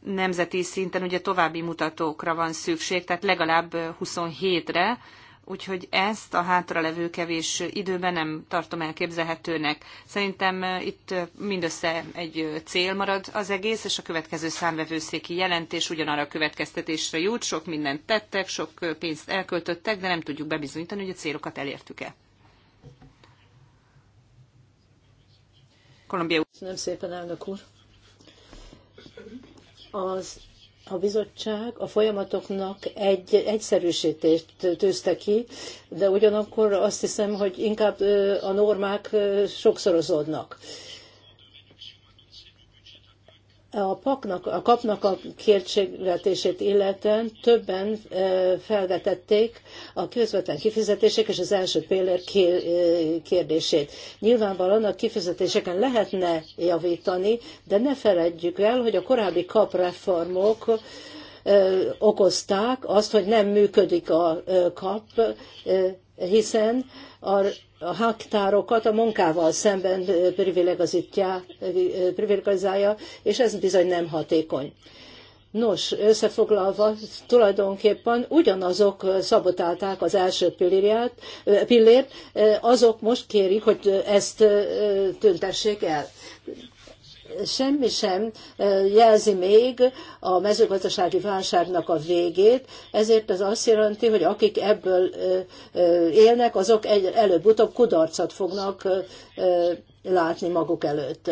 Speaker 2: nemzeti szinten ugye további mutatókra van szükség, tehát legalább 27-re, Úgyhogy ezt a hátra levő kevés időben nem tartom elképzelhetőnek. Szerintem itt mindössze egy cél marad az egész, és a következő számvevőszéki jelentés ugyanarra a következtetésre jut. Sok mindent tettek, sok pénzt elköltöttek, de nem tudjuk bebizonyítani, hogy a célokat elértük-e. Kolumbia.
Speaker 3: Köszönöm szépen, elnök úr. Az a bizottság a folyamatoknak egy egyszerűsítést tűzte ki, de ugyanakkor azt hiszem, hogy inkább a normák sokszorozódnak. A, paknak, a kapnak a kértségvetését illetően többen felvetették a közvetlen kifizetések és az első pélér kérdését. Nyilvánvalóan a kifizetéseken lehetne javítani, de ne feledjük el, hogy a korábbi kapreformok okozták azt, hogy nem működik a kap, hiszen a a haktárokat a munkával szemben privilegizálja, és ez bizony nem hatékony. Nos, összefoglalva, tulajdonképpen ugyanazok szabotálták az első pillérját, pillért, azok most kérik, hogy ezt tüntessék el semmi sem jelzi még a mezőgazdasági válságnak a végét, ezért ez azt jelenti, hogy akik ebből élnek, azok előbb-utóbb kudarcot fognak látni maguk előtt.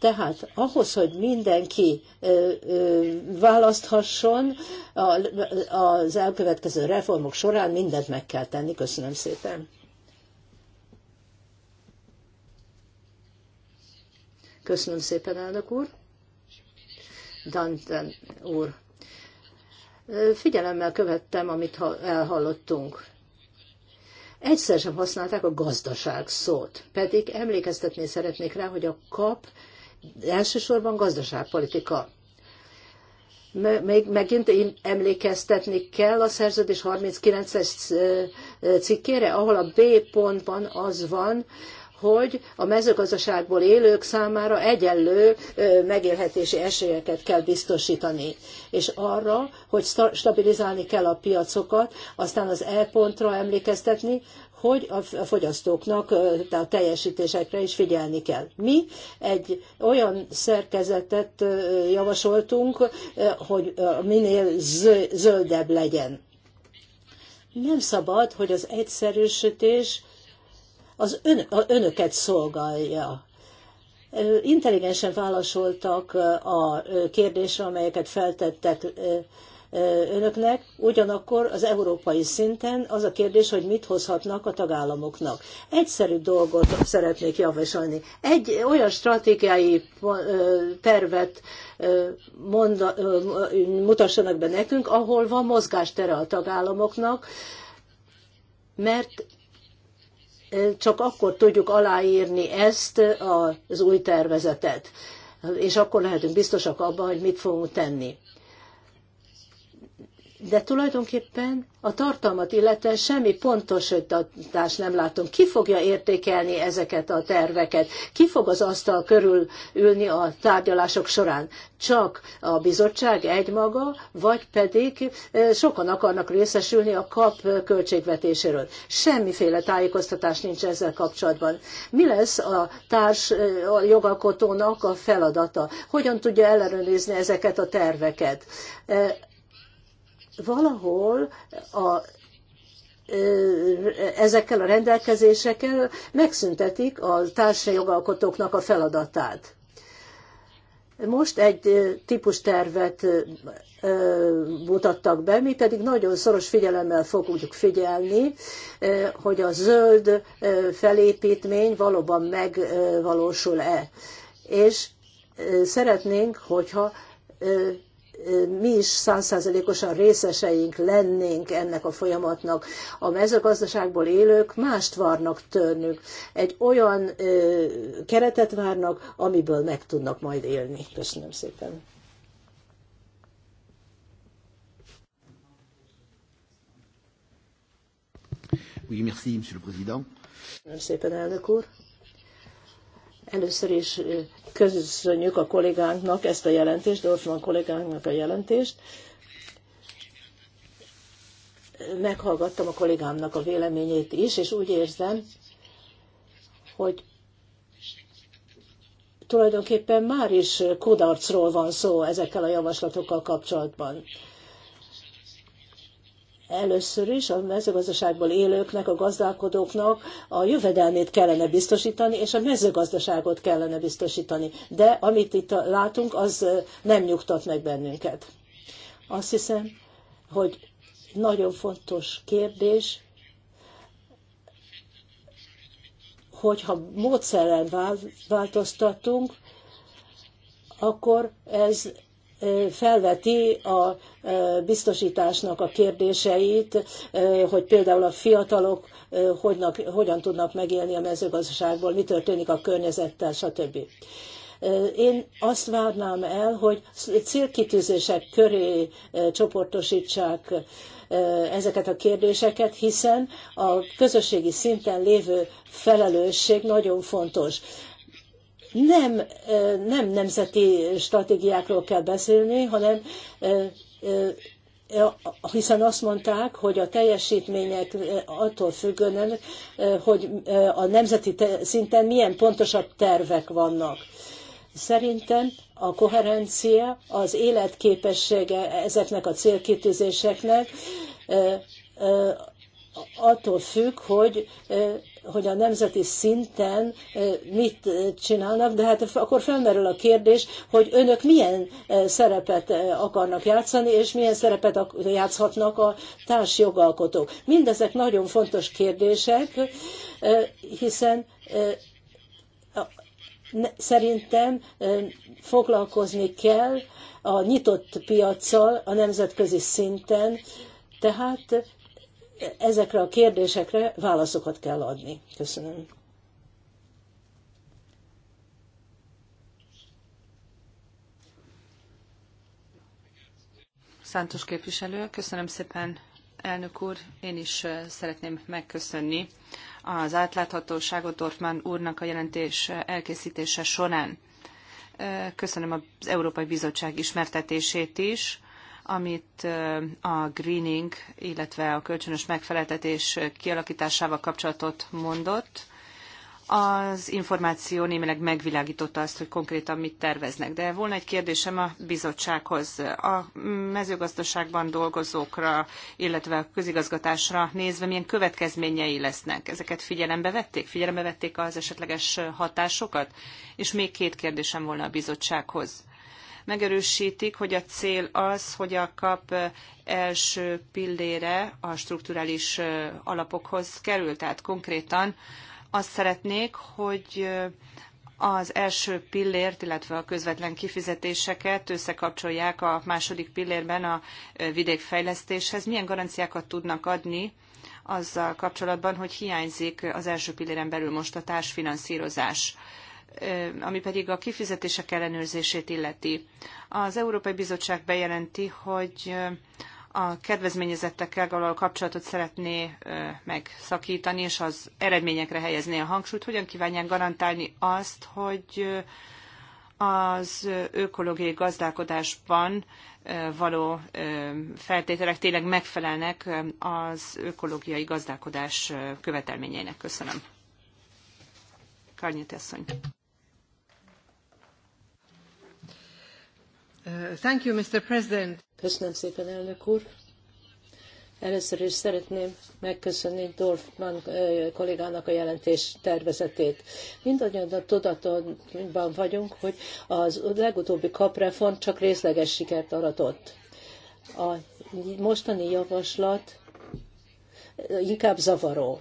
Speaker 3: Tehát ahhoz, hogy mindenki ö, ö, választhasson a, az elkövetkező reformok során, mindent meg kell tenni. Köszönöm szépen. Köszönöm szépen, elnök úr. Danten úr. Figyelemmel követtem, amit elhallottunk. Egyszer sem használták a gazdaság szót, pedig emlékeztetni szeretnék rá, hogy a kap elsősorban gazdaságpolitika. Még megint emlékeztetni kell a szerződés 39-es cikkére, ahol a B pontban az van, hogy a mezőgazdaságból élők számára egyenlő megélhetési esélyeket kell biztosítani, és arra, hogy stabilizálni kell a piacokat, aztán az e-pontra emlékeztetni, hogy a fogyasztóknak a teljesítésekre is figyelni kell. Mi egy olyan szerkezetet javasoltunk, hogy minél zöldebb legyen. Nem szabad, hogy az egyszerűsítés az ön, önöket szolgálja. Intelligensen válaszoltak a kérdésre, amelyeket feltettek önöknek, ugyanakkor az európai szinten az a kérdés, hogy mit hozhatnak a tagállamoknak. Egyszerű dolgot szeretnék javasolni. Egy olyan stratégiai tervet monda, mutassanak be nekünk, ahol van mozgástere a tagállamoknak, mert csak akkor tudjuk aláírni ezt az új tervezetet, és akkor lehetünk biztosak abban, hogy mit fogunk tenni de tulajdonképpen a tartalmat illetően semmi pontosítás nem látom. Ki fogja értékelni ezeket a terveket? Ki fog az asztal körül ülni a tárgyalások során? Csak a bizottság egymaga, vagy pedig e, sokan akarnak részesülni a kap költségvetéséről. Semmiféle tájékoztatás nincs ezzel kapcsolatban. Mi lesz a társ e, a jogalkotónak a feladata? Hogyan tudja ellenőrizni ezeket a terveket? E, valahol a ezekkel a rendelkezésekkel megszüntetik a jogalkotóknak a feladatát. Most egy típus tervet mutattak be, mi pedig nagyon szoros figyelemmel fogjuk figyelni, hogy a zöld felépítmény valóban megvalósul-e. És szeretnénk, hogyha mi is százszázalékosan részeseink lennénk ennek a folyamatnak. A mezőgazdaságból élők mást várnak tőlünk. Egy olyan ö, keretet várnak, amiből meg tudnak majd élni. Köszönöm szépen.
Speaker 1: Oui, merci, monsieur le
Speaker 3: président. úr. Először is köszönjük a kollégánknak ezt a jelentést, Dorfman kollégánknak a jelentést. Meghallgattam a kollégámnak a véleményét is, és úgy érzem, hogy tulajdonképpen már is kudarcról van szó ezekkel a javaslatokkal kapcsolatban. Először is a mezőgazdaságból élőknek, a gazdálkodóknak a jövedelmét kellene biztosítani, és a mezőgazdaságot kellene biztosítani. De amit itt látunk, az nem nyugtat meg bennünket. Azt hiszem, hogy nagyon fontos kérdés, hogyha módszeren változtatunk, akkor ez felveti a biztosításnak a kérdéseit, hogy például a fiatalok hogyan, hogyan tudnak megélni a mezőgazdaságból, mi történik a környezettel, stb. Én azt várnám el, hogy célkitűzések köré csoportosítsák ezeket a kérdéseket, hiszen a közösségi szinten lévő felelősség nagyon fontos nem, nem nemzeti stratégiákról kell beszélni, hanem hiszen azt mondták, hogy a teljesítmények attól függően, hogy a nemzeti szinten milyen pontosabb tervek vannak. Szerintem a koherencia, az életképessége ezeknek a célkitűzéseknek attól függ, hogy hogy a nemzeti szinten mit csinálnak, de hát akkor felmerül a kérdés, hogy önök milyen szerepet akarnak játszani, és milyen szerepet játszhatnak a társjogalkotók. Mindezek nagyon fontos kérdések, hiszen szerintem foglalkozni kell a nyitott piaccal a nemzetközi szinten, tehát ezekre a kérdésekre válaszokat kell adni. Köszönöm.
Speaker 2: Szántos képviselő, köszönöm szépen, elnök úr. Én is szeretném megköszönni az átláthatóságot Dorfman úrnak a jelentés elkészítése során. Köszönöm az Európai Bizottság ismertetését is amit a greening, illetve a kölcsönös megfeleltetés kialakításával kapcsolatot mondott. Az információ némileg megvilágította azt, hogy konkrétan mit terveznek. De volna egy kérdésem a bizottsághoz. A mezőgazdaságban dolgozókra, illetve a közigazgatásra nézve milyen következményei lesznek? Ezeket figyelembe vették? Figyelembe vették az esetleges hatásokat? És még két kérdésem volna a bizottsághoz megerősítik, hogy a cél az, hogy a kap első pillére a strukturális alapokhoz kerül. Tehát konkrétan azt szeretnék, hogy az első pillért, illetve a közvetlen kifizetéseket összekapcsolják a második pillérben a vidékfejlesztéshez. Milyen garanciákat tudnak adni azzal kapcsolatban, hogy hiányzik az első pilléren belül most a társfinanszírozás? ami pedig a kifizetések ellenőrzését illeti. Az Európai Bizottság bejelenti, hogy a kedvezményezettekkel való kapcsolatot szeretné megszakítani, és az eredményekre helyezné a hangsúlyt. Hogyan kívánják garantálni azt, hogy az ökológiai gazdálkodásban való feltételek tényleg megfelelnek az ökológiai gazdálkodás követelményeinek. Köszönöm. Karnyit asszony.
Speaker 3: Thank you, Mr. President. Köszönöm szépen, elnök úr. Először is szeretném megköszönni Dorfman kollégának a jelentés tervezetét. Mindannyian tudatban vagyunk, hogy az legutóbbi kapreform csak részleges sikert aratott. A mostani javaslat inkább zavaró.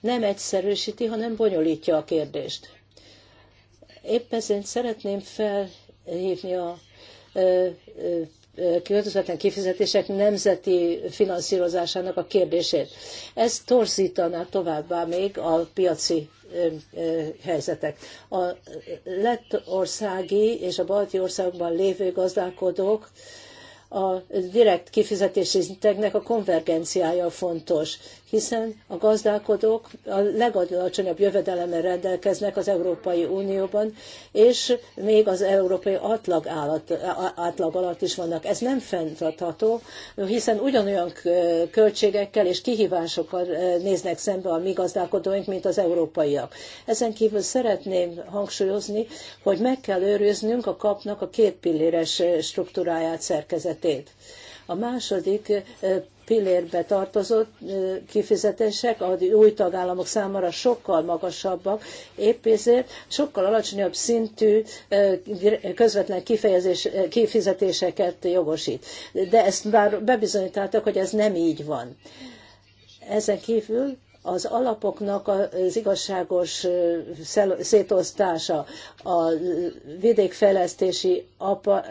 Speaker 3: Nem egyszerűsíti, hanem bonyolítja a kérdést. Épp ezért szeretném felhívni a közvetlen kifizetések nemzeti finanszírozásának a kérdését. Ez torzítaná továbbá még a piaci helyzetek. A lettországi és a balti országban lévő gazdálkodók a direkt kifizetési szinteknek a konvergenciája fontos hiszen a gazdálkodók a legalacsonyabb jövedelemmel rendelkeznek az Európai Unióban, és még az európai átlag, állat, átlag alatt is vannak. Ez nem fenntartható, hiszen ugyanolyan költségekkel és kihívásokkal eh, néznek szembe a mi gazdálkodóink, mint az európaiak. Ezen kívül szeretném hangsúlyozni, hogy meg kell őriznünk a kapnak a két pilléres eh, struktúráját, szerkezetét. A második eh, pillérbe tartozó kifizetések a új tagállamok számára sokkal magasabbak, épp ezért sokkal alacsonyabb szintű közvetlen kifejezés, kifizetéseket jogosít. De ezt már bebizonyították, hogy ez nem így van. Ezen kívül az alapoknak az igazságos szétosztása, a vidékfejlesztési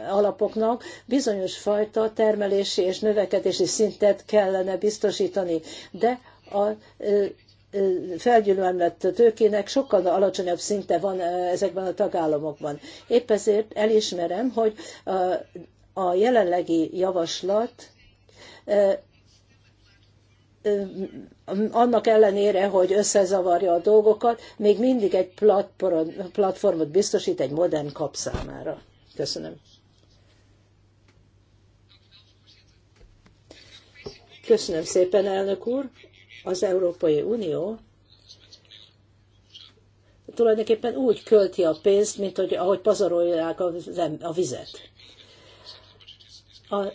Speaker 3: alapoknak bizonyos fajta termelési és növekedési szintet kellene biztosítani, de a felgyűlölmett tőkének sokkal alacsonyabb szinte van ezekben a tagállamokban. Épp ezért elismerem, hogy a jelenlegi javaslat annak ellenére, hogy összezavarja a dolgokat, még mindig egy platformot biztosít egy modern kap számára. Köszönöm. Köszönöm szépen, elnök úr. Az Európai Unió tulajdonképpen úgy költi a pénzt, mint hogy, ahogy pazarolják a, a vizet. A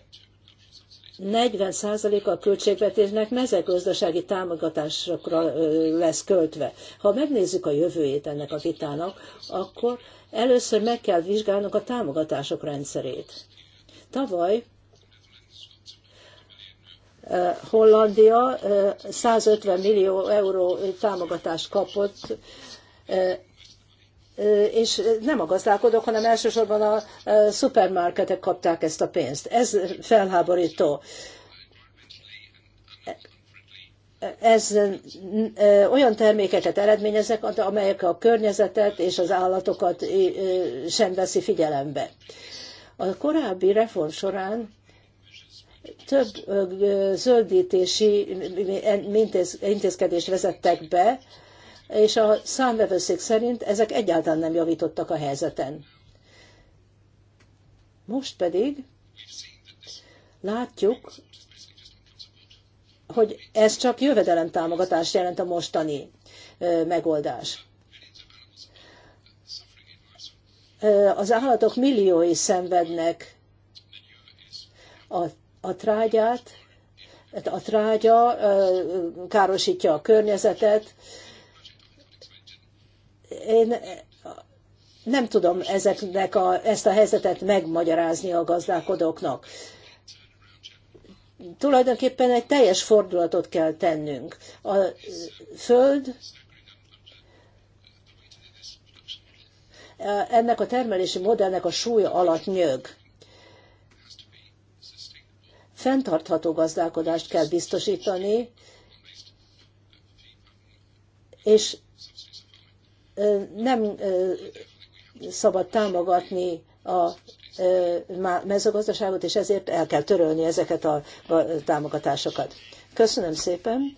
Speaker 3: 40% a költségvetésnek mezőgazdasági támogatásokra lesz költve. Ha megnézzük a jövőjét ennek a vitának, akkor először meg kell vizsgálnunk a támogatások rendszerét. Tavaly Hollandia 150 millió euró támogatást kapott és nem a gazdálkodók, hanem elsősorban a szupermarketek kapták ezt a pénzt. Ez felháborító. Ez olyan termékeket eredményezek, amelyek a környezetet és az állatokat sem veszi figyelembe. A korábbi reform során több zöldítési intézkedést vezettek be, és a számvevőszék szerint ezek egyáltalán nem javítottak a helyzeten. Most pedig látjuk, hogy ez csak jövedelemtámogatást jelent a mostani megoldás. Az állatok milliói szenvednek a, a trágyát, a trágya károsítja a környezetet, én eh, nem tudom ezeknek a, ezt a helyzetet megmagyarázni a gazdálkodóknak. Tulajdonképpen egy teljes fordulatot kell tennünk. A föld eh, ennek a termelési modellnek a súlya alatt nyög. Fenntartható gazdálkodást kell biztosítani, és nem szabad támogatni a mezőgazdaságot, és ezért el kell törölni ezeket a támogatásokat. Köszönöm szépen.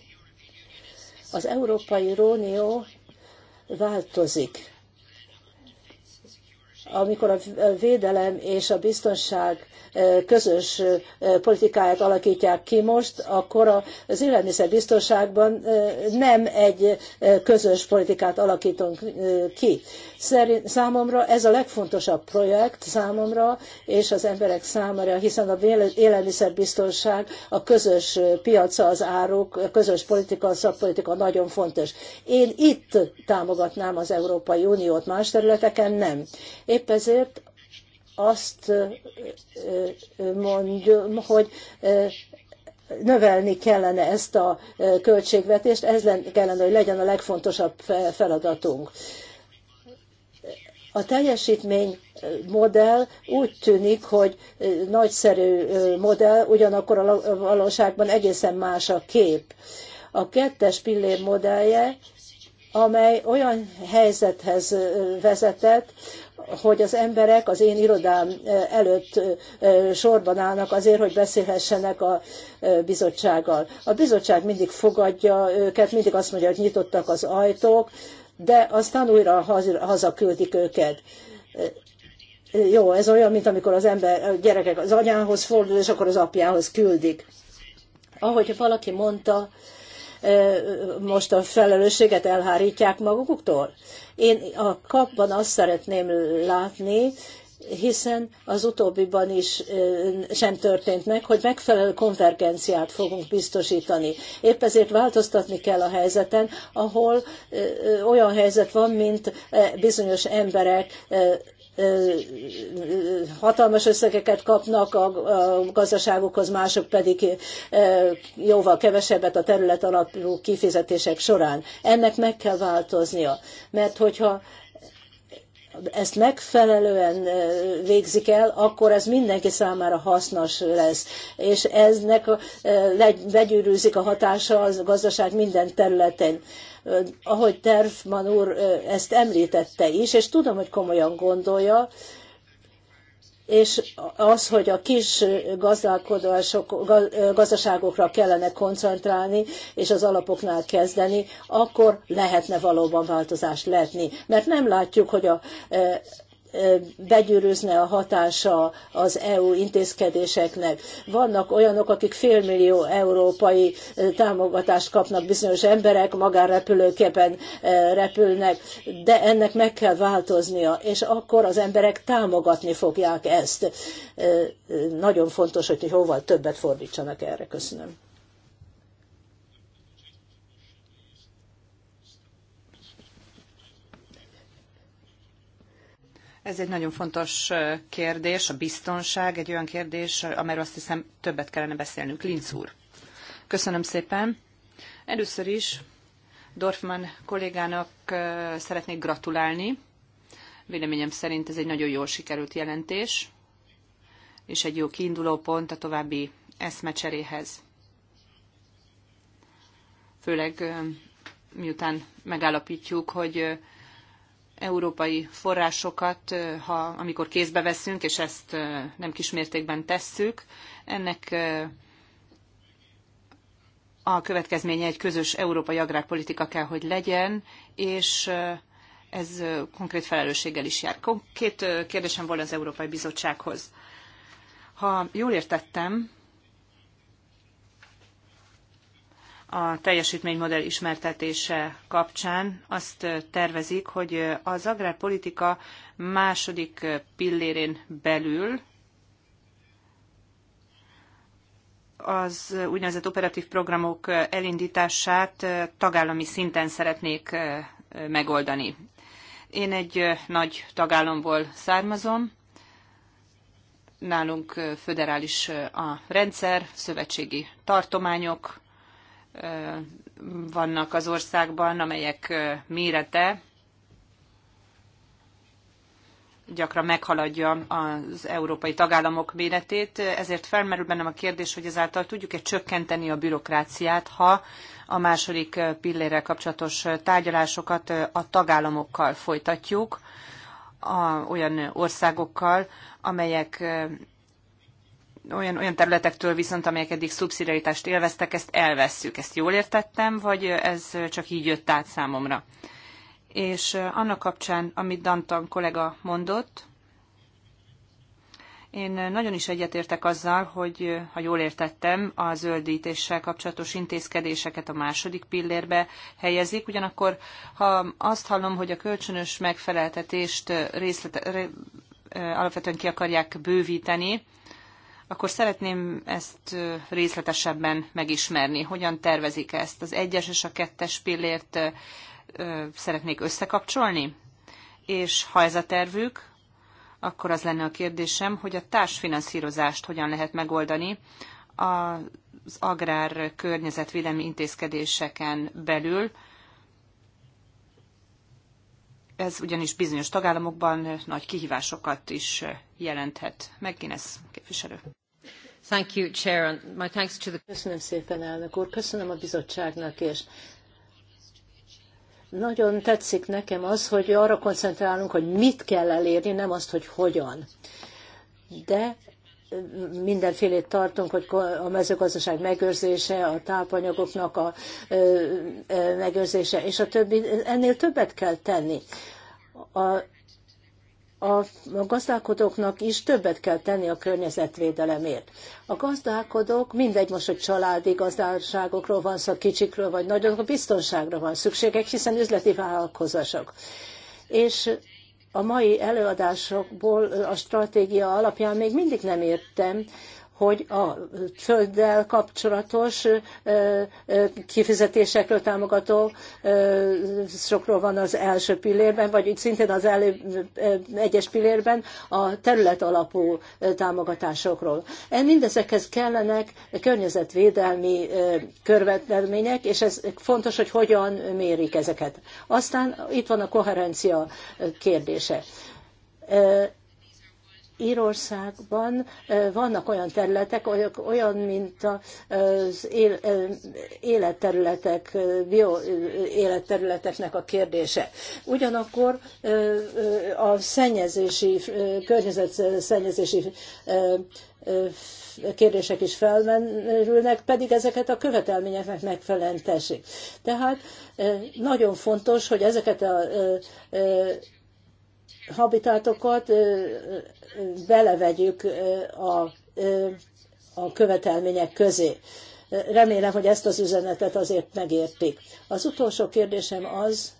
Speaker 3: Az Európai Rónió változik amikor a védelem és a biztonság eh, közös eh, politikáját alakítják ki most, akkor az élelmiszerbiztonságban eh, nem egy közös politikát alakítunk ki. Szerint, számomra ez a legfontosabb projekt számomra és az emberek számára, hiszen a élelmiszerbiztonság a közös piaca az áruk, a közös politika, a szakpolitika nagyon fontos. Én itt támogatnám az Európai Uniót, más területeken nem. Épp Épp ezért azt mondjam, hogy növelni kellene ezt a költségvetést, ez kellene, hogy legyen a legfontosabb feladatunk. A teljesítmény modell úgy tűnik, hogy nagyszerű modell, ugyanakkor a valóságban egészen más a kép. A kettes pillér modellje amely olyan helyzethez vezetett, hogy az emberek az én irodám előtt sorban állnak azért, hogy beszélhessenek a bizottsággal. A bizottság mindig fogadja őket, mindig azt mondja, hogy nyitottak az ajtók, de aztán újra hazaküldik őket. Jó, ez olyan, mint amikor az ember, a gyerekek az anyához fordul, és akkor az apjához küldik. Ahogy valaki mondta, most a felelősséget elhárítják maguktól. Én a kapban azt szeretném látni, hiszen az utóbbiban is sem történt meg, hogy megfelelő konvergenciát fogunk biztosítani. Épp ezért változtatni kell a helyzeten, ahol olyan helyzet van, mint bizonyos emberek hatalmas összegeket kapnak a gazdaságokhoz, mások pedig jóval kevesebbet a terület alapú kifizetések során. Ennek meg kell változnia, mert hogyha ezt megfelelően végzik el, akkor ez mindenki számára hasznos lesz. És eznek begyűrűzik a hatása a gazdaság minden területén ahogy Terfman úr ezt említette is, és tudom, hogy komolyan gondolja, és az, hogy a kis gazdálkodások, gazdaságokra kellene koncentrálni, és az alapoknál kezdeni, akkor lehetne valóban változást letni. Mert nem látjuk, hogy a begyűrűzne a hatása az EU intézkedéseknek. Vannak olyanok, akik félmillió európai támogatást kapnak bizonyos emberek, magánrepülőképpen repülnek, de ennek meg kell változnia, és akkor az emberek támogatni fogják ezt. Nagyon fontos, hogy jóval többet fordítsanak erre. Köszönöm.
Speaker 2: Ez egy nagyon fontos kérdés, a biztonság egy olyan kérdés, amelyről azt hiszem többet kellene beszélnünk. Linz úr. Köszönöm szépen. Először is Dorfman kollégának szeretnék gratulálni. Véleményem szerint ez egy nagyon jól sikerült jelentés, és egy jó kiinduló pont a további eszmecseréhez. Főleg miután megállapítjuk, hogy európai forrásokat, ha, amikor kézbe veszünk, és ezt nem kismértékben tesszük, ennek a következménye egy közös európai agrárpolitika kell, hogy legyen, és ez konkrét felelősséggel is jár. Két kérdésem volna az Európai Bizottsághoz. Ha jól értettem, a teljesítménymodell ismertetése kapcsán azt tervezik, hogy az agrárpolitika második pillérén belül az úgynevezett operatív programok elindítását tagállami szinten szeretnék megoldani. Én egy nagy tagállamból származom, nálunk föderális a rendszer, szövetségi tartományok, vannak az országban, amelyek mérete gyakran meghaladja az európai tagállamok méretét, ezért felmerül bennem a kérdés, hogy ezáltal tudjuk-e csökkenteni a bürokráciát, ha a második pillérrel kapcsolatos tárgyalásokat a tagállamokkal folytatjuk, a, olyan országokkal, amelyek olyan, olyan területektől viszont, amelyek eddig szubszidiaritást élveztek, ezt elvesszük. Ezt jól értettem, vagy ez csak így jött át számomra? És annak kapcsán, amit Dantan kollega mondott, én nagyon is egyetértek azzal, hogy, ha jól értettem, a zöldítéssel kapcsolatos intézkedéseket a második pillérbe helyezik, ugyanakkor ha azt hallom, hogy a kölcsönös megfeleltetést részlet, alapvetően ki akarják bővíteni, akkor szeretném ezt részletesebben megismerni. Hogyan tervezik ezt? Az egyes és a kettes pillért szeretnék összekapcsolni? És ha ez a tervük, akkor az lenne a kérdésem, hogy a társfinanszírozást hogyan lehet megoldani az agrár környezetvédelmi intézkedéseken belül. Ez ugyanis bizonyos tagállamokban nagy kihívásokat is jelenthet. Megint ez képviselő.
Speaker 3: Köszönöm szépen, elnök úr. Köszönöm a bizottságnak és Nagyon tetszik nekem az, hogy arra koncentrálunk, hogy mit kell elérni, nem azt, hogy hogyan. De mindenfélét tartunk, hogy a mezőgazdaság megőrzése, a tápanyagoknak a megőrzése, és a többi, ennél többet kell tenni. A a gazdálkodóknak is többet kell tenni a környezetvédelemért. A gazdálkodók, mindegy most, hogy családi gazdálságokról van szó, kicsikről vagy nagyokról, biztonságra van szükségek, hiszen üzleti vállalkozások. És a mai előadásokból a stratégia alapján még mindig nem értem, hogy a földdel kapcsolatos kifizetésekről támogató sokról van az első pillérben, vagy szintén az elő, egyes pillérben a terület alapú támogatásokról. E, mindezekhez kellenek környezetvédelmi körvetelmények, és ez fontos, hogy hogyan mérik ezeket. Aztán itt van a koherencia kérdése Írországban vannak olyan területek, olyan, mint az életterületek, bio életterületeknek a kérdése. Ugyanakkor a szennyezési, környezetszennyezési kérdések is felmerülnek, pedig ezeket a követelményeknek megfelelően teszik. Tehát nagyon fontos, hogy ezeket a habitatokat belevegyük a, a követelmények közé. Remélem, hogy ezt az üzenetet azért megértik. Az utolsó kérdésem az,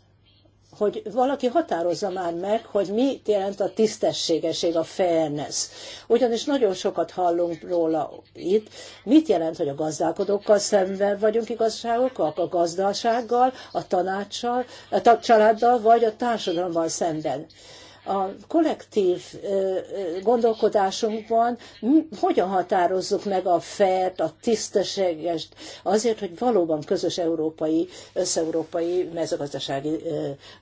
Speaker 3: hogy valaki határozza már meg, hogy mit jelent a tisztességeség, a fairness. Ugyanis nagyon sokat hallunk róla itt. Mit jelent, hogy a gazdálkodókkal szemben vagyunk igazságokkal, a gazdasággal, a tanácssal, a családdal, vagy a társadalommal szemben a kollektív gondolkodásunkban hogyan határozzuk meg a fert, a tisztességes, azért, hogy valóban közös európai, összeurópai mezőgazdasági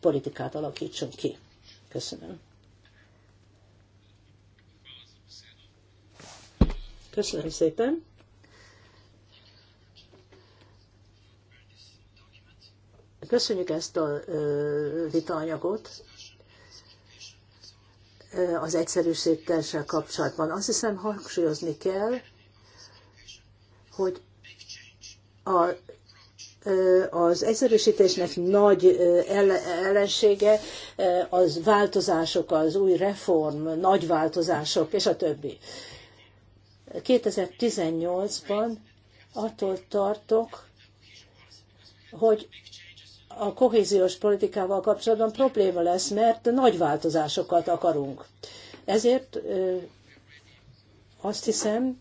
Speaker 3: politikát alakítsunk ki. Köszönöm. Köszönöm szépen. Köszönjük ezt a vitaanyagot az egyszerűsítéssel kapcsolatban. Azt hiszem, hangsúlyozni kell, hogy a, az egyszerűsítésnek nagy ellensége az változások, az új reform, nagy változások, és a többi. 2018-ban attól tartok, hogy a kohéziós politikával kapcsolatban probléma lesz, mert nagy változásokat akarunk. Ezért azt hiszem,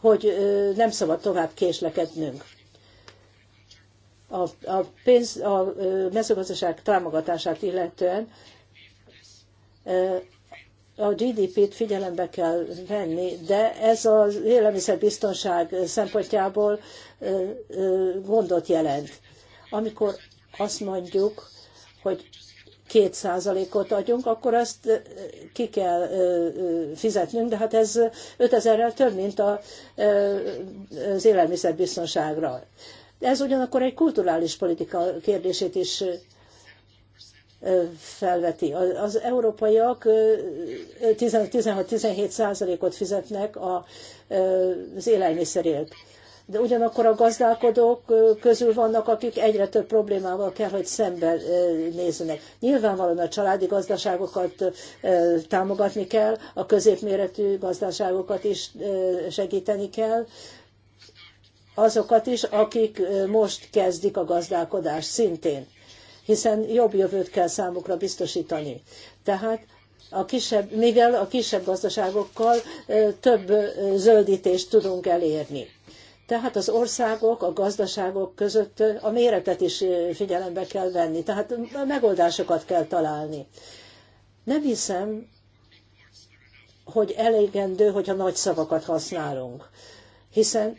Speaker 3: hogy nem szabad tovább késlekednünk. A, a, pénz, a mezőgazdaság támogatását illetően a GDP-t figyelembe kell venni, de ez az élelmiszerbiztonság szempontjából gondot jelent. Amikor azt mondjuk, hogy két százalékot adjunk, akkor azt ki kell fizetnünk, de hát ez 5000-rel több, mint a, az élelmiszerbiztonságra. Ez ugyanakkor egy kulturális politika kérdését is felveti. Az európaiak 16-17 százalékot fizetnek az élelmiszerért de ugyanakkor a gazdálkodók közül vannak, akik egyre több problémával kell, hogy szemben nézzenek. Nyilvánvalóan a családi gazdaságokat támogatni kell, a középméretű gazdaságokat is segíteni kell, azokat is, akik most kezdik a gazdálkodást szintén, hiszen jobb jövőt kell számukra biztosítani. Tehát a kisebb, mivel a kisebb gazdaságokkal több zöldítést tudunk elérni. Tehát az országok, a gazdaságok között a méretet is figyelembe kell venni, tehát megoldásokat kell találni. Nem hiszem, hogy elégendő, hogyha nagy szavakat használunk, hiszen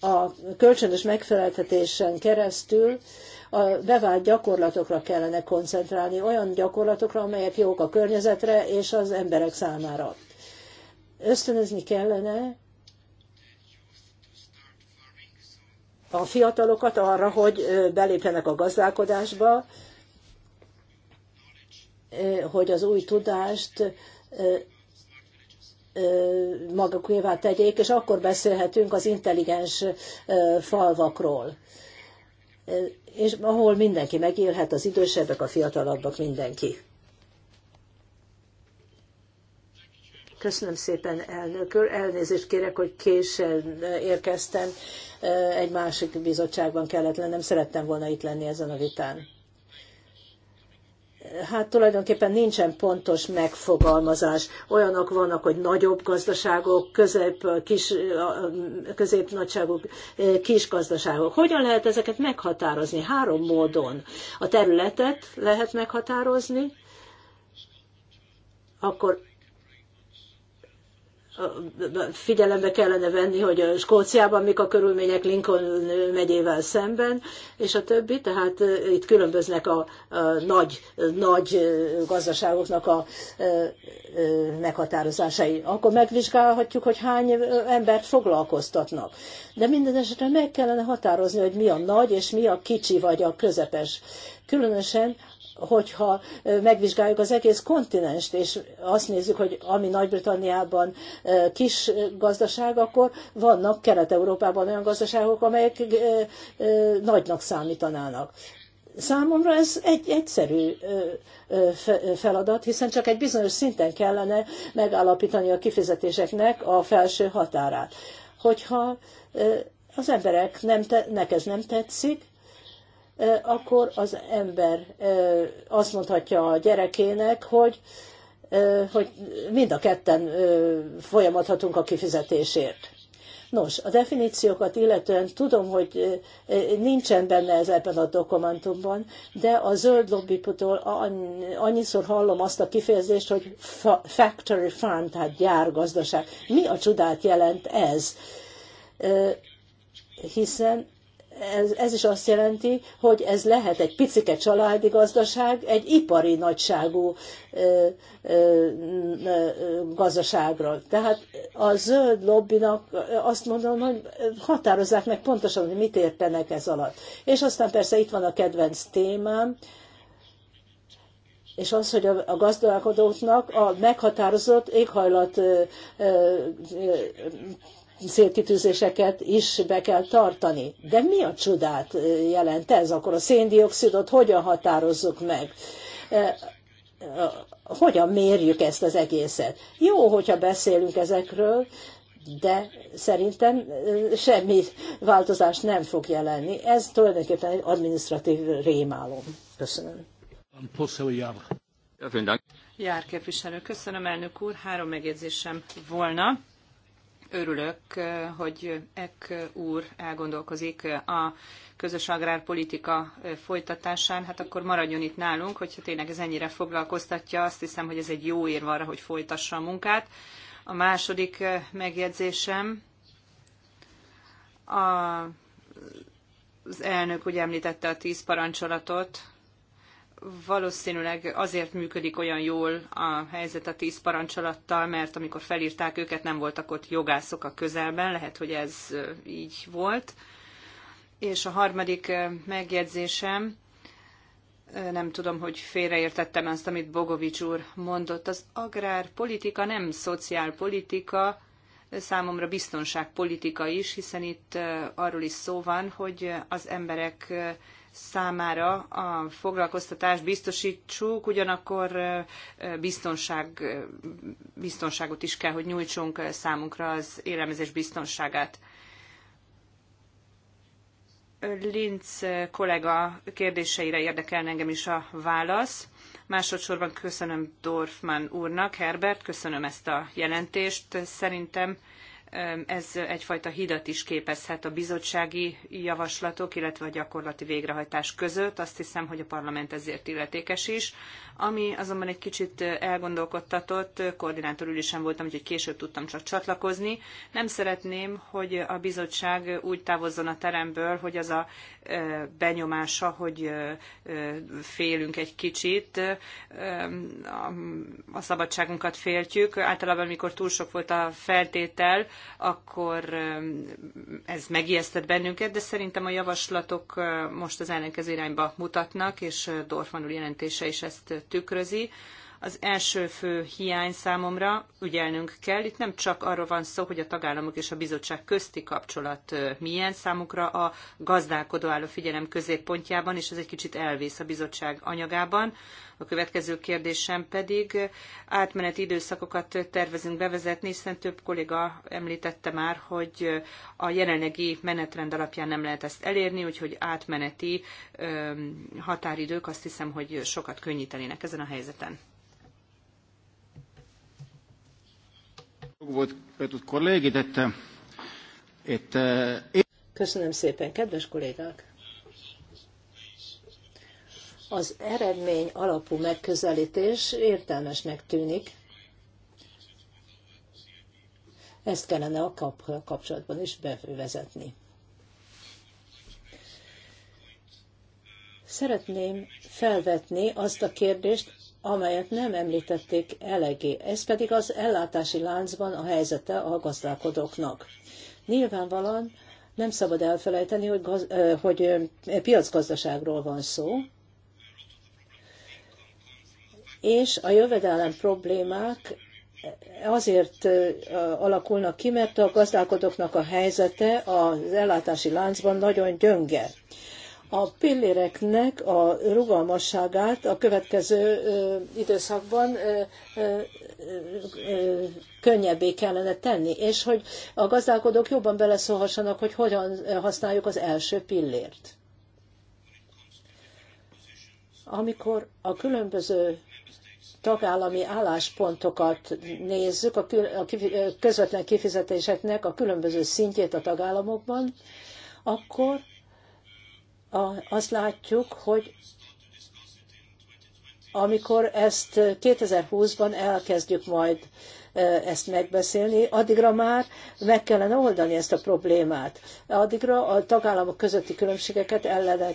Speaker 3: a kölcsönös megfeleltetésen keresztül a bevált gyakorlatokra kellene koncentrálni, olyan gyakorlatokra, amelyek jók a környezetre és az emberek számára ösztönözni kellene a fiatalokat arra, hogy belépjenek a gazdálkodásba, hogy az új tudást magakévá tegyék, és akkor beszélhetünk az intelligens falvakról, és ahol mindenki megélhet, az idősebbek, a fiatalabbak, mindenki. Köszönöm szépen, elnök úr. Elnézést kérek, hogy későn eh, érkeztem. Eh, egy másik bizottságban kellett lennem. Szerettem volna itt lenni ezen a vitán. Hát tulajdonképpen nincsen pontos megfogalmazás. Olyanok vannak, hogy nagyobb gazdaságok, közép, eh, kis, mm, középnagyságok, kis gazdaságok. Hogyan lehet ezeket meghatározni? Három módon. A területet lehet meghatározni, akkor figyelembe kellene venni, hogy a Skóciában mik a körülmények Lincoln megyével szemben, és a többi, tehát itt különböznek a, a nagy, nagy gazdaságoknak a, a, a meghatározásai. Akkor megvizsgálhatjuk, hogy hány embert foglalkoztatnak. De minden esetre meg kellene határozni, hogy mi a nagy és mi a kicsi vagy a közepes. Különösen hogyha megvizsgáljuk az egész kontinenst, és azt nézzük, hogy ami Nagy-Britanniában kis gazdaság, akkor vannak Kelet-Európában olyan gazdaságok, amelyek nagynak számítanának. Számomra ez egy egyszerű feladat, hiszen csak egy bizonyos szinten kellene megállapítani a kifizetéseknek a felső határát. Hogyha az emberek nem te, nek ez nem tetszik, akkor az ember azt mondhatja a gyerekének, hogy, hogy mind a ketten folyamathatunk a kifizetésért. Nos, a definíciókat illetően tudom, hogy nincsen benne ez ebben a dokumentumban, de a zöld lobbiputól annyiszor hallom azt a kifejezést, hogy factory farm, tehát gyárgazdaság. Mi a csodát jelent ez? Hiszen ez, ez is azt jelenti, hogy ez lehet egy picike családi gazdaság, egy ipari nagyságú ö, ö, ö, gazdaságra. Tehát a zöld lobbinak azt mondom, hogy határozzák meg pontosan, hogy mit értenek ez alatt. És aztán persze itt van a kedvenc témám, és az, hogy a, a gazdálkodóknak a meghatározott éghajlat célkitűzéseket is be kell tartani. De mi a csodát jelent ez? Akkor a széndiokszidot hogyan határozzuk meg? Hogyan mérjük ezt az egészet? Jó, hogyha beszélünk ezekről, de szerintem semmi változás nem fog jelenni. Ez tulajdonképpen egy administratív rémálom. Köszönöm.
Speaker 2: Jár képviselő, köszönöm elnök úr, három megjegyzésem volna. Örülök, hogy Ek úr elgondolkozik a közös agrárpolitika folytatásán, hát akkor maradjon itt nálunk, hogyha tényleg ez ennyire foglalkoztatja, azt hiszem, hogy ez egy jó érv arra, hogy folytassa a munkát. A második megjegyzésem, a, az elnök ugye említette a tíz parancsolatot, valószínűleg azért működik olyan jól a helyzet a tíz parancsolattal, mert amikor felírták őket, nem voltak ott jogászok a közelben, lehet, hogy ez így volt. És a harmadik megjegyzésem, nem tudom, hogy félreértettem azt, amit Bogovics úr mondott, az agrárpolitika nem szociálpolitika, számomra biztonságpolitika is, hiszen itt arról is szó van, hogy az emberek számára a foglalkoztatást biztosítsuk, ugyanakkor biztonság, biztonságot is kell, hogy nyújtsunk számunkra az élelmezés biztonságát. Linz kollega kérdéseire érdekel engem is a válasz. Másodszorban köszönöm Dorfman úrnak, Herbert, köszönöm ezt a jelentést. Szerintem ez egyfajta hidat is képezhet a bizottsági javaslatok, illetve a gyakorlati végrehajtás között. Azt hiszem, hogy a parlament ezért illetékes is. Ami azonban egy kicsit elgondolkodtatott, koordinátor ülésen voltam, úgyhogy később tudtam csak csatlakozni. Nem szeretném, hogy a bizottság úgy távozzon a teremből, hogy az a benyomása, hogy félünk egy kicsit, a szabadságunkat féltjük. Általában, amikor túl sok volt a feltétel, akkor ez megijesztett bennünket, de szerintem a javaslatok most az ellenkező irányba mutatnak, és Dorfmanul úr jelentése is ezt tükrözi. Az első fő hiány számomra ügyelnünk kell. Itt nem csak arról van szó, hogy a tagállamok és a bizottság közti kapcsolat milyen számukra a gazdálkodó álló figyelem középpontjában, és ez egy kicsit elvész a bizottság anyagában. A következő kérdésem pedig átmeneti időszakokat tervezünk bevezetni, hiszen több kolléga említette már, hogy a jelenlegi menetrend alapján nem lehet ezt elérni, úgyhogy átmeneti határidők azt hiszem, hogy sokat könnyítenének ezen a helyzeten.
Speaker 1: Eh,
Speaker 3: Köszönöm szépen, kedves kollégák! Az eredmény alapú megközelítés értelmesnek tűnik. Ezt kellene a kap kapcsolatban is bevezetni. Szeretném felvetni azt a kérdést, amelyet nem említették elegé. Ez pedig az ellátási láncban a helyzete a gazdálkodóknak. Nyilvánvalóan nem szabad elfelejteni, hogy, gaz, hogy piacgazdaságról van szó, és a jövedelem problémák azért alakulnak ki, mert a gazdálkodóknak a helyzete az ellátási láncban nagyon gyönge a pilléreknek a rugalmasságát a következő időszakban könnyebbé kellene tenni, és hogy a gazdálkodók jobban beleszólhassanak, hogy hogyan használjuk az első pillért. Amikor a különböző tagállami álláspontokat nézzük, a közvetlen kifizetéseknek a különböző szintjét a tagállamokban, akkor azt látjuk, hogy amikor ezt 2020-ban elkezdjük majd e, ezt megbeszélni, addigra már meg kellene oldani ezt a problémát. Addigra a tagállamok közötti különbségeket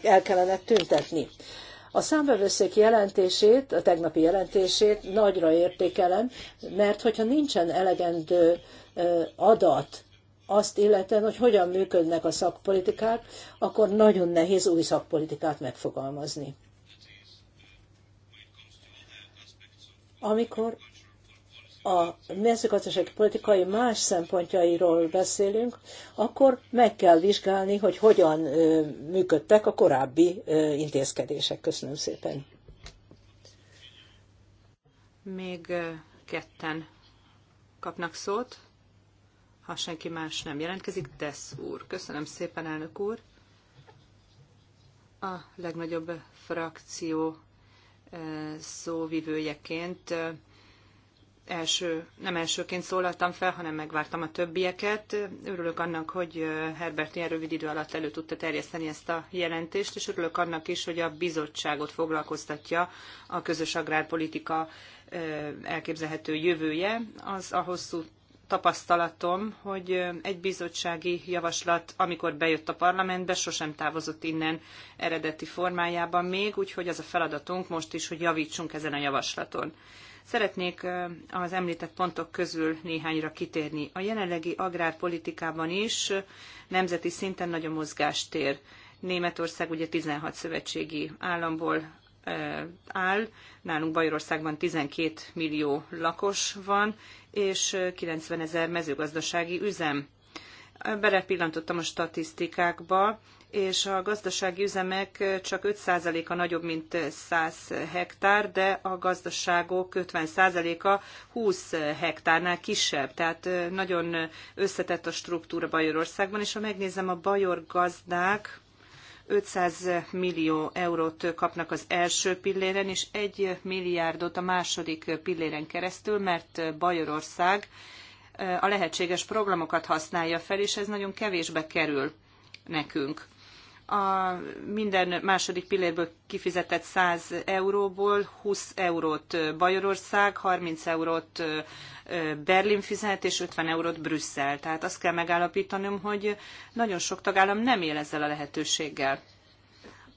Speaker 3: el kellene tüntetni. A számbevőszék jelentését, a tegnapi jelentését nagyra értékelem, mert hogyha nincsen elegendő e, adat azt illetően, hogy hogyan működnek a szakpolitikák, akkor nagyon nehéz új szakpolitikát megfogalmazni. Amikor a mezőgazdasági politikai más szempontjairól beszélünk, akkor meg kell vizsgálni, hogy hogyan működtek a korábbi intézkedések. Köszönöm szépen.
Speaker 2: Még ketten kapnak szót. Ha senki más nem jelentkezik, Tesz úr. Köszönöm szépen, elnök úr. A legnagyobb frakció eh, szóvivőjeként eh, első, nem elsőként szólaltam fel, hanem megvártam a többieket. Örülök annak, hogy eh, Herbert ilyen rövid idő alatt elő tudta terjeszteni ezt a jelentést, és örülök annak is, hogy a bizottságot foglalkoztatja a közös agrárpolitika elképzelhető jövője. Az a hosszú tapasztalatom, hogy egy bizottsági javaslat, amikor bejött a parlamentbe, sosem távozott innen eredeti formájában még, úgyhogy az a feladatunk most is, hogy javítsunk ezen a javaslaton. Szeretnék az említett pontok közül néhányra kitérni. A jelenlegi agrárpolitikában is nemzeti szinten nagy a mozgástér. Németország ugye 16 szövetségi államból Eh, áll. Nálunk Bajorországban 12 millió lakos van, és 90 eh, ezer mezőgazdasági üzem. Belepillantottam a statisztikákba, és a gazdasági üzemek eh, csak 5%-a nagyobb, mint 100 hektár, de a gazdaságok 50%-a 20 hektárnál kisebb. Tehát nagyon összetett a struktúra Bajorországban, és ha megnézem a bajor gazdák, 500 millió eurót kapnak az első pilléren, és 1 milliárdot a második pilléren keresztül, mert Bajorország eh, a lehetséges programokat használja fel, és ez nagyon kevésbe kerül nekünk a minden második pillérből kifizetett 100 euróból 20 eurót Bajorország, 30 eurót Berlin fizet, és 50 eurót Brüsszel. Tehát azt kell megállapítanom, hogy nagyon sok tagállam nem él ezzel a lehetőséggel.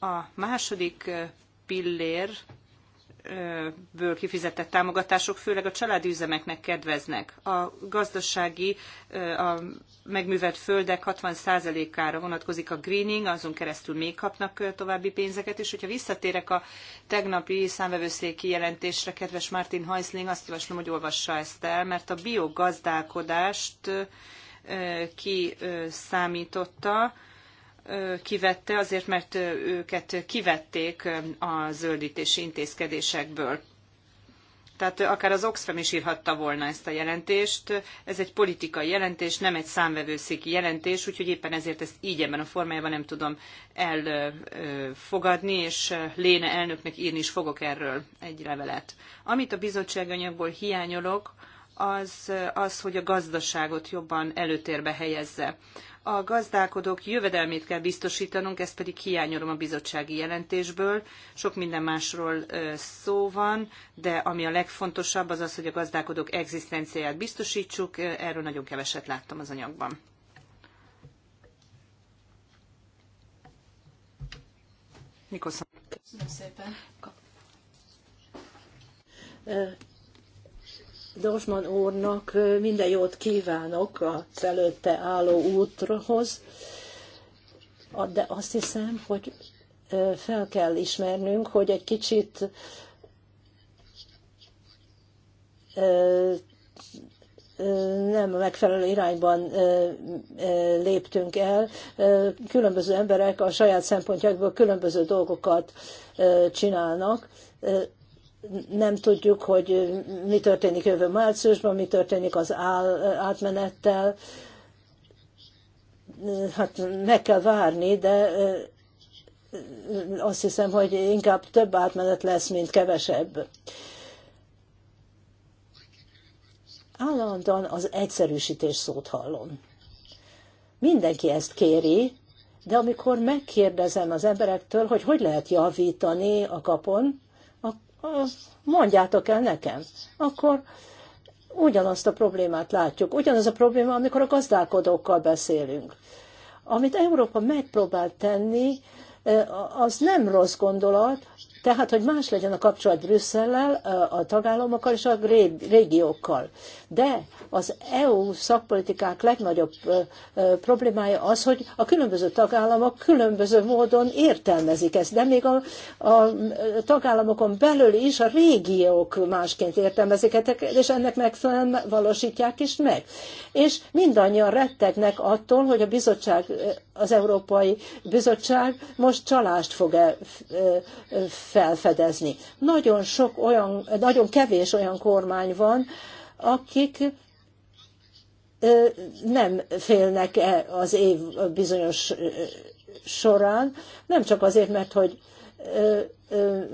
Speaker 2: A második pillér ből kifizetett támogatások főleg a családi üzemeknek kedveznek. A gazdasági, a megművelt földek 60%-ára vonatkozik a greening, azon keresztül még kapnak további pénzeket, és hogyha visszatérek a tegnapi számvevőszéki jelentésre, kedves Martin Heisling, azt javaslom, hogy olvassa ezt el, mert a biogazdálkodást kiszámította, kivette, azért mert őket kivették a zöldítési intézkedésekből. Tehát akár az Oxfam is írhatta volna ezt a jelentést. Ez egy politikai jelentés, nem egy számvevőszéki jelentés, úgyhogy éppen ezért ezt így ebben a formájában nem tudom elfogadni, és Léne elnöknek írni is fogok erről egy levelet. Amit a bizottságanyagból hiányolok, az, az, hogy a gazdaságot jobban előtérbe helyezze a gazdálkodók jövedelmét kell biztosítanunk, ezt pedig hiányolom a bizottsági jelentésből. Sok minden másról szó van, de ami a legfontosabb az az, hogy a gazdálkodók egzisztenciáját biztosítsuk, erről nagyon keveset láttam az anyagban.
Speaker 3: Nikolson.
Speaker 1: Köszönöm szépen.
Speaker 3: Dorsman úrnak minden jót kívánok a előtte álló útrhoz, de azt hiszem, hogy fel kell ismernünk, hogy egy kicsit nem a megfelelő irányban léptünk el. Különböző emberek a saját szempontjákból különböző dolgokat csinálnak nem tudjuk, hogy mi történik jövő márciusban, mi történik az átmenettel. Hát meg kell várni, de azt hiszem, hogy inkább több átmenet lesz, mint kevesebb. Állandóan az egyszerűsítés szót hallom. Mindenki ezt kéri, de amikor megkérdezem az emberektől, hogy hogy lehet javítani a kapon, mondjátok el nekem. Akkor ugyanazt a problémát látjuk. Ugyanaz a probléma, amikor a gazdálkodókkal beszélünk. Amit Európa megpróbál tenni, eh, az nem rossz gondolat, tehát, hogy más legyen a kapcsolat Brüsszellel, a tagállamokkal és a régiókkal. De az EU szakpolitikák legnagyobb problémája az, hogy a különböző tagállamok különböző módon értelmezik ezt, de még a, a tagállamokon belül is a régiók másként értelmezik, és ennek megfelelően valósítják is meg. És mindannyian rettegnek attól, hogy a bizottság, az Európai Bizottság most csalást fog -e felfedezni. Nagyon, sok olyan, nagyon kevés olyan kormány van, akik nem félnek -e az év bizonyos során, nem csak azért, mert hogy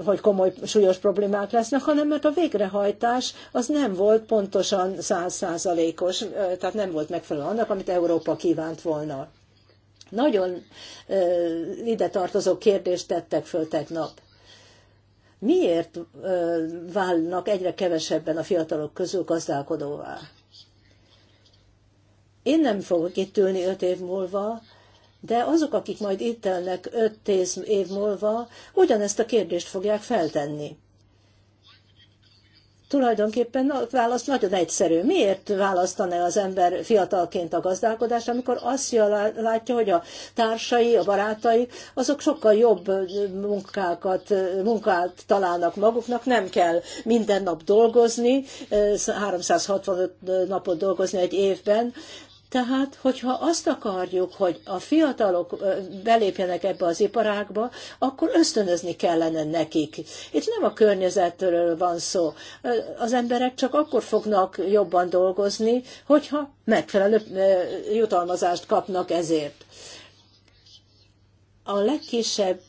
Speaker 3: hogy komoly, súlyos problémák lesznek, hanem mert a végrehajtás az nem volt pontosan százszázalékos, tehát nem volt megfelelő annak, amit Európa kívánt volna. Nagyon ide tartozó kérdést tettek föl tegnap miért válnak egyre kevesebben a fiatalok közül gazdálkodóvá? Én nem fogok itt ülni öt év múlva, de azok, akik majd itt elnek öt év múlva, ugyanezt a kérdést fogják feltenni tulajdonképpen a válasz nagyon egyszerű. Miért választaná az ember fiatalként a gazdálkodást, amikor azt látja, hogy a társai, a barátai, azok sokkal jobb munkákat, munkát találnak maguknak, nem kell minden nap dolgozni, eh, 365 napot dolgozni egy évben, tehát, hogyha azt akarjuk, hogy a fiatalok belépjenek ebbe az iparágba, akkor ösztönözni kellene nekik. Itt nem a környezetről van szó. Az emberek csak akkor fognak jobban dolgozni, hogyha megfelelő jutalmazást kapnak ezért a legkisebb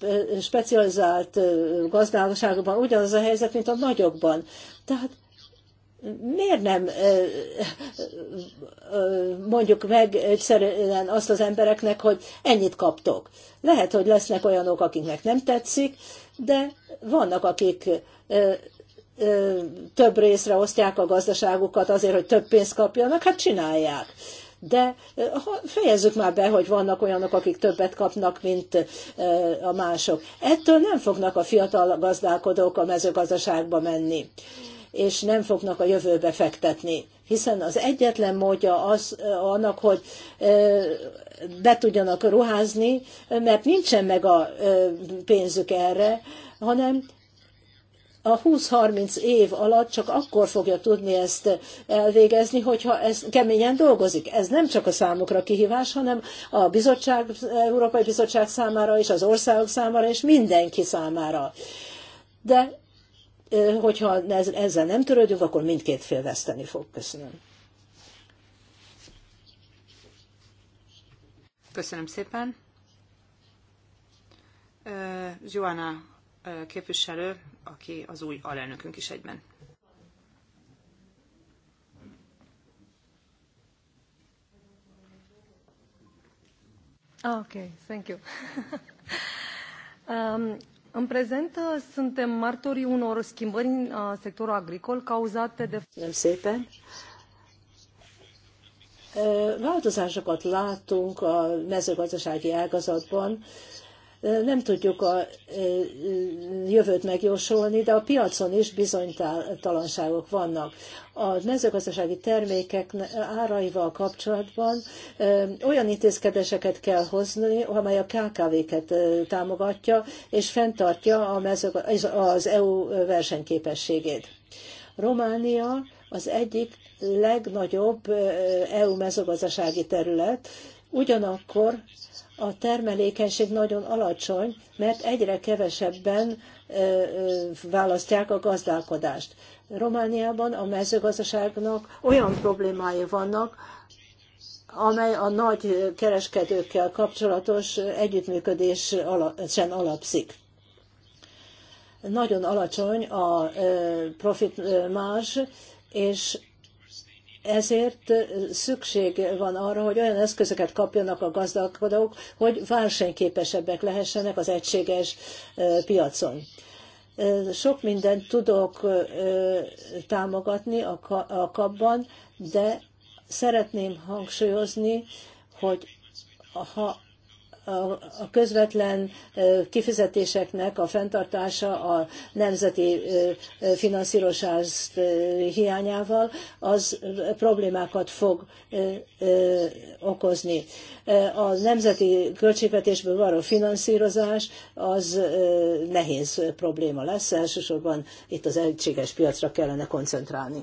Speaker 3: specializált gazdaságokban ugyanaz a helyzet, mint a nagyokban. Tehát miért nem mondjuk meg egyszerűen azt az embereknek, hogy ennyit kaptok. Lehet, hogy lesznek olyanok, akiknek nem tetszik, de vannak, akik több részre osztják a gazdaságukat azért, hogy több pénzt kapjanak, hát csinálják. De ha fejezzük már be, hogy vannak olyanok, akik többet kapnak, mint a mások. Ettől nem fognak a fiatal gazdálkodók a mezőgazdaságba menni és nem fognak a jövőbe fektetni. Hiszen az egyetlen módja az annak, hogy be tudjanak ruházni, mert nincsen meg a pénzük erre, hanem a 20-30 év alatt csak akkor fogja tudni ezt elvégezni, hogyha ez keményen dolgozik. Ez nem csak a számukra kihívás, hanem a bizottság, Európai Bizottság számára is, az országok számára és mindenki számára. De hogyha ezzel nem törődünk, akkor mindkét
Speaker 2: fél veszteni fog. Köszönöm. Köszönöm szépen. Joanna képviselő, aki az új alelnökünk is egyben.
Speaker 3: Ah, okay, thank you. um, În prezent uh, suntem martorii unor schimbări în uh, sectorul agricol cauzate de... Nem szépen. Uh, változásokat látunk a mezőgazdasági ágazatban, nem tudjuk a jövőt megjósolni, de a piacon is bizonytalanságok vannak. A mezőgazdasági termékek áraival kapcsolatban olyan intézkedéseket kell hozni, amely a KKV-ket támogatja és fenntartja a mezőg- az EU versenyképességét. Románia az egyik legnagyobb EU mezőgazdasági terület, ugyanakkor a termelékenység nagyon alacsony, mert egyre kevesebben választják a gazdálkodást. Romániában a mezőgazdaságnak olyan problémái vannak, amely a nagy kereskedőkkel kapcsolatos együttműködésen alapszik. Nagyon alacsony a profit más, és ezért szükség van arra, hogy olyan eszközöket kapjanak a gazdálkodók, hogy versenyképesebbek lehessenek az egységes piacon. Sok mindent tudok támogatni a kapban, de szeretném hangsúlyozni, hogy ha a közvetlen kifizetéseknek a fenntartása a nemzeti finanszírozás hiányával, az problémákat fog okozni. A nemzeti költségvetésből való finanszírozás az nehéz probléma lesz, elsősorban itt az egységes piacra kellene koncentrálni.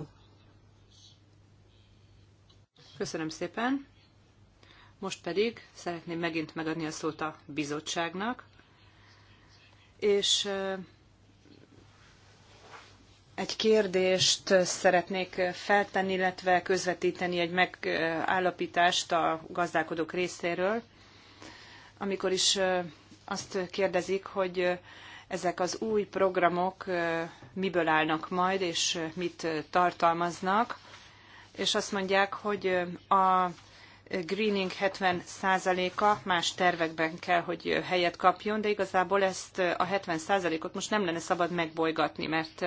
Speaker 2: Köszönöm szépen. Most pedig szeretném megint megadni a szót a bizottságnak, és egy kérdést szeretnék feltenni, illetve közvetíteni egy megállapítást a gazdálkodók részéről, amikor is azt kérdezik, hogy ezek az új programok miből állnak majd, és mit tartalmaznak, és azt mondják, hogy a greening 70%-a más tervekben kell, hogy helyet kapjon, de igazából ezt a 70%-ot most nem lenne szabad megbolygatni, mert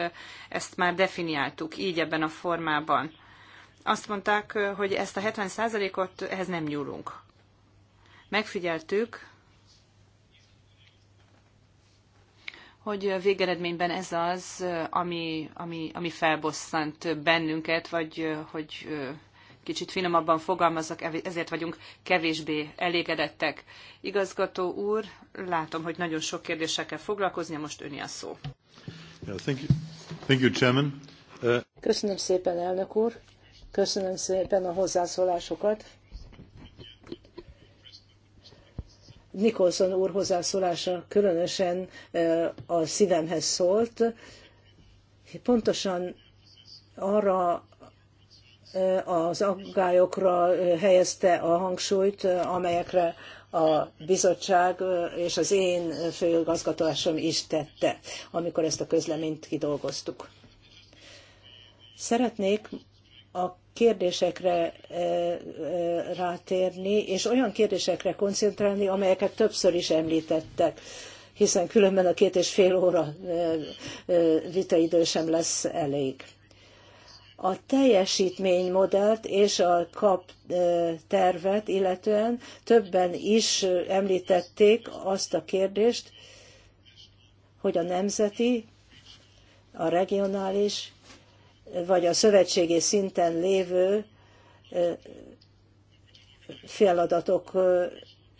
Speaker 2: ezt már definiáltuk így ebben a formában. Azt mondták, hogy ezt a 70%-ot ehhez nem nyúlunk. Megfigyeltük, hogy végeredményben ez az, ami, ami, ami felbosszant bennünket, vagy hogy kicsit finomabban fogalmazzak, ezért vagyunk kevésbé elégedettek. Igazgató úr, látom, hogy nagyon sok kérdéssel kell foglalkozni. most öni a szó.
Speaker 1: Yeah, thank you. Thank you, Chairman. Uh...
Speaker 3: Köszönöm szépen, elnök úr. Köszönöm szépen a hozzászólásokat. Nikolson úr hozzászólása különösen uh, a szívemhez szólt. Pontosan arra az aggályokra helyezte a hangsúlyt, amelyekre a bizottság és az én főigazgatásom is tette, amikor ezt a közleményt kidolgoztuk. Szeretnék a kérdésekre rátérni, és olyan kérdésekre koncentrálni, amelyeket többször is említettek, hiszen különben a két és fél óra vitaidő sem lesz elég a teljesítménymodellt és a kap tervet illetően többen is említették azt a kérdést, hogy a nemzeti, a regionális vagy a szövetségi szinten lévő feladatok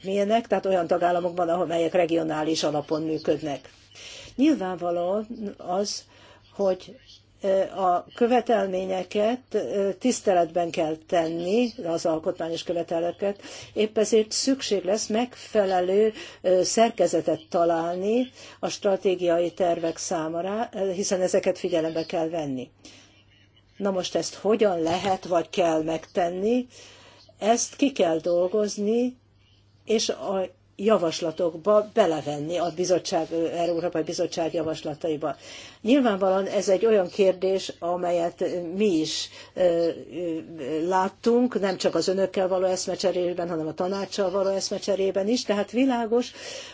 Speaker 3: milyenek, tehát olyan tagállamokban, ahol regionális alapon működnek. Nyilvánvaló az, hogy a követelményeket tiszteletben kell tenni, az alkotmányos követelőket, épp ezért szükség lesz megfelelő szerkezetet találni a stratégiai tervek számára, hiszen ezeket figyelembe kell venni. Na most ezt hogyan lehet, vagy kell megtenni? Ezt ki kell dolgozni, és a javaslatokba belevenni a bizottság, eh, Európai Bizottság javaslataiba. Nyilvánvalóan ez egy olyan kérdés, amelyet mi is eh, láttunk, nem csak az önökkel való eszmecserében, hanem a tanácssal való eszmecserében is, tehát világos,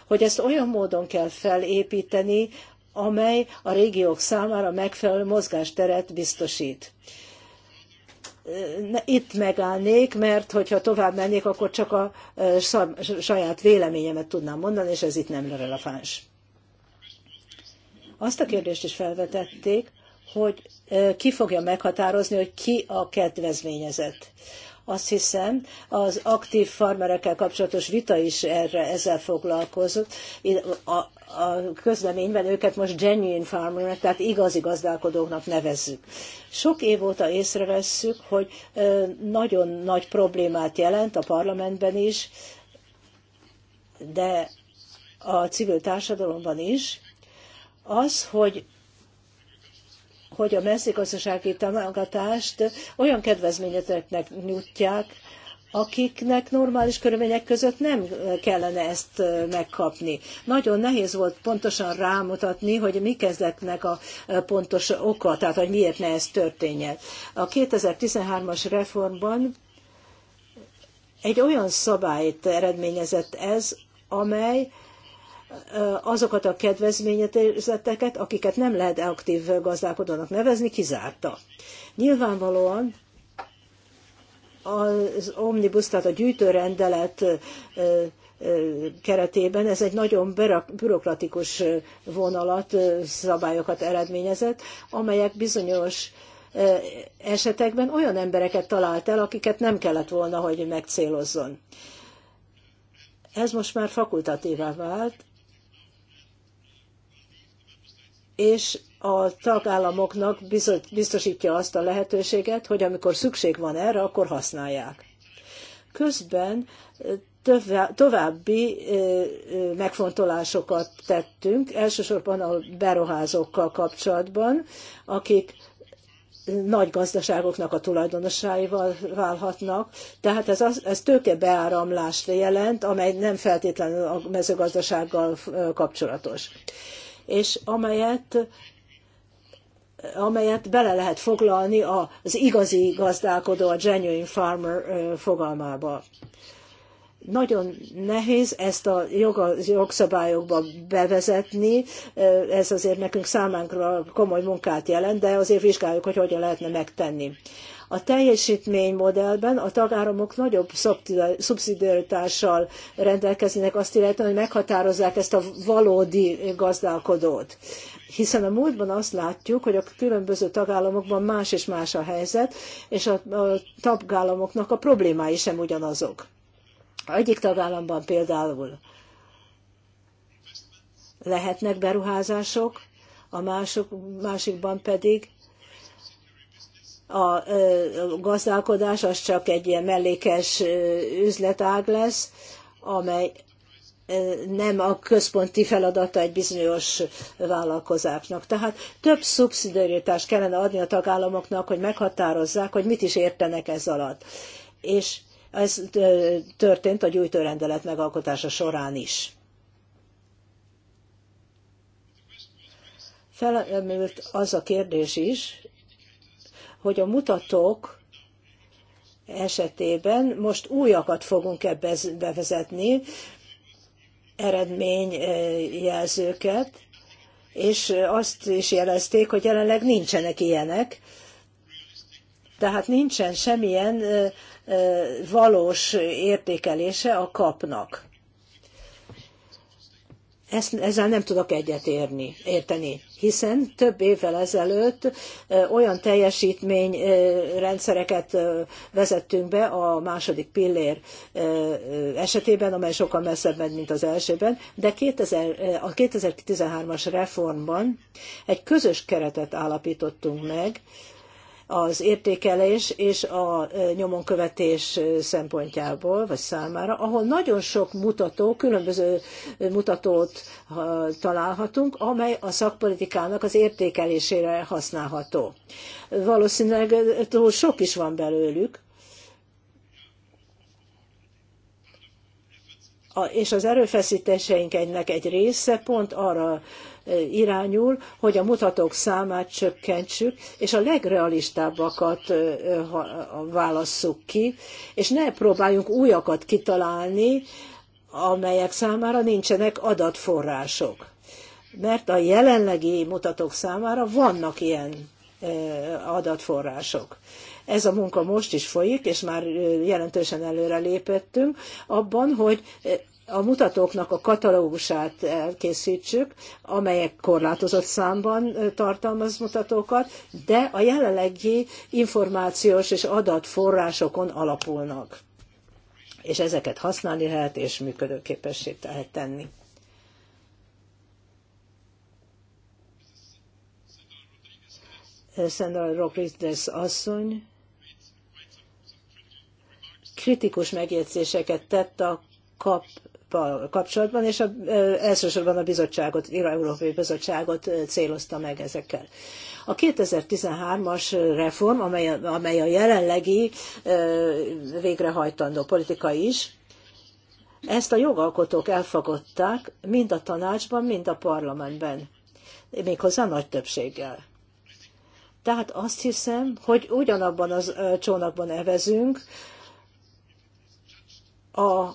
Speaker 3: hogy ezt olyan módon kell felépíteni, amely a régiók számára megfelelő mozgásteret biztosít itt megállnék, mert hogyha tovább mennék, akkor csak a e, saját véleményemet tudnám mondani, és ez itt nem releváns. Azt a kérdést is felvetették, hogy e, ki fogja meghatározni, hogy ki a kedvezményezett. Azt hiszem, az aktív farmerekkel kapcsolatos vita is erre ezzel foglalkozott a közleményben őket most genuine farmer, tehát igazi gazdálkodóknak nevezzük. Sok év óta észrevesszük, hogy nagyon nagy problémát jelent a parlamentben is, de a civil társadalomban is, az, hogy hogy a mezőgazdasági támogatást olyan kedvezményeteknek nyújtják, akiknek normális körülmények között nem kellene ezt megkapni. Nagyon nehéz volt pontosan rámutatni, hogy mi kezdetnek a pontos oka, tehát hogy miért ne ez történjen. A 2013-as reformban egy olyan szabályt eredményezett ez, amely azokat a kedvezményezetteket, akiket nem lehet aktív gazdálkodónak nevezni, kizárta. Nyilvánvalóan az omnibus, tehát a gyűjtőrendelet keretében ez egy nagyon bürokratikus vonalat, szabályokat eredményezett, amelyek bizonyos esetekben olyan embereket talált el, akiket nem kellett volna, hogy megcélozzon. Ez most már fakultatívá vált, és a tagállamoknak biztosítja azt a lehetőséget, hogy amikor szükség van erre, akkor használják. Közben további megfontolásokat tettünk, elsősorban a beruházókkal kapcsolatban, akik nagy gazdaságoknak a tulajdonosáival válhatnak. Tehát ez, az, ez tőkebeáramlást jelent, amely nem feltétlenül a mezőgazdasággal kapcsolatos és amelyet amelyet bele lehet foglalni az igazi gazdálkodó, a genuine farmer fogalmába. Nagyon nehéz ezt a joga, jogszabályokba bevezetni, ez azért nekünk számánkra komoly munkát jelent, de azért vizsgáljuk, hogy hogyan lehetne megtenni. A teljesítménymodellben a tagállamok nagyobb szubszidiaritással rendelkeznek azt illetően, hogy meghatározzák ezt a valódi gazdálkodót. Hiszen a múltban azt látjuk, hogy a különböző tagállamokban más és más a helyzet, és a, tagállamoknak a problémái sem ugyanazok. A egyik tagállamban például lehetnek beruházások, a másikban pedig a gazdálkodás az csak egy ilyen mellékes üzletág lesz, amely nem a központi feladata egy bizonyos vállalkozásnak. Tehát több szubszidiaritást kellene adni a tagállamoknak, hogy meghatározzák, hogy mit is értenek ez alatt. És ez történt a gyújtórendelet megalkotása során is. Felmerült az a kérdés is, hogy a mutatók esetében most újakat fogunk ebbe bevezetni, eredményjelzőket, és azt is jelezték, hogy jelenleg nincsenek ilyenek. Tehát nincsen semmilyen valós értékelése a kapnak. Ezt, ezzel nem tudok egyet érteni, hiszen több évvel ezelőtt olyan teljesítményrendszereket vezettünk be a második pillér esetében, amely sokkal messzebb ment, mint az elsőben, de 2000, a 2013-as reformban egy közös keretet állapítottunk meg, az értékelés és a nyomonkövetés szempontjából, vagy számára, ahol nagyon sok mutató, különböző mutatót találhatunk, amely a szakpolitikának az értékelésére használható. Valószínűleg túl sok is van belőlük, és az erőfeszítéseinknek egy része pont arra irányul, hogy a mutatók számát csökkentsük, és a legrealistábbakat válasszuk ki, és ne próbáljunk újakat kitalálni, amelyek számára nincsenek adatforrások. Mert a jelenlegi mutatók számára vannak ilyen adatforrások. Ez a munka most is folyik, és már jelentősen előrelépettünk abban, hogy a mutatóknak a katalógusát elkészítsük, amelyek korlátozott számban tartalmaz mutatókat, de a jelenlegi információs és adatforrásokon alapulnak. És ezeket használni lehet, és működőképessé lehet tenni. Szendal Rokrides asszony kritikus megjegyzéseket tett a kap kapcsolatban, és a, elsősorban a bizottságot, Európai Bizottságot célozta meg ezekkel. A 2013-as reform, amely, amely a jelenlegi végrehajtandó politika is, ezt a jogalkotók elfogadták mind a tanácsban, mind a parlamentben, méghozzá nagy többséggel. Tehát azt hiszem, hogy ugyanabban az csónakban evezünk, a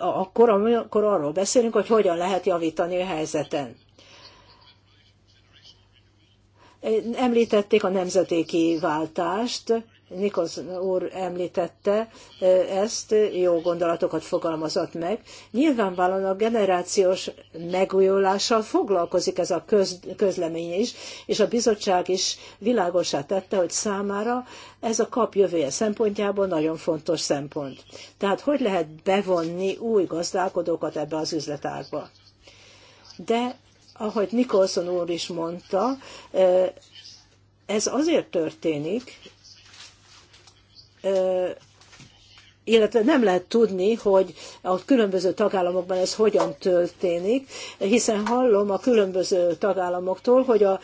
Speaker 3: akkor, amikor arról beszélünk, hogy hogyan lehet javítani a helyzeten. Említették a nemzetéki váltást, Nikos úr említette ezt, jó gondolatokat fogalmazott meg. Nyilvánvalóan a generációs megújulással foglalkozik ez a köz, közlemény is, és a bizottság is világosá tette, hogy számára ez a kap jövője szempontjából nagyon fontos szempont. Tehát hogy lehet bevonni új gazdálkodókat ebbe az üzletágba? De, ahogy Nikolson úr is mondta, ez azért történik, illetve nem lehet tudni, hogy a különböző tagállamokban ez hogyan történik, hiszen hallom a különböző tagállamoktól, hogy a,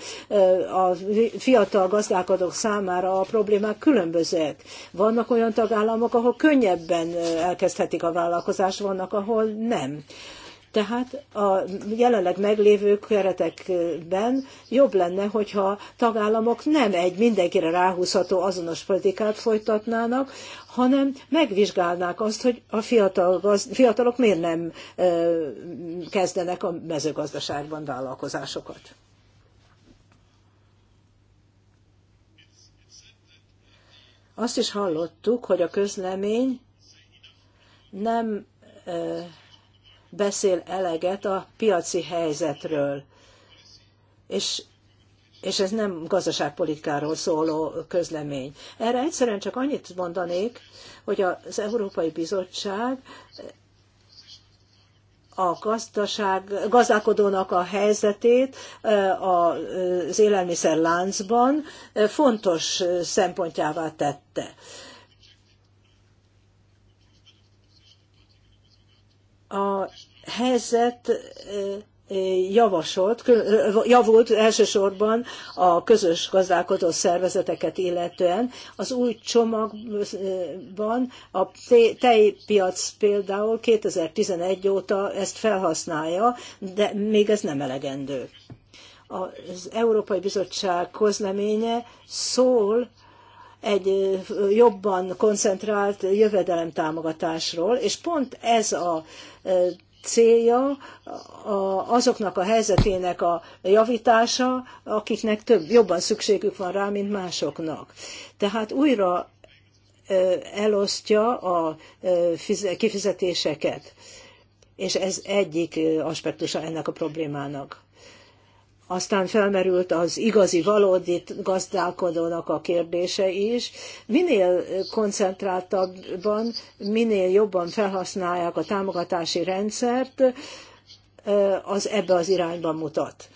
Speaker 3: a fiatal gazdálkodók számára a problémák különbözőek. Vannak olyan tagállamok, ahol könnyebben elkezdhetik a vállalkozást, vannak, ahol nem tehát a jelenleg meglévő keretekben jobb lenne, hogyha tagállamok nem egy mindenkire ráhúzható azonos politikát folytatnának, hanem megvizsgálnák azt, hogy a fiatal gaz, fiatalok miért nem ö, kezdenek a mezőgazdaságban vállalkozásokat. Azt is hallottuk, hogy a közlemény nem ö, beszél eleget a piaci helyzetről. És és ez nem gazdaságpolitikáról szóló közlemény. Erre egyszerűen csak annyit mondanék, hogy az Európai Bizottság a gazdaság, gazdálkodónak a helyzetét az élelmiszer láncban fontos szempontjává tette. a helyzet javasolt, javult elsősorban a közös gazdálkodó szervezeteket illetően. Az új csomagban a tejpiac például 2011 óta ezt felhasználja, de még ez nem elegendő. Az Európai Bizottság közleménye szól egy jobban koncentrált jövedelemtámogatásról, és pont ez a célja azoknak a helyzetének a javítása, akiknek több, jobban szükségük van rá, mint másoknak. Tehát újra elosztja a kifizetéseket, és ez egyik aspektusa ennek a problémának. Aztán felmerült az igazi, valódi gazdálkodónak a kérdése is. Minél koncentráltabban, minél jobban felhasználják a támogatási rendszert, eh, az ebbe az irányba mutat.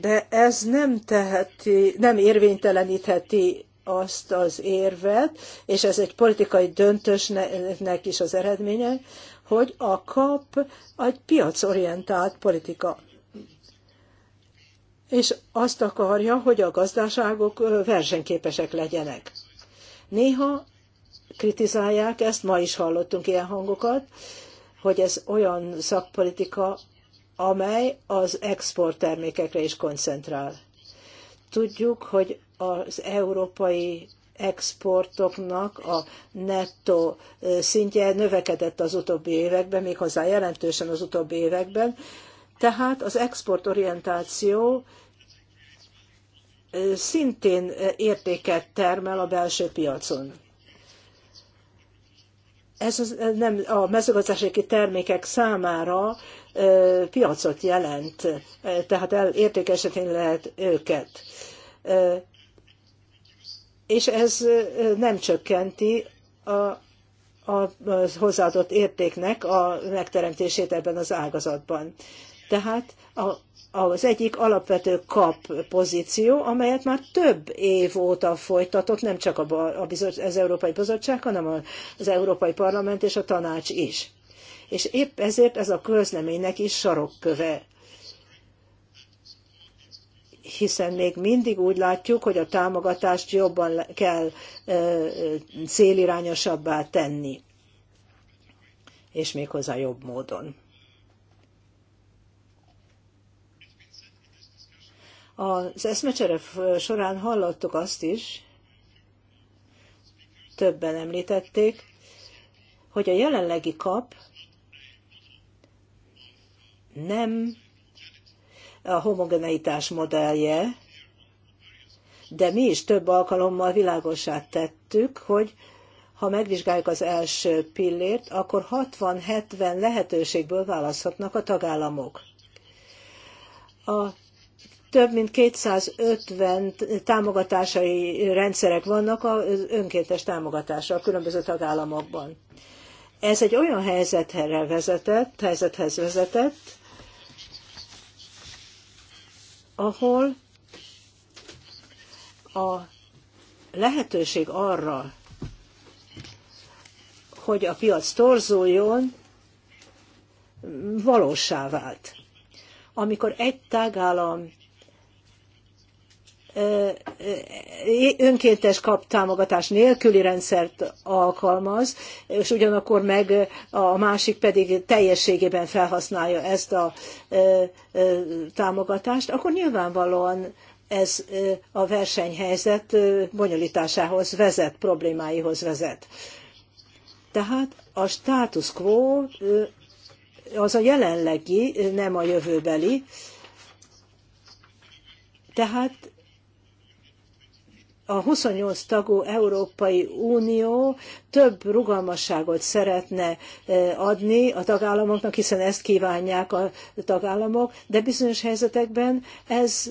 Speaker 3: De ez nem, teheti, nem érvénytelenítheti azt az érvet, és ez egy politikai döntősnek is az eredménye, hogy a kap egy piacorientált politika. És azt akarja, hogy a gazdaságok versenyképesek legyenek. Néha kritizálják ezt, ma is hallottunk ilyen hangokat, hogy ez olyan szakpolitika, amely az exporttermékekre is koncentrál. Tudjuk, hogy az európai exportoknak a nettó szintje növekedett az utóbbi években, méghozzá jelentősen az utóbbi években. Tehát az exportorientáció szintén értéket termel a belső piacon. Ez az, nem, a mezőgazdasági termékek számára ö, piacot jelent, tehát el, értékesíteni lehet őket. Ö, és ez nem csökkenti a, a hozzáadott értéknek a megteremtését ebben az ágazatban. Tehát a, az egyik alapvető kap pozíció, amelyet már több év óta folytatott, nem csak a, a bizot, az Európai Bizottság, hanem az Európai Parlament és a Tanács is. És épp ezért ez a közleménynek is sarokköve hiszen még mindig úgy látjuk, hogy a támogatást jobban kell célirányosabbá tenni, és méghozzá jobb módon. Az eszmecsere során hallottuk azt is, többen említették, hogy a jelenlegi kap nem a homogeneitás modellje, de mi is több alkalommal világosát tettük, hogy ha megvizsgáljuk az első pillért, akkor 60-70 lehetőségből választhatnak a tagállamok. A több mint 250 támogatásai rendszerek vannak az önkéntes támogatásra a különböző tagállamokban. Ez egy olyan helyzethez vezetett, helyzethez vezetett, ahol a lehetőség arra, hogy a piac torzuljon, valósá vált. Amikor egy tagállam önkéntes kap támogatás nélküli rendszert alkalmaz, és ugyanakkor meg a másik pedig teljességében felhasználja ezt a támogatást, akkor nyilvánvalóan ez a versenyhelyzet bonyolításához vezet, problémáihoz vezet. Tehát a status quo az a jelenlegi, nem a jövőbeli, tehát a 28 tagú Európai Unió több rugalmasságot szeretne e, adni a tagállamoknak, hiszen ezt kívánják a tagállamok, de bizonyos helyzetekben ez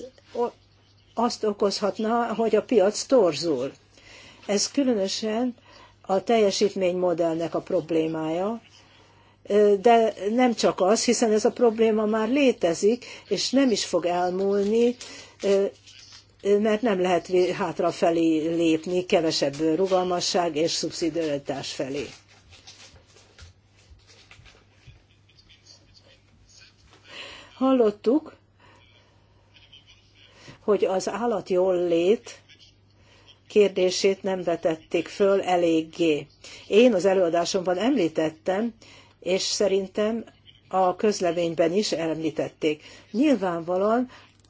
Speaker 3: azt okozhatna, hogy a piac torzul. Ez különösen a teljesítménymodellnek a problémája, e, de nem csak az, hiszen ez a probléma már létezik, és nem is fog elmúlni, e, mert nem lehet hátrafelé lépni, kevesebb rugalmasság és szubszidiaritás felé. Hallottuk, hogy az állat jól lét kérdését nem vetették föl eléggé. Én az előadásomban említettem, és szerintem a közleményben is említették. Nyilvánvalóan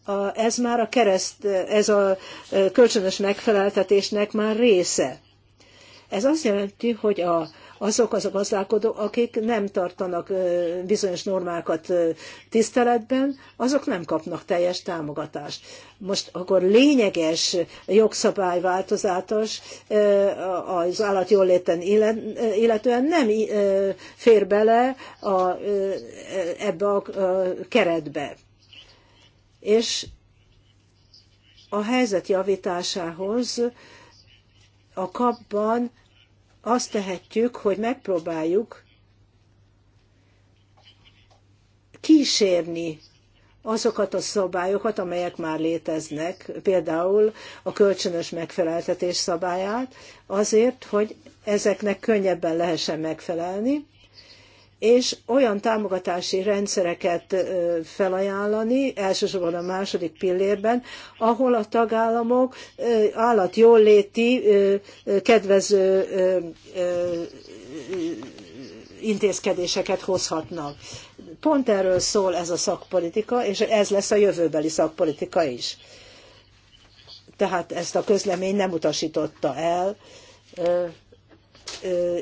Speaker 3: a, ez már a kereszt, ez a kölcsönös megfeleltetésnek már része. Ez azt jelenti, hogy a, azok az a gazdálkodók, akik nem tartanak bizonyos normákat tiszteletben, azok nem kapnak teljes támogatást. Most akkor lényeges jogszabályváltozatos az állatjóléten illetően nem fér bele a, ebbe a keretbe és a helyzet javításához a kapban azt tehetjük, hogy megpróbáljuk kísérni azokat a szabályokat, amelyek már léteznek, például a kölcsönös megfeleltetés szabályát, azért, hogy ezeknek könnyebben lehessen megfelelni, és olyan támogatási rendszereket felajánlani, elsősorban a második pillérben, ahol a tagállamok állatjóléti kedvező intézkedéseket hozhatnak. Pont erről szól ez a szakpolitika, és ez lesz a jövőbeli szakpolitika is. Tehát ezt a közlemény nem utasította el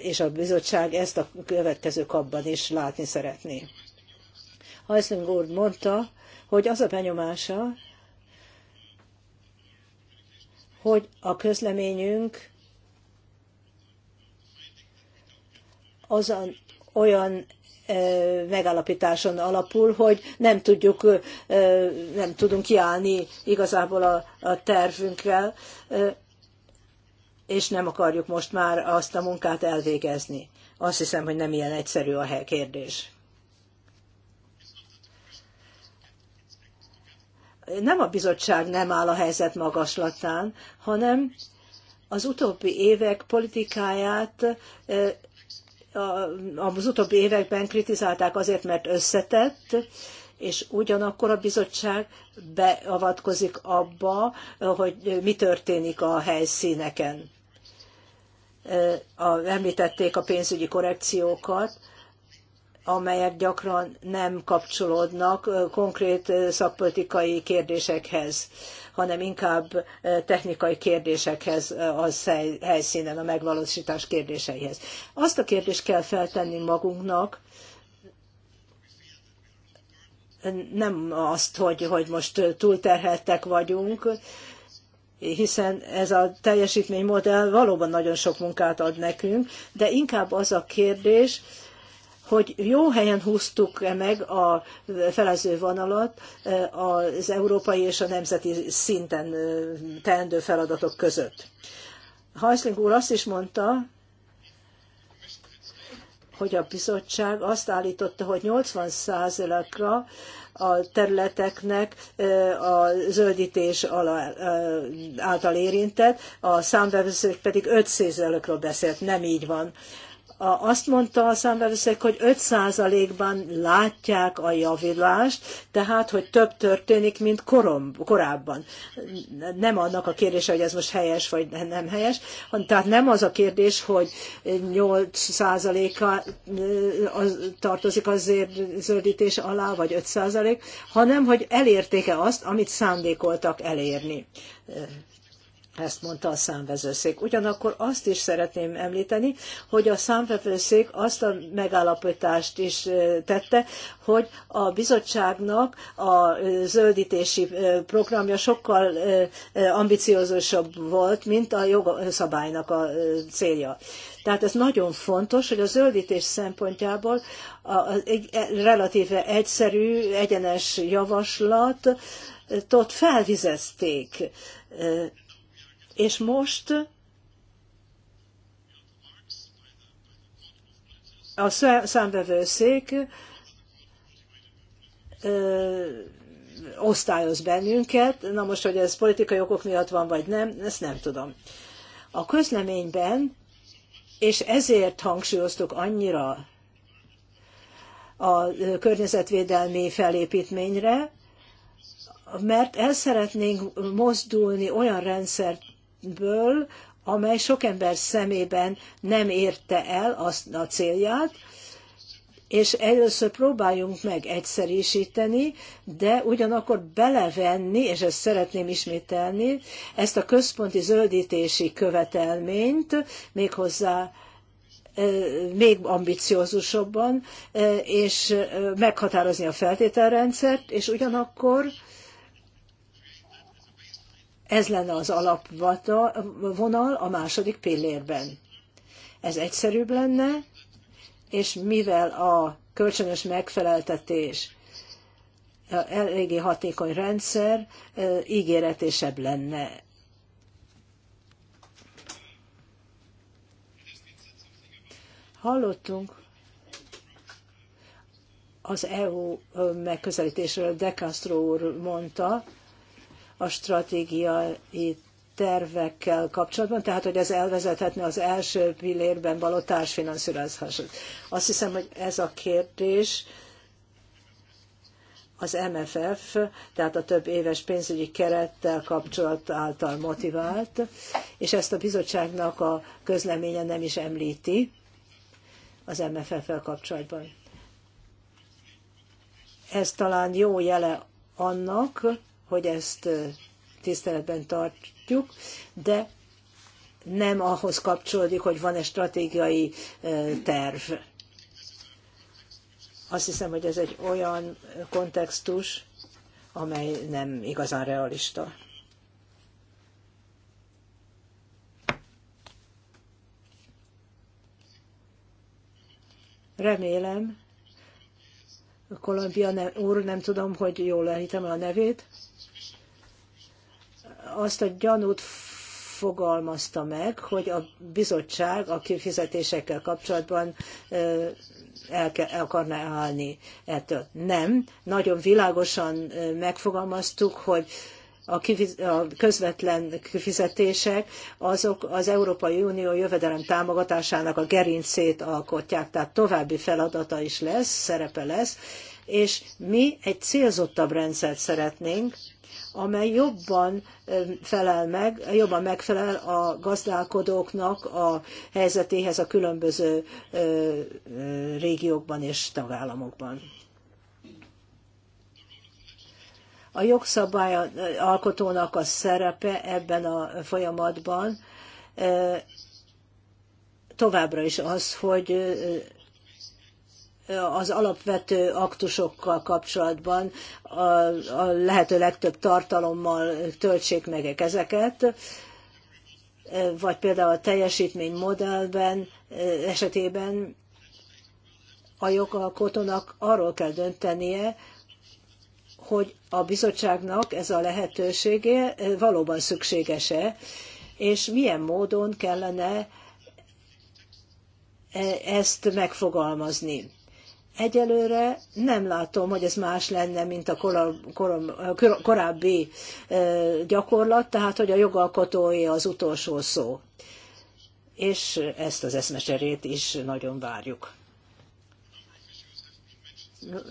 Speaker 3: és a bizottság ezt a következő kapban is látni szeretné. Heisling úr mondta, hogy az a benyomása, hogy a közleményünk az olyan megállapításon alapul, hogy nem tudjuk, nem tudunk kiállni igazából a, a tervünkkel, és nem akarjuk most már azt a munkát elvégezni. Azt hiszem, hogy nem ilyen egyszerű a kérdés. Nem a bizottság nem áll a helyzet magaslatán, hanem az utóbbi évek politikáját az utóbbi években kritizálták azért, mert összetett, és ugyanakkor a bizottság beavatkozik abba, hogy mi történik a helyszíneken a, említették a pénzügyi korrekciókat, amelyek gyakran nem kapcsolódnak konkrét szakpolitikai kérdésekhez, hanem inkább technikai kérdésekhez az helyszínen, a megvalósítás kérdéseihez. Azt a kérdést kell feltenni magunknak, nem azt, hogy, hogy most túlterheltek vagyunk, hiszen ez a teljesítménymodell valóban nagyon sok munkát ad nekünk, de inkább az a kérdés, hogy jó helyen húztuk-e meg a felező vonalat eh, az európai és a nemzeti szinten eh, teendő feladatok között. Hajszling úr azt is mondta, hogy a bizottság azt állította, hogy 80 ra a területeknek a zöldítés alá, által érintett, a számvevőszék pedig 5%-ről beszélt, nem így van azt mondta a számbevőszék, hogy 5%-ban látják a javulást, tehát, hogy több történik, mint korom, korábban. Nem annak a kérdése, hogy ez most helyes vagy nem helyes, tehát nem az a kérdés, hogy 8%-a tartozik az zöldítés alá, vagy 5%, hanem, hogy elérték-e azt, amit szándékoltak elérni ezt mondta a számvevőszék. Ugyanakkor azt is szeretném említeni, hogy a számvevőszék azt a megállapítást is tette, hogy a bizottságnak a zöldítési programja sokkal ambiciózusabb volt, mint a jogszabálynak a célja. Tehát ez nagyon fontos, hogy a zöldítés szempontjából egy e, relatíve egyszerű, egyenes javaslatot felvizezték és most a számvevőszék osztályoz bennünket. Na most, hogy ez politikai okok miatt van, vagy nem, ezt nem tudom. A közleményben, és ezért hangsúlyoztuk annyira a környezetvédelmi felépítményre, mert el szeretnénk mozdulni olyan rendszert ből, amely sok ember szemében nem érte el azt a célját, és először próbáljunk meg egyszerűsíteni, de ugyanakkor belevenni, és ezt szeretném ismételni, ezt a központi zöldítési követelményt méghozzá még ambiciózusabban, és meghatározni a feltételrendszert, és ugyanakkor ez lenne az alapvonal a második pillérben. Ez egyszerűbb lenne, és mivel a kölcsönös megfeleltetés eléggé hatékony rendszer, ígéretesebb lenne. Hallottunk az EU megközelítésről, De Castro úr mondta, a stratégiai tervekkel kapcsolatban, tehát hogy ez elvezethetne az első pillérben való társfinanszírozáshoz. Azt hiszem, hogy ez a kérdés az MFF, tehát a több éves pénzügyi kerettel kapcsolat által motivált, és ezt a bizottságnak a közleménye nem is említi az MFF-fel kapcsolatban. Ez talán jó jele annak, hogy ezt tiszteletben tartjuk, de nem ahhoz kapcsolódik, hogy van-e stratégiai terv. Azt hiszem, hogy ez egy olyan kontextus, amely nem igazán realista. Remélem, Kolumbia úr, nem tudom, hogy jól lehítem a nevét, azt a gyanút fogalmazta meg, hogy a bizottság a kifizetésekkel kapcsolatban el, kell, el akarná állni ettől. Nem, nagyon világosan megfogalmaztuk, hogy a, kifiz, a közvetlen kifizetések azok az Európai Unió jövedelem támogatásának a gerincét alkotják, tehát további feladata is lesz, szerepe lesz, és mi egy célzottabb rendszert szeretnénk, amely jobban felel meg, jobban megfelel a gazdálkodóknak a helyzetéhez a különböző régiókban és tagállamokban. A jogszabály alkotónak a szerepe ebben a folyamatban továbbra is az, hogy az alapvető aktusokkal kapcsolatban a, a lehető legtöbb tartalommal töltsék meg ezeket, vagy például a teljesítménymodellben esetében a jogalkotónak arról kell döntenie, hogy a bizottságnak ez a lehetősége valóban szükséges-e, és milyen módon kellene e-, ezt megfogalmazni Egyelőre nem látom, hogy ez más lenne, mint a korábbi gyakorlat, tehát hogy a jogalkotói az utolsó szó. És ezt az eszmecserét is nagyon várjuk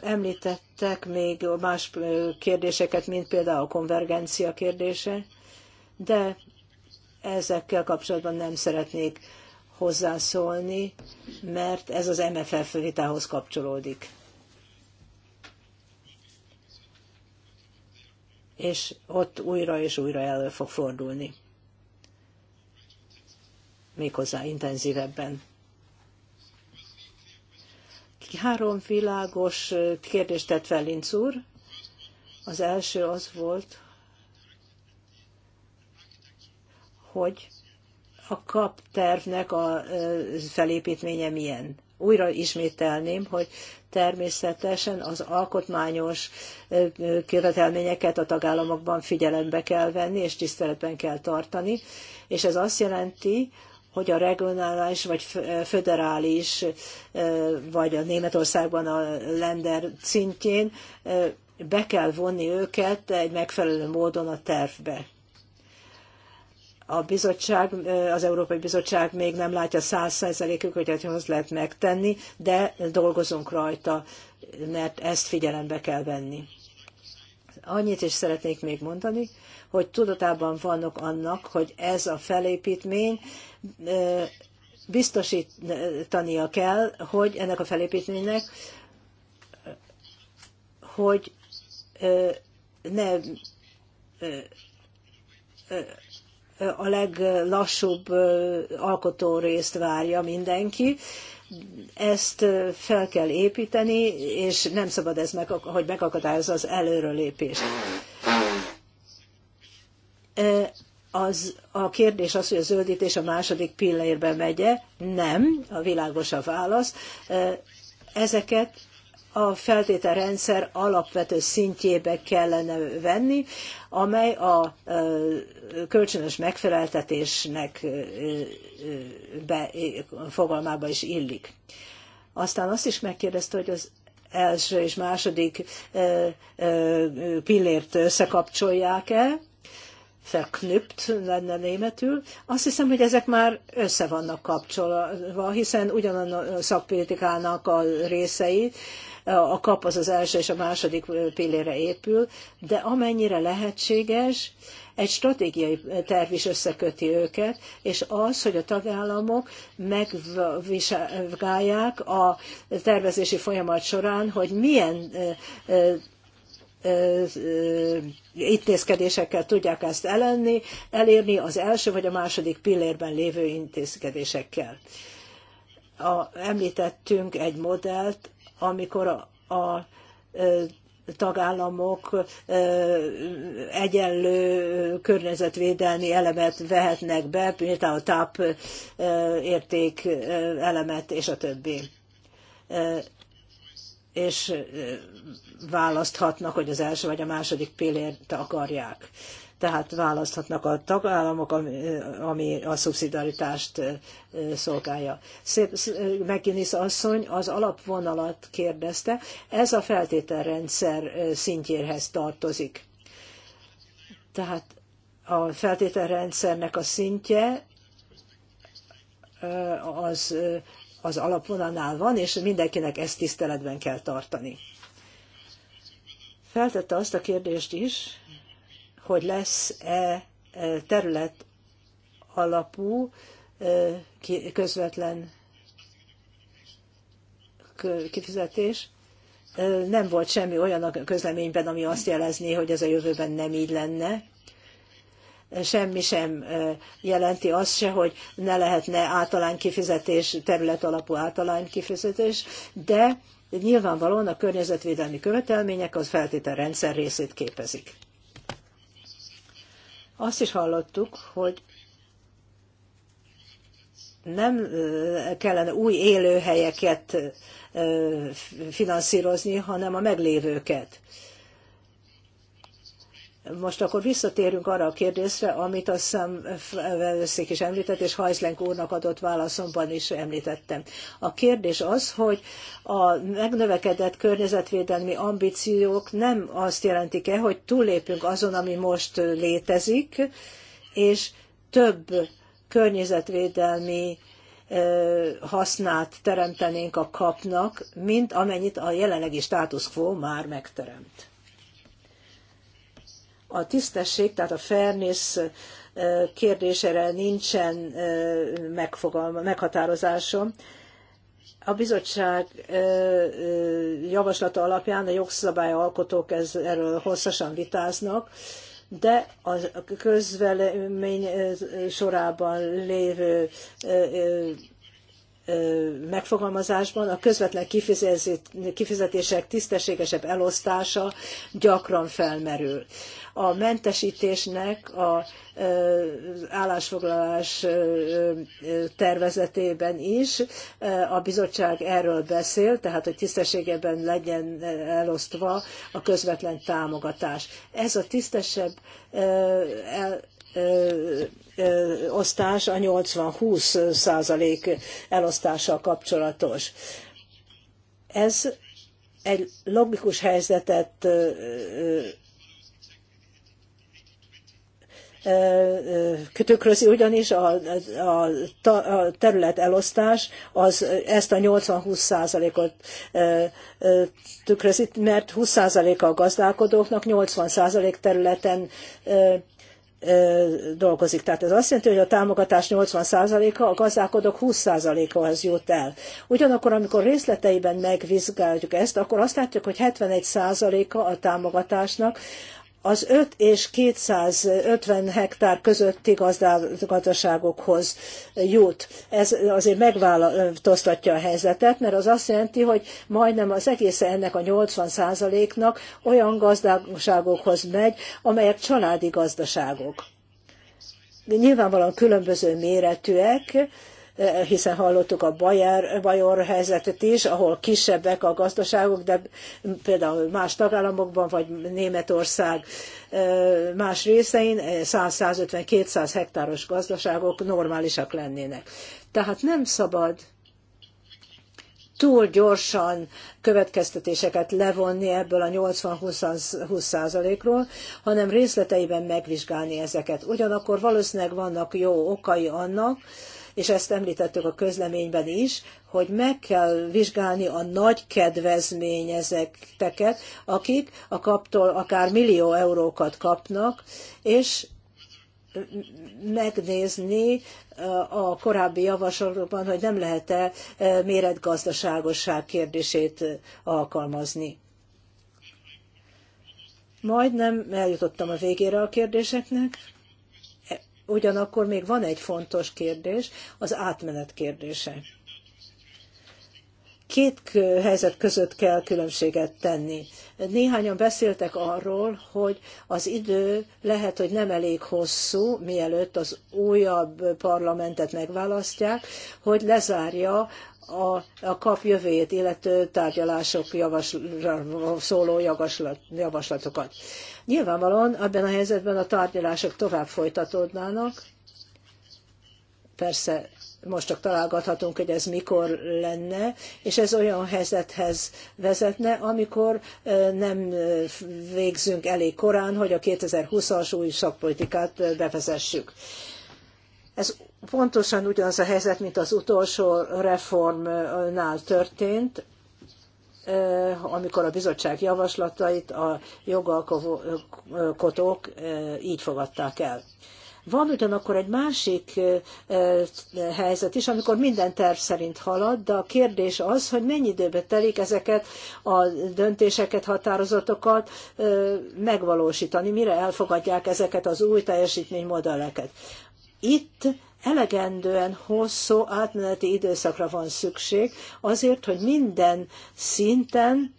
Speaker 3: említettek még más kérdéseket, mint például a konvergencia kérdése, de ezekkel kapcsolatban nem szeretnék hozzászólni, mert ez az MFF vitához kapcsolódik. És ott újra és újra elő fog fordulni. Méghozzá intenzívebben. Három világos kérdést tett fel Linz úr. Az első az volt, hogy a kap tervnek a felépítménye milyen. Újra ismételném, hogy természetesen az alkotmányos követelményeket a tagállamokban figyelembe kell venni, és tiszteletben kell tartani, és ez azt jelenti, hogy a regionális vagy föderális, vagy a Németországban a lender szintjén be kell vonni őket egy megfelelő módon a tervbe a bizottság, az Európai Bizottság még nem látja száz százalékig, hogy hoz lehet megtenni, de dolgozunk rajta, mert ezt figyelembe kell venni. Annyit is szeretnék még mondani, hogy tudatában vannak annak, hogy ez a felépítmény biztosítania kell, hogy ennek a felépítménynek, hogy ne a leglassúbb alkotó részt várja mindenki. Ezt fel kell építeni, és nem szabad ez, meg, hogy megakadályozza az előrelépést. Az, a kérdés az, hogy a zöldítés a második pillérbe megye. Nem, a világos a válasz. Ezeket a feltételrendszer alapvető szintjébe kellene venni, amely a kölcsönös megfeleltetésnek be, fogalmába is illik. Aztán azt is megkérdezte, hogy az első és második pillért összekapcsolják-e, verknüpt lenne németül. Azt hiszem, hogy ezek már össze vannak kapcsolva, hiszen ugyanannak a szakpolitikának a részei, a kap az az első és a második pillére épül, de amennyire lehetséges, egy stratégiai terv is összeköti őket, és az, hogy a tagállamok megvizsgálják a tervezési folyamat során, hogy milyen intézkedésekkel tudják ezt elenni, elérni az első vagy a második pillérben lévő intézkedésekkel. A, említettünk egy modellt, amikor a, a tagállamok egyenlő környezetvédelmi elemet vehetnek be, például a TAP érték elemet és a többi. És választhatnak, hogy az első vagy a második pillért akarják tehát választhatnak a tagállamok, ami a szubszidaritást szolgálja. Szép McGuinness asszony az alapvonalat kérdezte, ez a feltételrendszer szintjérhez tartozik. Tehát a feltételrendszernek a szintje az, az alapvonalnál van, és mindenkinek ezt tiszteletben kell tartani. Feltette azt a kérdést is, hogy lesz-e e, terület alapú e, közvetlen kifizetés. E, nem volt semmi olyan a közleményben, ami azt jelezné, hogy ez a jövőben nem így lenne. Semmi sem jelenti azt se, hogy ne lehetne általán kifizetés, terület alapú általán kifizetés, de nyilvánvalóan a környezetvédelmi követelmények az rendszer részét képezik. Azt is hallottuk, hogy nem kellene új élőhelyeket finanszírozni, hanem a meglévőket. Most akkor visszatérünk arra a kérdésre, amit azt hiszem Veszék is említett, és Hajszlenk úrnak adott válaszomban is említettem. A kérdés az, hogy a megnövekedett környezetvédelmi ambíciók nem azt jelentik-e, hogy túllépünk azon, ami most létezik, és több környezetvédelmi hasznát teremtenénk a kapnak, mint amennyit a jelenlegi status quo már megteremt. A tisztesség, tehát a fairness kérdésére nincsen megfogalma, meghatározásom. A bizottság javaslata alapján a jogszabályalkotók ez, erről hosszasan vitáznak, de a közvelemény sorában lévő megfogalmazásban a közvetlen kifizetések tisztességesebb elosztása gyakran felmerül. A mentesítésnek a állásfoglalás tervezetében is a bizottság erről beszél, tehát hogy tisztességeben legyen elosztva a közvetlen támogatás. Ez a tisztesebb osztás a 80-20 százalék elosztással kapcsolatos. Ez egy logikus helyzetet tükrözi, ugyanis a, a, a terület elosztás az ezt a 80-20 százalékot tükrözi, mert 20 százaléka a gazdálkodóknak, 80 százalék területen dolgozik. Tehát ez azt jelenti, hogy a támogatás 80%-a, a gazdálkodók 20%-ához jut el. Ugyanakkor, amikor részleteiben megvizsgáljuk ezt, akkor azt látjuk, hogy 71%-a a támogatásnak az 5 és 250 hektár közötti gazdaságokhoz jut. Ez azért megváltoztatja a helyzetet, mert az azt jelenti, hogy majdnem az egész ennek a 80%-nak olyan gazdaságokhoz megy, amelyek családi gazdaságok. Nyilvánvalóan különböző méretűek, hiszen hallottuk a Bayer, Bajor helyzetet is, ahol kisebbek a gazdaságok, de például más tagállamokban, vagy Németország más részein 100-150-200 hektáros gazdaságok normálisak lennének. Tehát nem szabad túl gyorsan következtetéseket levonni ebből a 80-20 ról hanem részleteiben megvizsgálni ezeket. Ugyanakkor valószínűleg vannak jó okai annak, és ezt említettük a közleményben is, hogy meg kell vizsgálni a nagy kedvezményezekteket, akik a kaptól akár millió eurókat kapnak, és megnézni a korábbi javaslatokban, hogy nem lehet-e méretgazdaságosság kérdését alkalmazni. Majdnem eljutottam a végére a kérdéseknek. Ugyanakkor még van egy fontos kérdés, az átmenet kérdése. Két helyzet között kell különbséget tenni. Néhányan beszéltek arról, hogy az idő lehet, hogy nem elég hosszú, mielőtt az újabb parlamentet megválasztják, hogy lezárja a, a kap jövőjét illető tárgyalások javasl- szóló javaslat, javaslatokat. Nyilvánvalóan ebben a helyzetben a tárgyalások tovább folytatódnának. Persze most csak találgathatunk, hogy ez mikor lenne, és ez olyan helyzethez vezetne, amikor nem végzünk elég korán, hogy a 2020-as új szakpolitikát bevezessük. Ez Pontosan ugyanaz a helyzet, mint az utolsó reformnál történt, amikor a bizottság javaslatait a jogalkotók így fogadták el. Van ugyanakkor egy másik helyzet is, amikor minden terv szerint halad, de a kérdés az, hogy mennyi időbe telik ezeket a döntéseket, határozatokat megvalósítani, mire elfogadják ezeket az új teljesítménymodelleket. Itt elegendően hosszú átmeneti időszakra van szükség azért, hogy minden szinten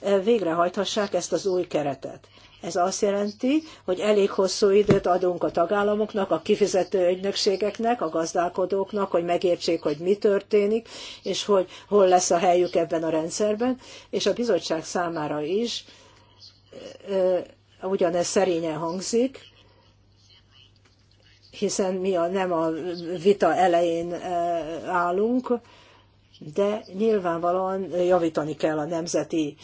Speaker 3: e, végrehajthassák ezt az új keretet. Ez azt jelenti, hogy elég hosszú időt adunk a tagállamoknak, a kifizető ügynökségeknek, a gazdálkodóknak, hogy megértsék, hogy mi történik, és hogy hol lesz a helyük ebben a rendszerben, és a bizottság számára is e, e, ugyanez szerényen hangzik, hiszen mi a, nem a vita elején állunk, de nyilvánvalóan javítani kell a nemzeti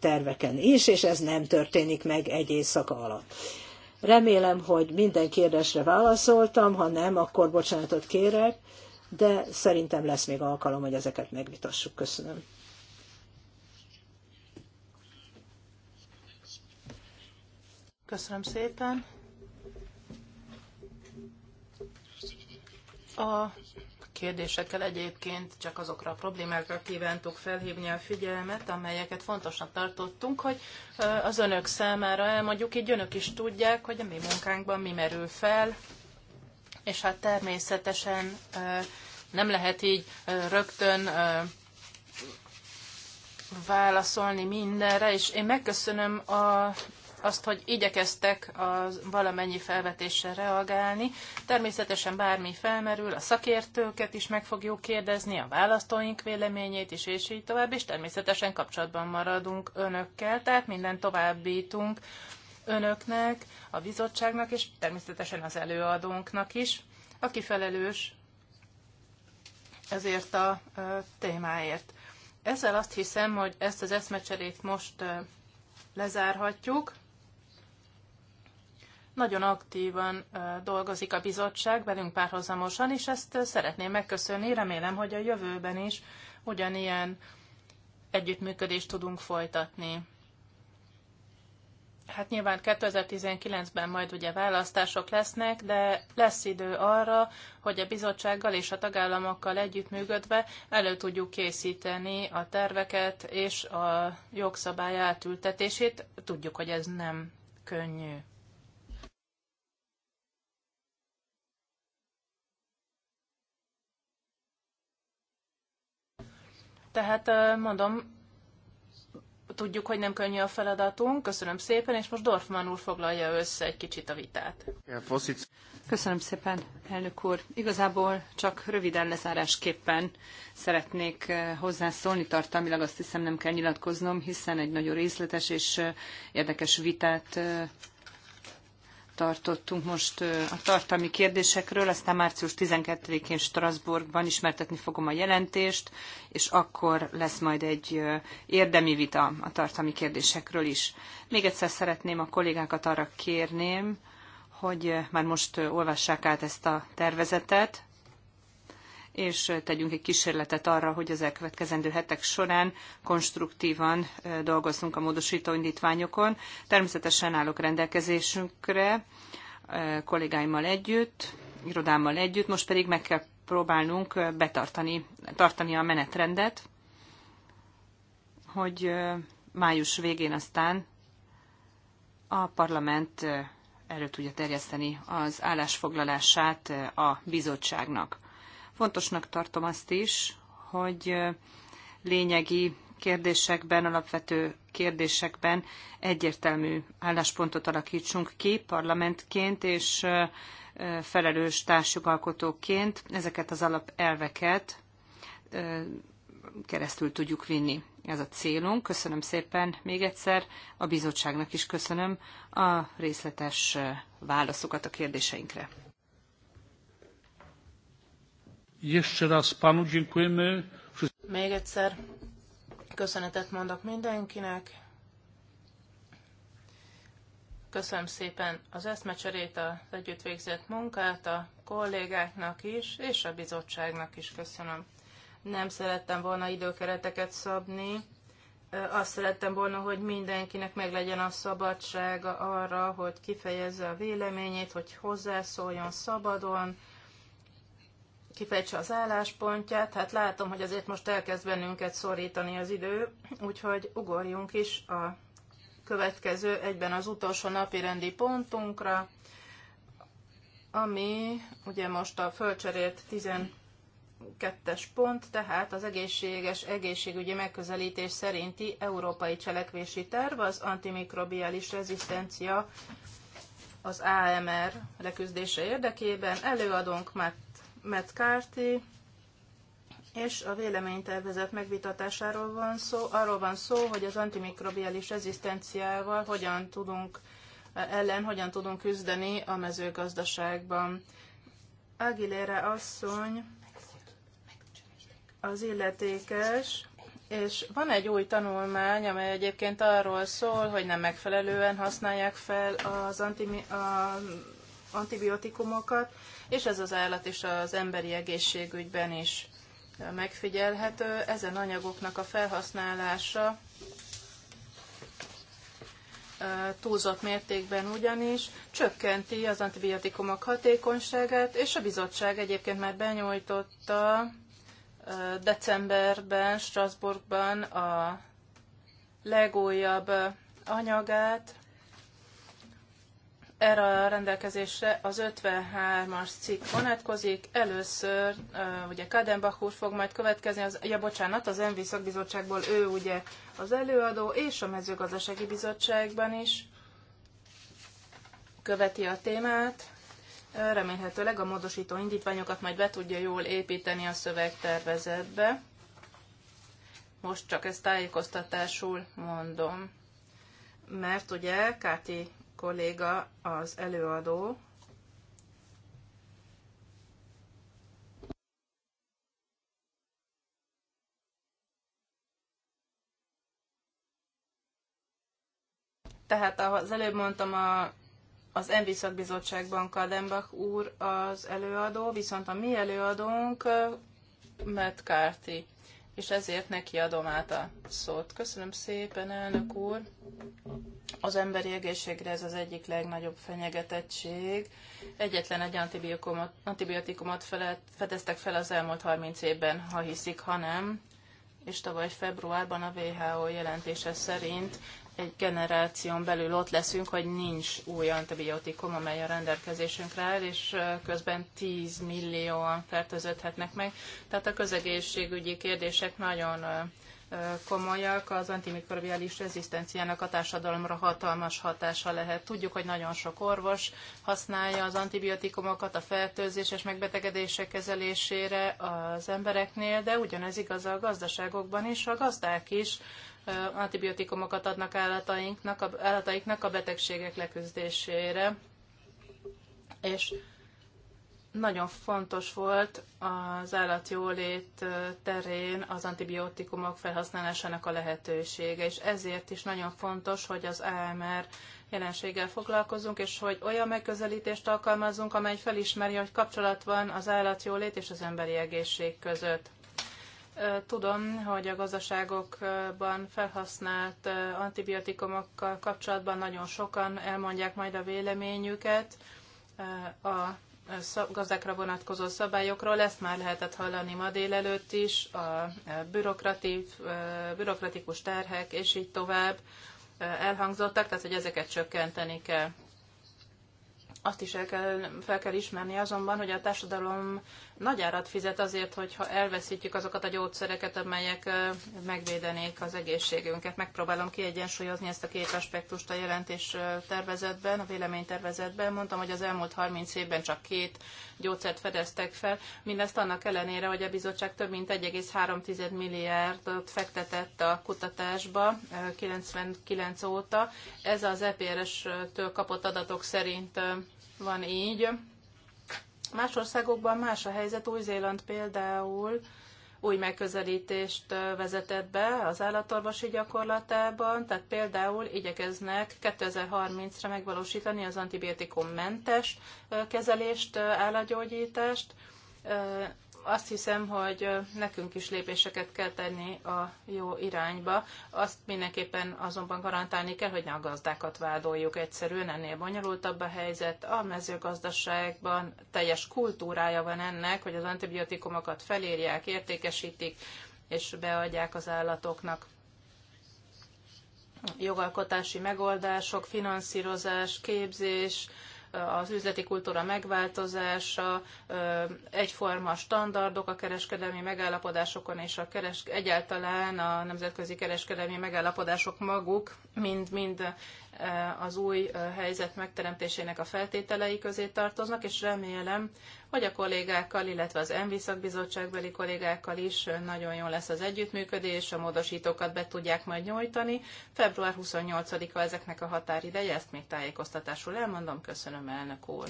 Speaker 3: terveken is, és ez nem történik meg egy éjszaka alatt. Remélem, hogy minden kérdésre válaszoltam, ha nem, akkor bocsánatot kérek, de szerintem lesz még alkalom, hogy ezeket megvitassuk. Köszönöm.
Speaker 1: Köszönöm szépen. A kérdésekkel egyébként csak azokra a problémákra kívántuk felhívni a figyelmet, amelyeket fontosnak tartottunk, hogy az önök számára elmondjuk, így önök is tudják, hogy a mi munkánkban mi merül fel, és hát természetesen nem lehet így rögtön válaszolni mindenre, és én megköszönöm a azt, hogy igyekeztek az valamennyi felvetésre reagálni. Természetesen bármi felmerül, a szakértőket is meg fogjuk kérdezni, a választóink véleményét is, és így tovább, és természetesen kapcsolatban maradunk önökkel, tehát minden továbbítunk önöknek, a bizottságnak, és természetesen az előadónknak is, aki felelős ezért a témáért. Ezzel azt hiszem, hogy ezt az eszmecserét most lezárhatjuk. Nagyon aktívan dolgozik a bizottság velünk párhuzamosan, és ezt szeretném megköszönni. Remélem, hogy a jövőben is ugyanilyen együttműködést tudunk folytatni. Hát nyilván 2019-ben majd ugye választások lesznek, de lesz idő arra, hogy a bizottsággal és a tagállamokkal együttműködve elő tudjuk készíteni a terveket és a jogszabály átültetését. Tudjuk, hogy ez nem könnyű. Tehát mondom, tudjuk, hogy nem könnyű a feladatunk. Köszönöm szépen, és most Dorfman úr foglalja össze egy kicsit a vitát.
Speaker 2: Köszönöm szépen, elnök úr. Igazából csak röviden lezárásképpen szeretnék hozzászólni tartalmilag, azt hiszem nem kell nyilatkoznom, hiszen egy nagyon részletes és érdekes vitát tartottunk most a tartalmi kérdésekről, aztán március 12-én Strasbourgban ismertetni fogom a jelentést, és akkor lesz majd egy érdemi vita a tartalmi kérdésekről is. Még egyszer szeretném a kollégákat arra kérném, hogy már most olvassák át ezt a tervezetet, és tegyünk egy kísérletet arra, hogy az elkövetkezendő hetek során konstruktívan dolgozzunk a módosító indítványokon. Természetesen állok rendelkezésünkre kollégáimmal együtt, irodámmal együtt, most pedig meg kell próbálnunk betartani, tartani a menetrendet, hogy május végén aztán a parlament elő tudja terjeszteni az állásfoglalását a bizottságnak. Fontosnak tartom azt is, hogy lényegi kérdésekben, alapvető kérdésekben egyértelmű álláspontot alakítsunk ki parlamentként és felelős társjogalkotóként. Ezeket az alapelveket keresztül tudjuk vinni. Ez a célunk. Köszönöm szépen még egyszer. A bizottságnak is köszönöm a részletes válaszokat a kérdéseinkre.
Speaker 1: Jeszcze raz panu dziękujemy. Még egyszer köszönetet mondok mindenkinek. Köszönöm szépen az eszmecserét, az együtt végzett munkát, a kollégáknak is, és a bizottságnak is köszönöm. Nem szerettem volna időkereteket szabni, azt szerettem volna, hogy mindenkinek legyen a szabadsága arra, hogy kifejezze a véleményét, hogy hozzászóljon szabadon, kifejtse az álláspontját. Hát látom, hogy azért most elkezd bennünket szorítani az idő, úgyhogy ugorjunk is a következő, egyben az utolsó napi rendi pontunkra, ami ugye most a fölcserélt 12-es pont, tehát az egészséges egészségügyi megközelítés szerinti európai cselekvési terv az antimikrobiális rezisztencia az AMR leküzdése érdekében. Előadónk már Matt Carty, és a véleménytervezet megvitatásáról van szó, arról van szó, hogy az antimikrobiális rezisztenciával hogyan tudunk ellen hogyan tudunk küzdeni a mezőgazdaságban. Aguilera asszony az illetékes, és van egy új tanulmány, amely egyébként arról szól, hogy nem megfelelően használják fel az antimi- a antibiotikumokat, és ez az állat és az emberi egészségügyben is megfigyelhető. Ezen anyagoknak a felhasználása túlzott mértékben ugyanis csökkenti az antibiotikumok hatékonyságát, és a bizottság egyébként már benyújtotta decemberben Strasbourgban a legújabb anyagát, erre a rendelkezésre az 53-as cikk vonatkozik. Először ugye Kadenbach úr fog majd következni, az, ja bocsánat, az MV szakbizottságból ő ugye az előadó, és a mezőgazdasági bizottságban is követi a témát. Remélhetőleg a módosító indítványokat majd be tudja jól építeni a szövegtervezetbe. Most csak ezt tájékoztatásul mondom. Mert ugye Káti kolléga az előadó, Tehát az előbb mondtam, a, az MV szakbizottságban Kadenbach úr az előadó, viszont a mi előadónk Matt Carty és ezért neki adom át a szót. Köszönöm szépen, elnök úr! Az emberi egészségre ez az egyik legnagyobb fenyegetettség. Egyetlen egy antibiotikumot, antibiotikumot felett, fedeztek fel az elmúlt 30 évben, ha hiszik, ha nem és tavaly februárban a WHO jelentése szerint egy generáción belül ott leszünk, hogy nincs új antibiotikum, amely a rendelkezésünkre áll, és közben 10 millióan fertőződhetnek meg. Tehát a közegészségügyi kérdések nagyon komolyak, az antimikrobiális rezisztenciának a társadalomra hatalmas hatása lehet. Tudjuk, hogy nagyon sok orvos használja az antibiotikumokat a fertőzés és megbetegedések kezelésére az embereknél, de ugyanez igaz a gazdaságokban is, a gazdák is antibiotikumokat adnak állatainknak, állataiknak a betegségek leküzdésére, és nagyon fontos volt az állatjólét terén az antibiotikumok felhasználásának a lehetősége, és ezért is nagyon fontos, hogy az AMR jelenséggel foglalkozunk, és hogy olyan megközelítést alkalmazunk, amely felismeri, hogy kapcsolat van az állatjólét és az emberi egészség között. Tudom, hogy a gazdaságokban felhasznált antibiotikumokkal kapcsolatban nagyon sokan elmondják majd a véleményüket a gazdákra vonatkozó szabályokról. Ezt már lehetett hallani ma délelőtt is, a bürokratikus terhek és így tovább elhangzottak, tehát hogy ezeket csökkenteni kell. Azt is el kell, fel kell ismerni azonban, hogy a társadalom nagy árat fizet azért, hogyha elveszítjük azokat a gyógyszereket, amelyek megvédenék az egészségünket. Megpróbálom kiegyensúlyozni ezt a két aspektust a jelentés tervezetben, a véleménytervezetben. Mondtam, hogy az elmúlt 30 évben csak két gyógyszert fedeztek fel. Mindezt annak ellenére, hogy a bizottság több mint 1,3 milliárdot fektetett a kutatásba 99 óta. Ez az EPRS-től kapott adatok szerint van így. Más országokban más a helyzet, Új-Zéland például új megközelítést vezetett be az állatorvosi gyakorlatában, tehát például igyekeznek 2030-ra megvalósítani az antibiotikummentes kezelést, állatgyógyítást, azt hiszem, hogy nekünk is lépéseket kell tenni a jó irányba. Azt mindenképpen azonban garantálni kell, hogy ne a gazdákat vádoljuk egyszerűen, ennél bonyolultabb a helyzet. A mezőgazdaságban teljes kultúrája van ennek, hogy az antibiotikumokat felírják, értékesítik és beadják az állatoknak jogalkotási megoldások, finanszírozás, képzés, az üzleti kultúra megváltozása, egyforma standardok a kereskedelmi megállapodásokon és a keres, egyáltalán a nemzetközi kereskedelmi megállapodások maguk mind-mind Eh, az új eh, helyzet megteremtésének a feltételei közé tartoznak, és remélem, hogy a kollégákkal, illetve az ENVI szakbizottságbeli kollégákkal is eh, nagyon jó lesz az együttműködés, a módosítókat be tudják majd nyújtani. Február 28-a ezeknek a határideje, ezt még tájékoztatásul elmondom. Köszönöm, elnök úr.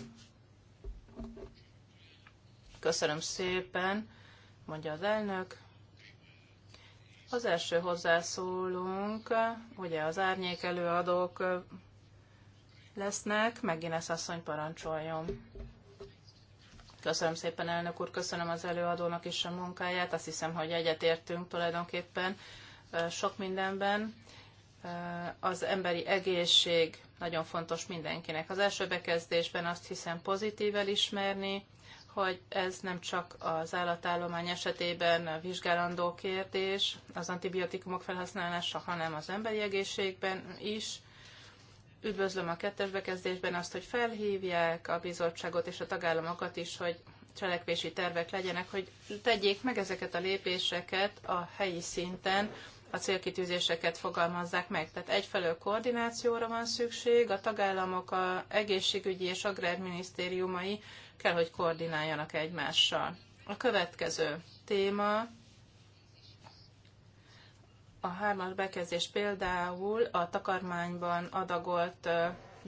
Speaker 1: Köszönöm szépen, mondja az elnök. Az első hozzászólunk, ugye az árnyék előadók lesznek, megint ezt asszony parancsoljon. Köszönöm szépen, elnök úr, köszönöm az előadónak is a munkáját. Azt hiszem, hogy egyetértünk tulajdonképpen sok mindenben. Az emberi egészség nagyon fontos mindenkinek. Az első bekezdésben azt hiszem pozitív elismerni, hogy ez nem csak az állatállomány esetében vizsgálandó kérdés, az antibiotikumok felhasználása, hanem az emberi egészségben is. Üdvözlöm a kettes bekezdésben azt, hogy felhívják a bizottságot és a tagállamokat is, hogy cselekvési tervek legyenek, hogy tegyék meg ezeket a lépéseket a helyi szinten, a célkitűzéseket fogalmazzák meg. Tehát egyfelől koordinációra van szükség, a tagállamok a egészségügyi és agrárminisztériumai kell, hogy koordináljanak egymással. A következő téma a hármas bekezdés például a takarmányban adagolt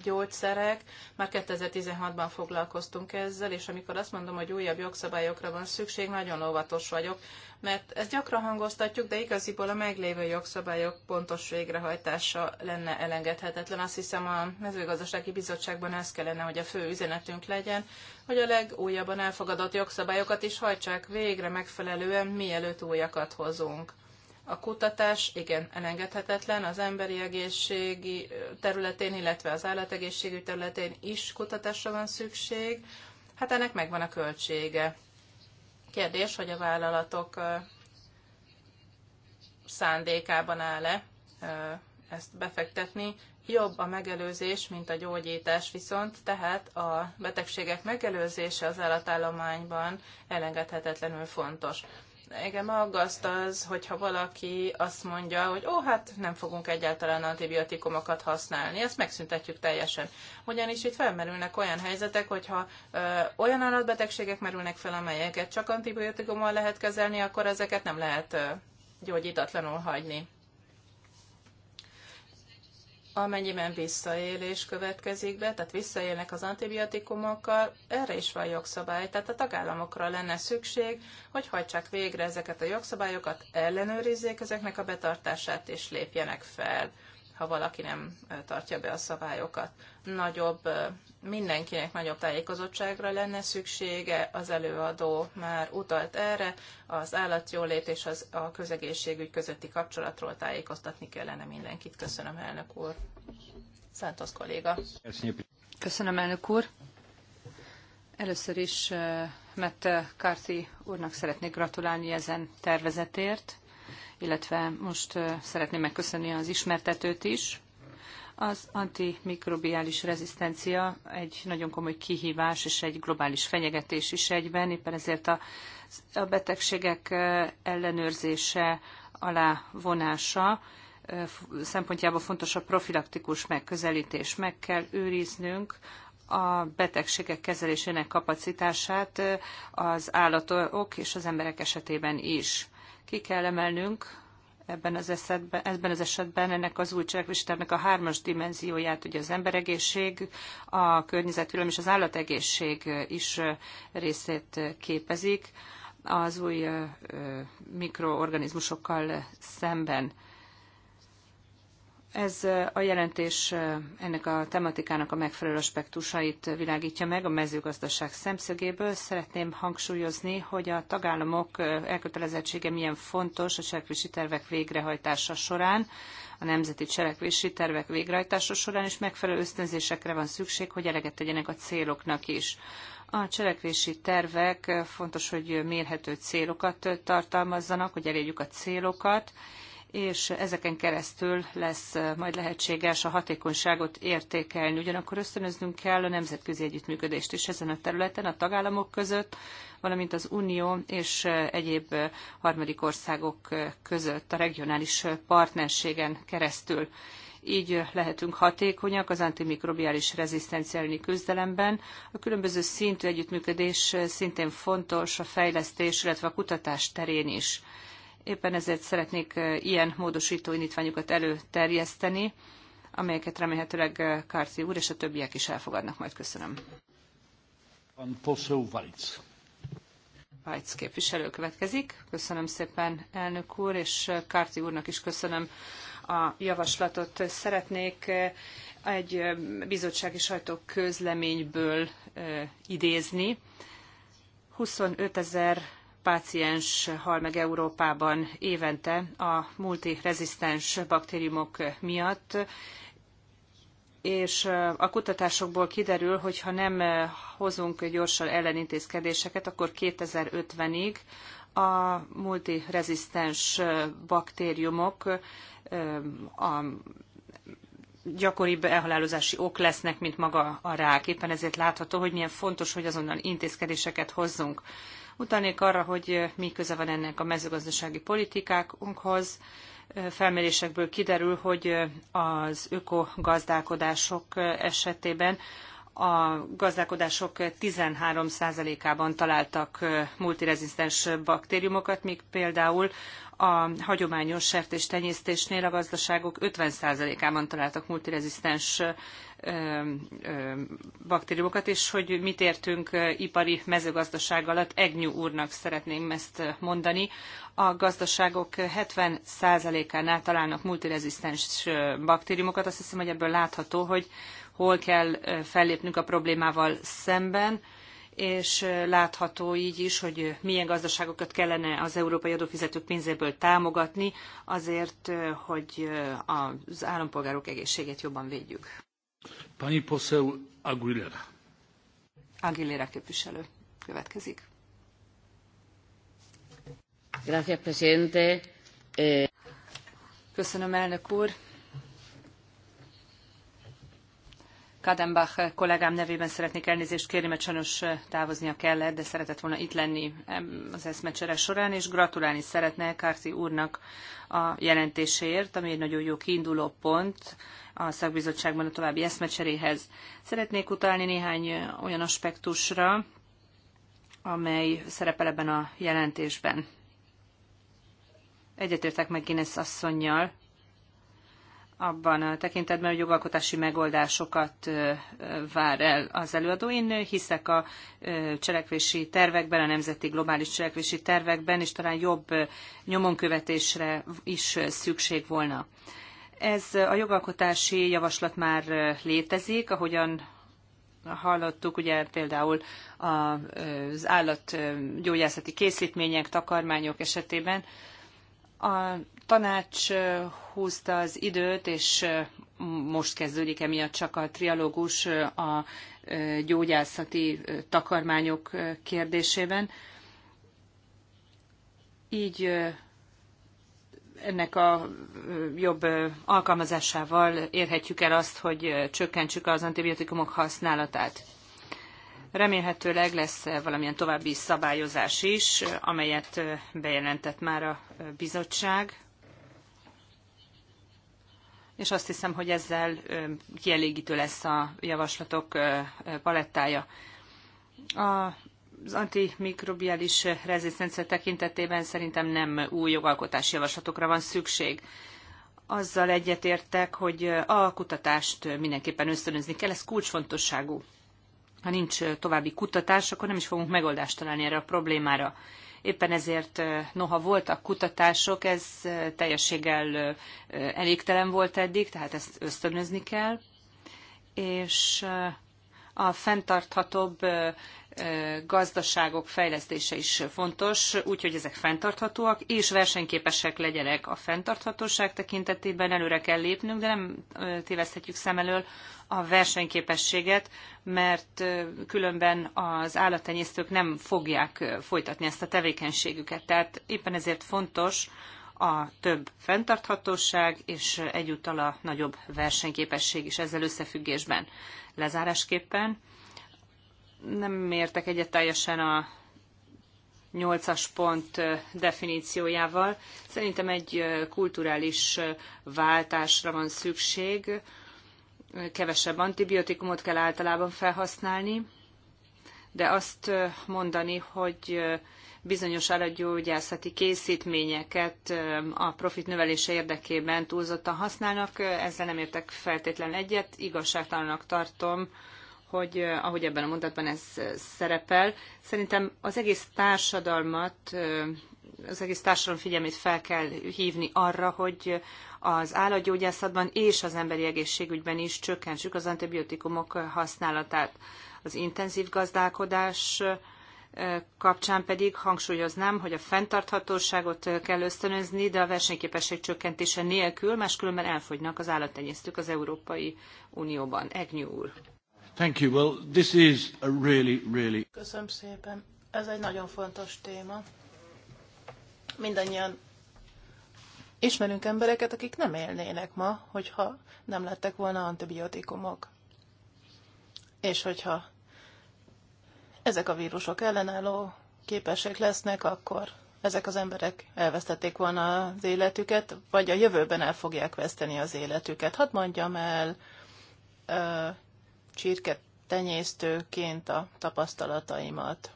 Speaker 1: gyógyszerek. Már 2016-ban foglalkoztunk ezzel, és amikor azt mondom, hogy újabb jogszabályokra van szükség, nagyon óvatos vagyok, mert ezt gyakran hangoztatjuk, de igaziból a meglévő jogszabályok pontos végrehajtása lenne elengedhetetlen. Azt hiszem a mezőgazdasági bizottságban ez kellene, hogy a fő üzenetünk legyen, hogy a legújabban elfogadott jogszabályokat is hajtsák végre megfelelően, mielőtt újakat hozunk. A kutatás igen elengedhetetlen az emberi egészségi területén, illetve az állategészségügy területén is kutatásra van szükség. Hát ennek megvan a költsége. Kérdés, hogy a vállalatok szándékában áll-e ezt befektetni. Jobb a megelőzés, mint a gyógyítás viszont, tehát a betegségek megelőzése az állatállományban elengedhetetlenül fontos engem aggaszt az, hogyha valaki azt mondja, hogy ó, hát nem fogunk egyáltalán antibiotikumokat használni, ezt megszüntetjük teljesen. Ugyanis itt felmerülnek olyan helyzetek, hogyha ö, olyan állatbetegségek merülnek fel, amelyeket csak antibiotikummal lehet kezelni, akkor ezeket nem lehet ö, gyógyítatlanul hagyni amennyiben visszaélés következik be, tehát visszaélnek az antibiotikumokkal, erre is van jogszabály, tehát a tagállamokra lenne szükség, hogy hajtsák végre ezeket a jogszabályokat, ellenőrizzék ezeknek a betartását és lépjenek fel ha valaki nem tartja be a szabályokat. Nagyobb, mindenkinek nagyobb tájékozottságra lenne szüksége, az előadó már utalt erre, az állatjólét és az, a közegészségügy közötti kapcsolatról tájékoztatni kellene mindenkit. Köszönöm, elnök úr.
Speaker 2: Szántos kolléga. Köszönöm, elnök úr. Először is mert Kárti úrnak szeretnék gratulálni ezen tervezetért illetve most szeretném megköszönni az ismertetőt is. Az antimikrobiális rezisztencia egy nagyon komoly kihívás és egy globális fenyegetés is egyben, éppen ezért a, a betegségek ellenőrzése alá vonása szempontjából fontos a profilaktikus megközelítés. Meg kell őriznünk a betegségek kezelésének kapacitását az állatok és az emberek esetében is. Ki kell emelnünk ebben az, esetben, ebben az esetben ennek az új cselekvéstervnek a hármas dimenzióját, ugye az emberegészség, a környezetvédelem és az állategészség is részét képezik az új mikroorganizmusokkal szemben. Ez a jelentés ennek a tematikának a megfelelő aspektusait világítja meg a mezőgazdaság szemszögéből. Szeretném hangsúlyozni, hogy a tagállamok elkötelezettsége milyen fontos a cselekvési tervek végrehajtása során, a nemzeti cselekvési tervek végrehajtása során, és megfelelő ösztönzésekre van szükség, hogy eleget tegyenek a céloknak is. A cselekvési tervek fontos, hogy mérhető célokat tartalmazzanak, hogy elérjük a célokat, és ezeken keresztül lesz majd lehetséges a hatékonyságot értékelni. Ugyanakkor ösztönöznünk kell a nemzetközi együttműködést is ezen a területen, a tagállamok között, valamint az Unió és egyéb harmadik országok között a regionális partnerségen keresztül. Így lehetünk hatékonyak az antimikrobiális rezisztenciálni küzdelemben. A különböző szintű együttműködés szintén fontos a fejlesztés, illetve a kutatás terén is Éppen ezért szeretnék ilyen módosító indítványokat előterjeszteni, amelyeket remélhetőleg Kárci úr és a többiek is elfogadnak majd. Köszönöm.
Speaker 1: Antoszó
Speaker 2: Vajc. Vajc képviselő következik. Köszönöm szépen, elnök úr, és Kárti úrnak is köszönöm a javaslatot. Szeretnék egy bizottsági sajtóközleményből idézni. 25 ezer páciens hal meg Európában évente a multirezisztens baktériumok miatt, és a kutatásokból kiderül, hogy ha nem hozunk gyorsan ellenintézkedéseket, akkor 2050-ig a multirezisztens baktériumok a gyakoribb elhalálozási ok lesznek, mint maga a rák. Éppen ezért látható, hogy milyen fontos, hogy azonnal intézkedéseket hozzunk. Utalnék arra, hogy mi köze van ennek a mezőgazdasági politikákunkhoz, Felmérésekből kiderül, hogy az ökogazdálkodások esetében a gazdálkodások 13%-ában találtak multirezisztens baktériumokat, míg például a hagyományos sertéstenyésztésnél a gazdaságok 50%-ában találtak multirezisztens baktériumokat, és hogy mit értünk ipari mezőgazdaság alatt. Egnyú úrnak szeretném ezt mondani. A gazdaságok 70%-ánál találnak multirezisztens baktériumokat. Azt hiszem, hogy ebből látható, hogy hol kell fellépnünk a problémával szemben és látható így is, hogy milyen gazdaságokat kellene az európai adófizetők pénzéből támogatni, azért, hogy az állampolgárok egészségét jobban védjük.
Speaker 1: Pani poseł Aguilera.
Speaker 2: Aguilera képviselő következik. Gracias, presidente. Eh, Köszönöm, elnök úr. Kadenbach kollégám nevében szeretnék elnézést kérni, mert sajnos távoznia kellett, de szeretett volna itt lenni az eszmecsere során, és gratulálni szeretne Kárti úrnak a jelentéséért, ami egy nagyon jó kiinduló pont a szakbizottságban a további eszmecseréhez. Szeretnék utalni néhány olyan aspektusra, amely szerepel ebben a jelentésben. Egyetértek meg Guinness asszonynal, abban a tekintetben, hogy jogalkotási megoldásokat vár el az előadó. Én hiszek a cselekvési tervekben, a nemzeti globális cselekvési tervekben, és talán jobb nyomonkövetésre is szükség volna. Ez a jogalkotási javaslat már létezik, ahogyan hallottuk, ugye például az állatgyógyászati készítmények, takarmányok esetében, a tanács húzta az időt, és most kezdődik emiatt csak a trialógus a gyógyászati takarmányok kérdésében. Így ennek a jobb alkalmazásával érhetjük el azt, hogy csökkentsük az antibiotikumok használatát. Remélhetőleg lesz valamilyen további szabályozás is, amelyet bejelentett már a bizottság és azt hiszem, hogy ezzel kielégítő lesz a javaslatok palettája. A az antimikrobiális rezisztencia tekintetében szerintem nem új jogalkotási javaslatokra van szükség. Azzal egyetértek, hogy a kutatást mindenképpen ösztönözni kell, ez kulcsfontosságú. Ha nincs további kutatás, akkor nem is fogunk megoldást találni erre a problémára. Éppen ezért noha voltak kutatások, ez teljességgel elégtelen volt eddig, tehát ezt ösztönözni kell. És a fenntarthatóbb gazdaságok fejlesztése is fontos, úgyhogy ezek fenntarthatóak, és versenyképesek legyenek a fenntarthatóság tekintetében. Előre kell lépnünk, de nem téveszthetjük szem elől a versenyképességet, mert különben az állattenyésztők nem fogják folytatni ezt a tevékenységüket. Tehát éppen ezért fontos, a több fenntarthatóság és egyúttal a nagyobb versenyképesség is ezzel összefüggésben. Lezárásképpen nem értek egyet teljesen a nyolcas pont definíciójával. Szerintem egy kulturális váltásra van szükség. Kevesebb antibiotikumot kell általában felhasználni, de azt mondani, hogy bizonyos állatgyógyászati készítményeket a profit növelése érdekében túlzottan használnak, ezzel nem értek feltétlen egyet, igazságtalanak tartom hogy eh, ahogy ebben a mondatban ez eh, szerepel, szerintem az egész társadalmat, eh, az egész társadalom figyelmét fel kell hívni arra, hogy az állatgyógyászatban és az emberi egészségügyben is csökkentsük az antibiotikumok használatát. Az intenzív gazdálkodás kapcsán pedig hangsúlyoznám, hogy a fenntarthatóságot kell ösztönözni, de a versenyképesség csökkentése nélkül, máskülönben elfogynak az állattenyésztők az Európai Unióban. Egnyúl. Thank you. Well, this is a really, really... Köszönöm szépen.
Speaker 1: Ez egy nagyon fontos téma. Mindannyian ismerünk embereket, akik nem élnének ma, hogyha nem lettek volna antibiotikumok. És hogyha ezek a vírusok ellenálló képesek lesznek, akkor ezek az emberek elvesztették volna az életüket, vagy a jövőben el fogják veszteni az életüket. Hadd mondjam el, csirke tenyésztőként a tapasztalataimat.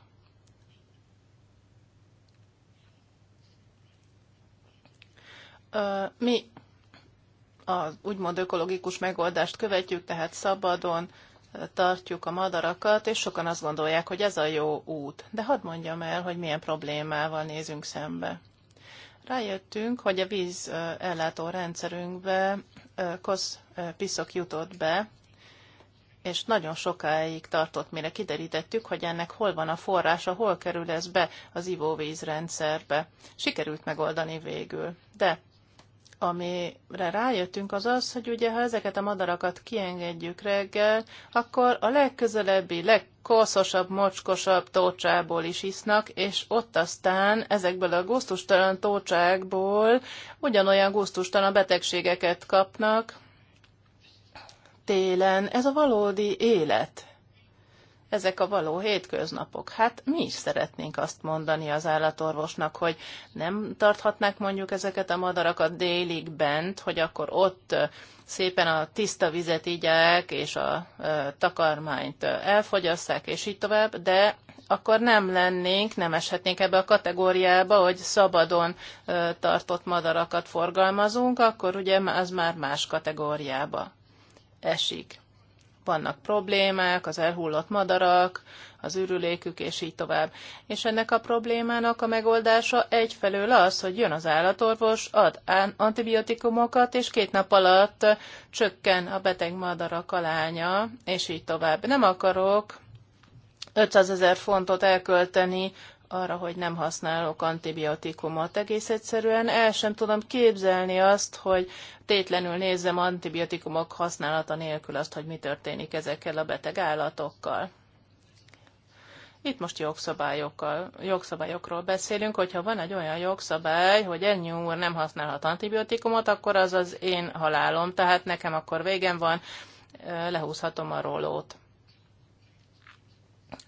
Speaker 1: Mi az úgymond ökológikus megoldást követjük, tehát szabadon tartjuk a madarakat, és sokan azt gondolják, hogy ez a jó út. De hadd mondjam el, hogy milyen problémával nézünk szembe. Rájöttünk, hogy a víz ellátó rendszerünkbe piszok jutott be, és nagyon sokáig tartott, mire kiderítettük, hogy ennek hol van a forrása, hol kerül ez be az ivóvízrendszerbe. Sikerült megoldani végül. De amire rájöttünk, az az, hogy ugye ha ezeket a madarakat kiengedjük reggel, akkor a legközelebbi, legkoszosabb, mocskosabb tócsából is isznak, és ott aztán ezekből a gusztustalan tócsákból ugyanolyan gusztustalan betegségeket kapnak, télen ez a valódi élet. Ezek a való hétköznapok. Hát mi is szeretnénk azt mondani az állatorvosnak, hogy nem tarthatnák mondjuk ezeket a madarakat délig bent, hogy akkor ott szépen a tiszta vizet igyák, és a takarmányt elfogyasszák, és így tovább, de akkor nem lennénk, nem eshetnénk ebbe a kategóriába, hogy szabadon tartott madarakat forgalmazunk, akkor ugye az már más kategóriába esik. Vannak problémák, az elhullott madarak, az ürülékük, és így tovább. És ennek a problémának a megoldása egyfelől az, hogy jön az állatorvos, ad antibiotikumokat, és két nap alatt csökken a beteg madarak alánya, és így tovább. Nem akarok 500 ezer fontot elkölteni arra, hogy nem használok antibiotikumot. Egész egyszerűen el sem tudom képzelni azt, hogy tétlenül nézzem antibiotikumok használata nélkül azt, hogy mi történik ezekkel a beteg állatokkal. Itt most jogszabályokkal, jogszabályokról beszélünk, hogyha van egy olyan jogszabály, hogy ennyi úr nem használhat antibiotikumot, akkor az az én halálom, tehát nekem akkor végem van, lehúzhatom a rólót.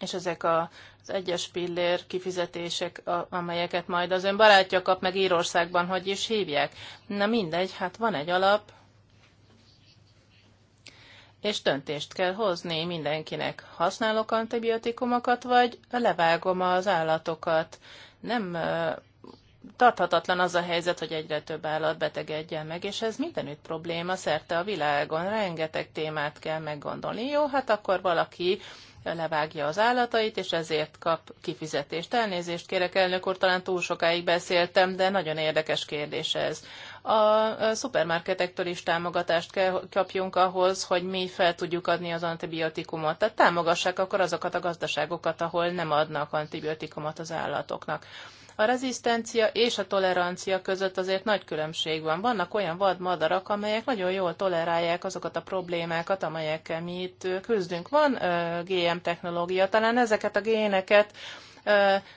Speaker 1: És ezek a az egyes pillér kifizetések, amelyeket majd az ön barátja kap meg Írországban, hogy is hívják. Na mindegy, hát van egy alap, és döntést kell hozni mindenkinek. Használok antibiotikumokat, vagy levágom az állatokat. Nem tarthatatlan az a helyzet, hogy egyre több állat betegedjen meg, és ez mindenütt probléma szerte a világon. Rengeteg témát kell meggondolni. Jó, hát akkor valaki levágja az állatait, és ezért kap kifizetést. Elnézést kérek, elnök úr, talán túl sokáig beszéltem, de nagyon érdekes kérdés ez. A szupermarketektől is támogatást kell kapjunk ahhoz, hogy mi fel tudjuk adni az antibiotikumot. Tehát támogassák akkor azokat a gazdaságokat, ahol nem adnak antibiotikumot az állatoknak. A rezisztencia és a tolerancia között azért nagy különbség van. Vannak olyan vadmadarak, amelyek nagyon jól tolerálják azokat a problémákat, amelyekkel mi itt küzdünk. Van GM technológia, talán ezeket a géneket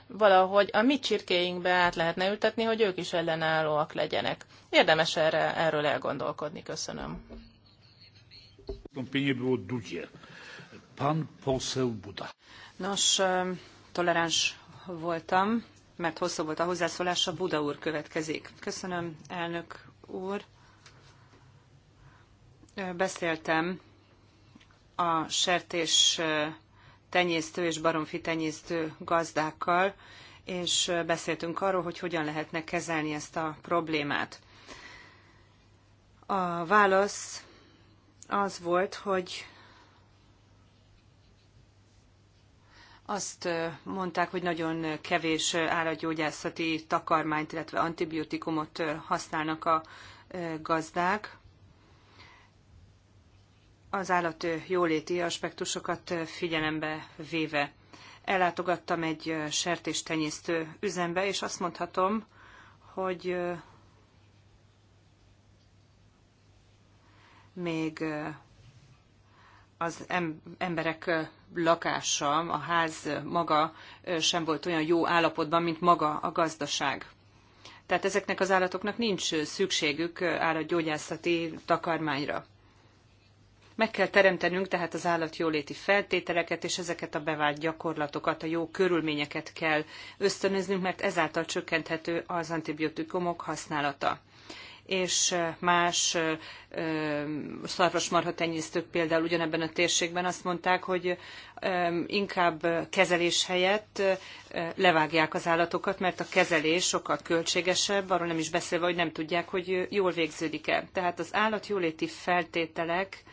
Speaker 1: valahogy a mi csirkéinkbe át lehetne ültetni, hogy ők is ellenállóak legyenek. Érdemes erre, erről elgondolkodni. Köszönöm.
Speaker 2: Nos, toleráns voltam, mert hosszú volt a hozzászólása. Buda úr következik. Köszönöm, elnök úr. Beszéltem a sertés tenyésztő és baromfi tenyésztő gazdákkal, és beszéltünk arról, hogy hogyan lehetne kezelni ezt a problémát. A válasz az volt, hogy Azt mondták, hogy nagyon kevés állatgyógyászati takarmányt, illetve antibiotikumot használnak a gazdák. Az állat jóléti aspektusokat figyelembe véve. Ellátogattam egy sertéstenyésztő üzembe, és azt mondhatom, hogy még az emberek lakása, a ház maga sem volt olyan jó állapotban, mint maga a gazdaság. Tehát ezeknek az állatoknak nincs szükségük állatgyógyászati takarmányra. Meg kell teremtenünk tehát az állatjóléti feltételeket, és ezeket a bevált gyakorlatokat, a jó körülményeket kell ösztönöznünk, mert ezáltal csökkenthető az antibiotikumok használata és más szarvasmarha tenyésztők például ugyanebben a térségben azt mondták, hogy inkább kezelés helyett levágják az állatokat, mert a kezelés sokkal költségesebb, arról nem is beszélve, hogy nem tudják, hogy jól végződik-e. Tehát az állatjóléti feltételek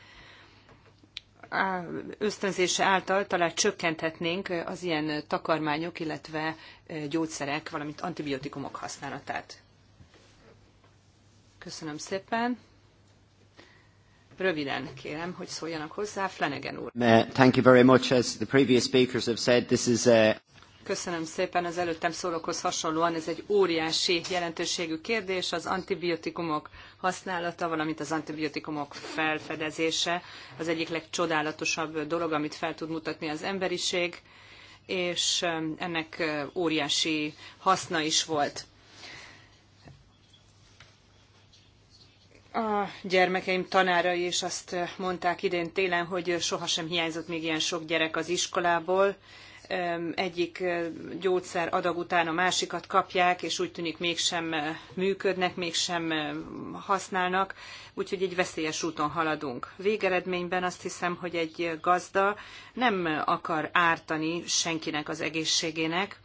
Speaker 2: ösztönzése által talán csökkenthetnénk az ilyen takarmányok, illetve gyógyszerek, valamint antibiotikumok használatát. Köszönöm szépen. Röviden kérem, hogy szóljanak hozzá, Flanagan úr. Uh, thank you very much. As the previous speakers have said, this is a... Köszönöm szépen. Az előttem szólókhoz hasonlóan ez egy óriási jelentőségű kérdés. Az antibiotikumok használata, valamint az antibiotikumok felfedezése az egyik legcsodálatosabb dolog, amit fel tud mutatni az emberiség, és um, ennek uh, óriási haszna is volt. A gyermekeim tanárai is azt mondták idén télen, hogy sohasem hiányzott még ilyen sok gyerek az iskolából. Egyik gyógyszer adag után a másikat kapják, és úgy tűnik mégsem működnek, mégsem használnak, úgyhogy egy veszélyes úton haladunk. Végeredményben azt hiszem, hogy egy gazda nem akar ártani senkinek az egészségének,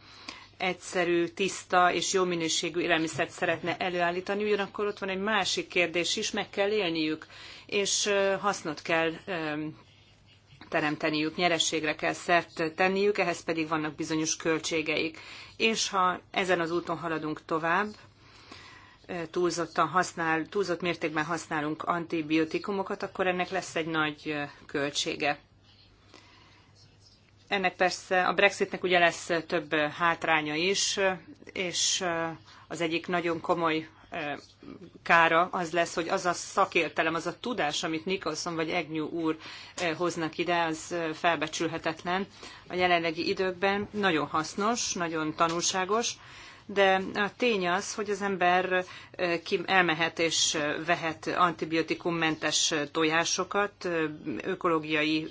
Speaker 2: egyszerű, tiszta és jó minőségű élelmiszert szeretne előállítani, ugyanakkor ott van egy másik kérdés is, meg kell élniük, és hasznot kell teremteniük, nyerességre kell szert tenniük, ehhez pedig vannak bizonyos költségeik. És ha ezen az úton haladunk tovább, túlzottan használ, túlzott mértékben használunk antibiotikumokat, akkor ennek lesz egy nagy költsége. Ennek persze a Brexitnek ugye lesz több hátránya is, és eh, az egyik nagyon komoly eh, kára az lesz, hogy az a szakértelem, az a tudás, amit Nicholson vagy Egnyú úr eh, hoznak ide, az felbecsülhetetlen a jelenlegi időkben. Nagyon hasznos, nagyon tanulságos, de a tény az, hogy az ember elmehet és vehet antibiotikummentes tojásokat, ökológiai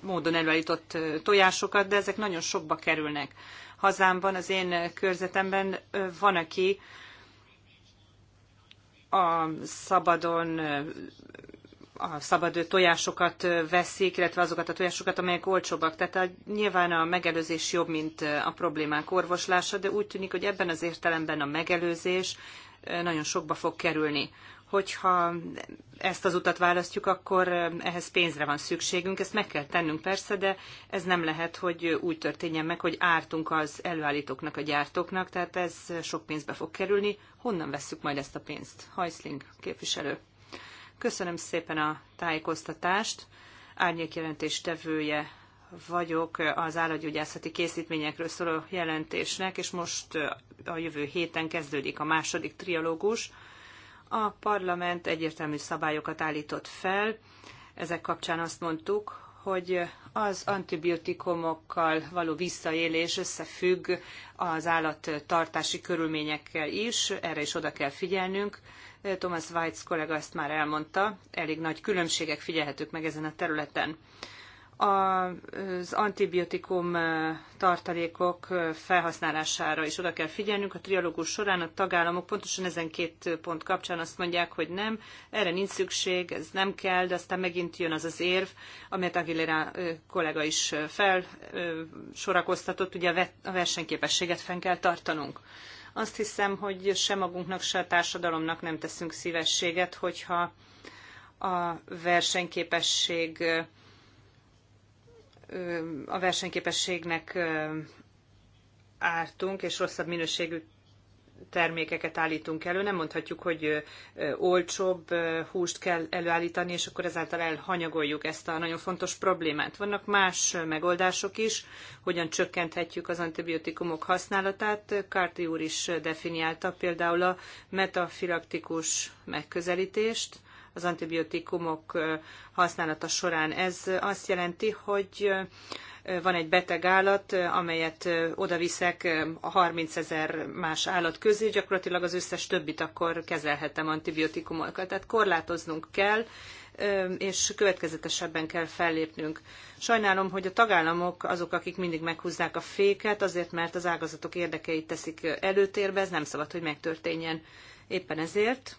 Speaker 2: módon előállított tojásokat, de ezek nagyon sokba kerülnek. Hazámban, az én körzetemben van, aki a szabadon a szabad tojásokat veszik, illetve azokat a tojásokat, amelyek olcsóbbak. Tehát a, nyilván a megelőzés jobb, mint a problémák orvoslása, de úgy tűnik, hogy ebben az értelemben a megelőzés nagyon sokba fog kerülni. Hogyha ezt az utat választjuk, akkor ehhez pénzre van szükségünk, ezt meg kell tennünk persze, de ez nem lehet, hogy úgy történjen meg, hogy ártunk az előállítóknak, a gyártóknak, tehát ez sok pénzbe fog kerülni. Honnan vesszük majd ezt a pénzt? Hajszling képviselő. Köszönöm szépen a tájékoztatást. Árnyékjelentés tevője vagyok az állatgyógyászati készítményekről szóló jelentésnek, és most a jövő héten kezdődik a második trialógus. A parlament egyértelmű szabályokat állított fel. Ezek kapcsán azt mondtuk, hogy az antibiotikumokkal való visszaélés összefügg az állattartási körülményekkel is, erre is oda kell figyelnünk Thomas Weitz kollega ezt már elmondta, elég nagy különbségek figyelhetők meg ezen a területen. Az antibiotikum eh, tartalékok eh, felhasználására is oda kell figyelnünk. A trialógus során a tagállamok pontosan ezen két pont kapcsán azt mondják, hogy nem, erre nincs szükség, ez nem kell, de aztán megint jön az az érv, amelyet Aguilera eh, kollega is felsorakoztatott, ugye a versenyképességet fenn kell tartanunk. Azt hiszem, hogy se magunknak, se a társadalomnak nem teszünk szívességet, hogyha a versenyképesség a versenyképességnek ártunk, és rosszabb minőségű termékeket állítunk elő, nem mondhatjuk, hogy olcsóbb húst kell előállítani, és akkor ezáltal elhanyagoljuk ezt a nagyon fontos problémát. Vannak más megoldások is, hogyan csökkenthetjük az antibiotikumok használatát. Kárti úr is definiálta például a metafilaktikus megközelítést az antibiotikumok használata során. Ez azt jelenti, hogy van egy beteg állat, amelyet oda viszek a 30 ezer más állat közé, gyakorlatilag az összes többit akkor kezelhetem antibiotikumokkal. Tehát korlátoznunk kell, és következetesebben kell fellépnünk. Sajnálom, hogy a tagállamok azok, akik mindig meghúzzák a féket, azért mert az ágazatok érdekeit teszik előtérbe, ez nem szabad, hogy megtörténjen. Éppen ezért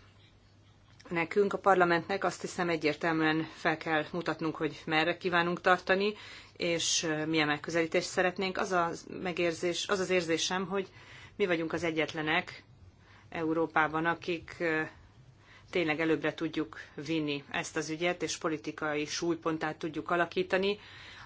Speaker 2: nekünk, a parlamentnek azt hiszem egyértelműen fel kell mutatnunk, hogy merre kívánunk tartani, és milyen megközelítést szeretnénk. Az a megérzés, az, az érzésem, hogy mi vagyunk az egyetlenek Európában, akik tényleg előbbre tudjuk vinni ezt az ügyet, és politikai súlypontát tudjuk alakítani.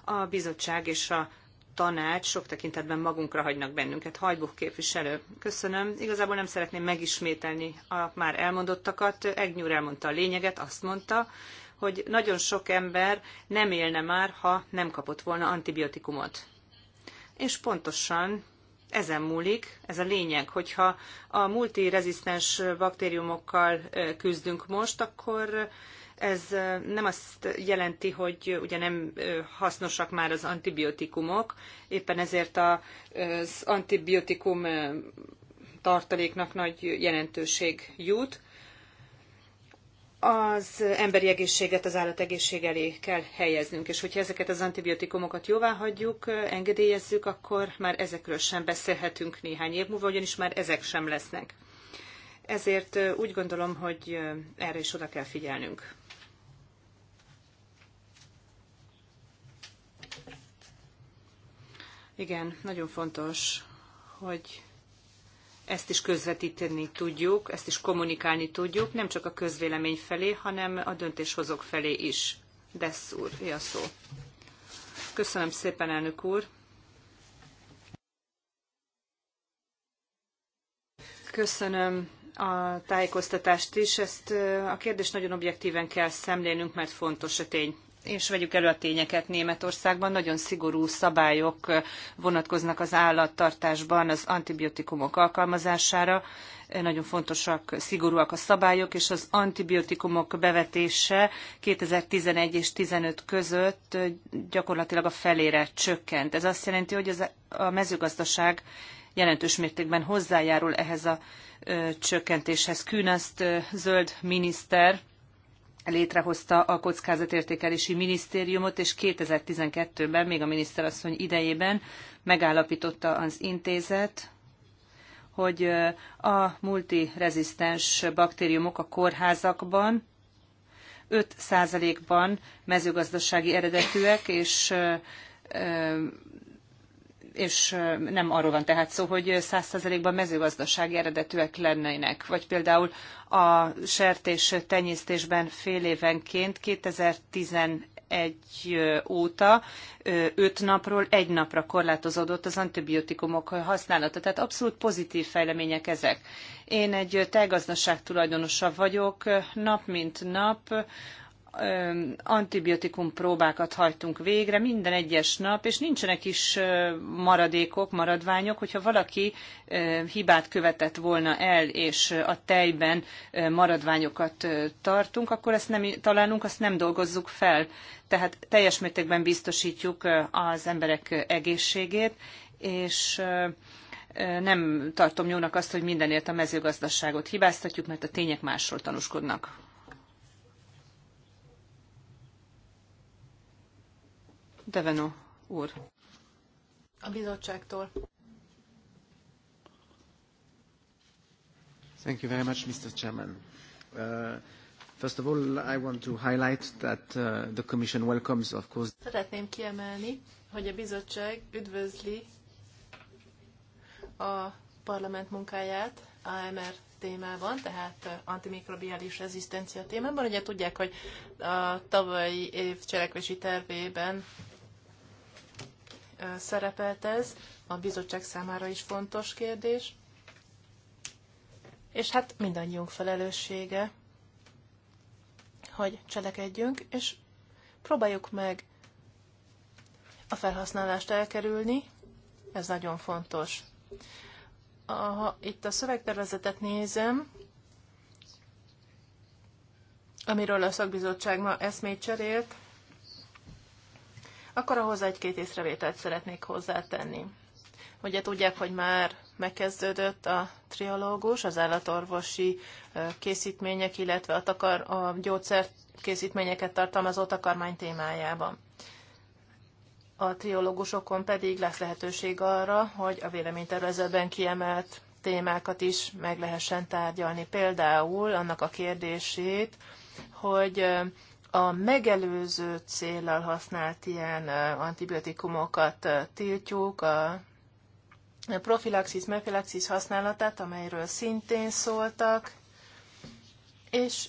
Speaker 2: A bizottság és a tanács sok tekintetben magunkra hagynak bennünket. Hajbuk képviselő, köszönöm. Igazából nem szeretném megismételni a már elmondottakat. Egnyúr elmondta a lényeget, azt mondta, hogy nagyon sok ember nem élne már, ha nem kapott volna antibiotikumot. És pontosan ezen múlik, ez a lényeg, hogyha a multirezisztens baktériumokkal küzdünk most, akkor ez nem azt jelenti, hogy ugye nem hasznosak már az antibiotikumok, éppen ezért az antibiotikum tartaléknak nagy jelentőség jut, az emberi egészséget az állategészség elé kell helyeznünk, és hogyha ezeket az antibiotikumokat jóvá hagyjuk, engedélyezzük, akkor már ezekről sem beszélhetünk néhány év múlva, ugyanis már ezek sem lesznek. Ezért úgy gondolom, hogy erre is oda kell figyelnünk. Igen, nagyon fontos, hogy ezt is közvetíteni tudjuk, ezt is kommunikálni tudjuk, nem csak a közvélemény felé, hanem a döntéshozók felé is. Dessz úr, a szó. Köszönöm szépen, elnök úr. Köszönöm a tájékoztatást is. Ezt a kérdést nagyon objektíven kell szemlélnünk, mert fontos a tény és vegyük elő a tényeket Németországban, nagyon szigorú szabályok vonatkoznak az állattartásban az antibiotikumok alkalmazására. Nagyon fontosak, szigorúak a szabályok, és az antibiotikumok bevetése 2011 és 15 között gyakorlatilag a felére csökkent. Ez azt jelenti, hogy az, a mezőgazdaság jelentős mértékben hozzájárul ehhez a ö, csökkentéshez. Kühn zöld miniszter létrehozta a kockázatértékelési minisztériumot, és 2012-ben, még a miniszterasszony idejében megállapította az intézet, hogy a multirezisztens baktériumok a kórházakban 5%-ban mezőgazdasági eredetűek, és és nem arról van tehát szó, hogy 100%-ban mezőgazdasági eredetűek lennének, vagy például a sertés tenyésztésben fél évenként 2011 egy óta öt napról egy napra korlátozódott az antibiotikumok használata. Tehát abszolút pozitív fejlemények ezek. Én egy tájgazdaság tulajdonosa vagyok, nap mint nap antibiotikum próbákat hajtunk végre minden egyes nap, és nincsenek is maradékok, maradványok, hogyha valaki hibát követett volna el, és a tejben maradványokat tartunk, akkor ezt nem találunk, azt nem dolgozzuk fel. Tehát teljes mértékben biztosítjuk az emberek egészségét, és nem tartom jónak azt, hogy mindenért a mezőgazdaságot hibáztatjuk, mert a tények másról tanúskodnak.
Speaker 1: Deveno úr. A bizottságtól. Thank you very much, Mr. Chairman. Uh, first of all, I want to highlight that uh, the Commission welcomes, of course. Szeretném kiemelni, hogy a bizottság üdvözli a parlament munkáját AMR témában, tehát uh, antimikrobiális rezisztencia témában. Ugye tudják, hogy a tavalyi év cselekvési tervében szerepelt ez, a bizottság számára is fontos kérdés, és hát mindannyiunk felelőssége, hogy cselekedjünk, és próbáljuk meg a felhasználást elkerülni, ez nagyon fontos. ha itt a szövegtervezetet nézem, amiről a szakbizottság ma eszmét cserélt, akkor ahhoz egy-két észrevételt szeretnék hozzátenni. Ugye tudják, hogy már megkezdődött a triológus, az állatorvosi készítmények, illetve a, takar, a gyógyszer készítményeket tartalmazó takarmány témájában. A triológusokon pedig lesz lehetőség arra, hogy a véleménytervezetben kiemelt témákat is meg lehessen tárgyalni. Például annak a kérdését, hogy a megelőző céllal használt ilyen antibiotikumokat tiltjuk, a profilaxis, mefilaxis használatát, amelyről szintén szóltak, és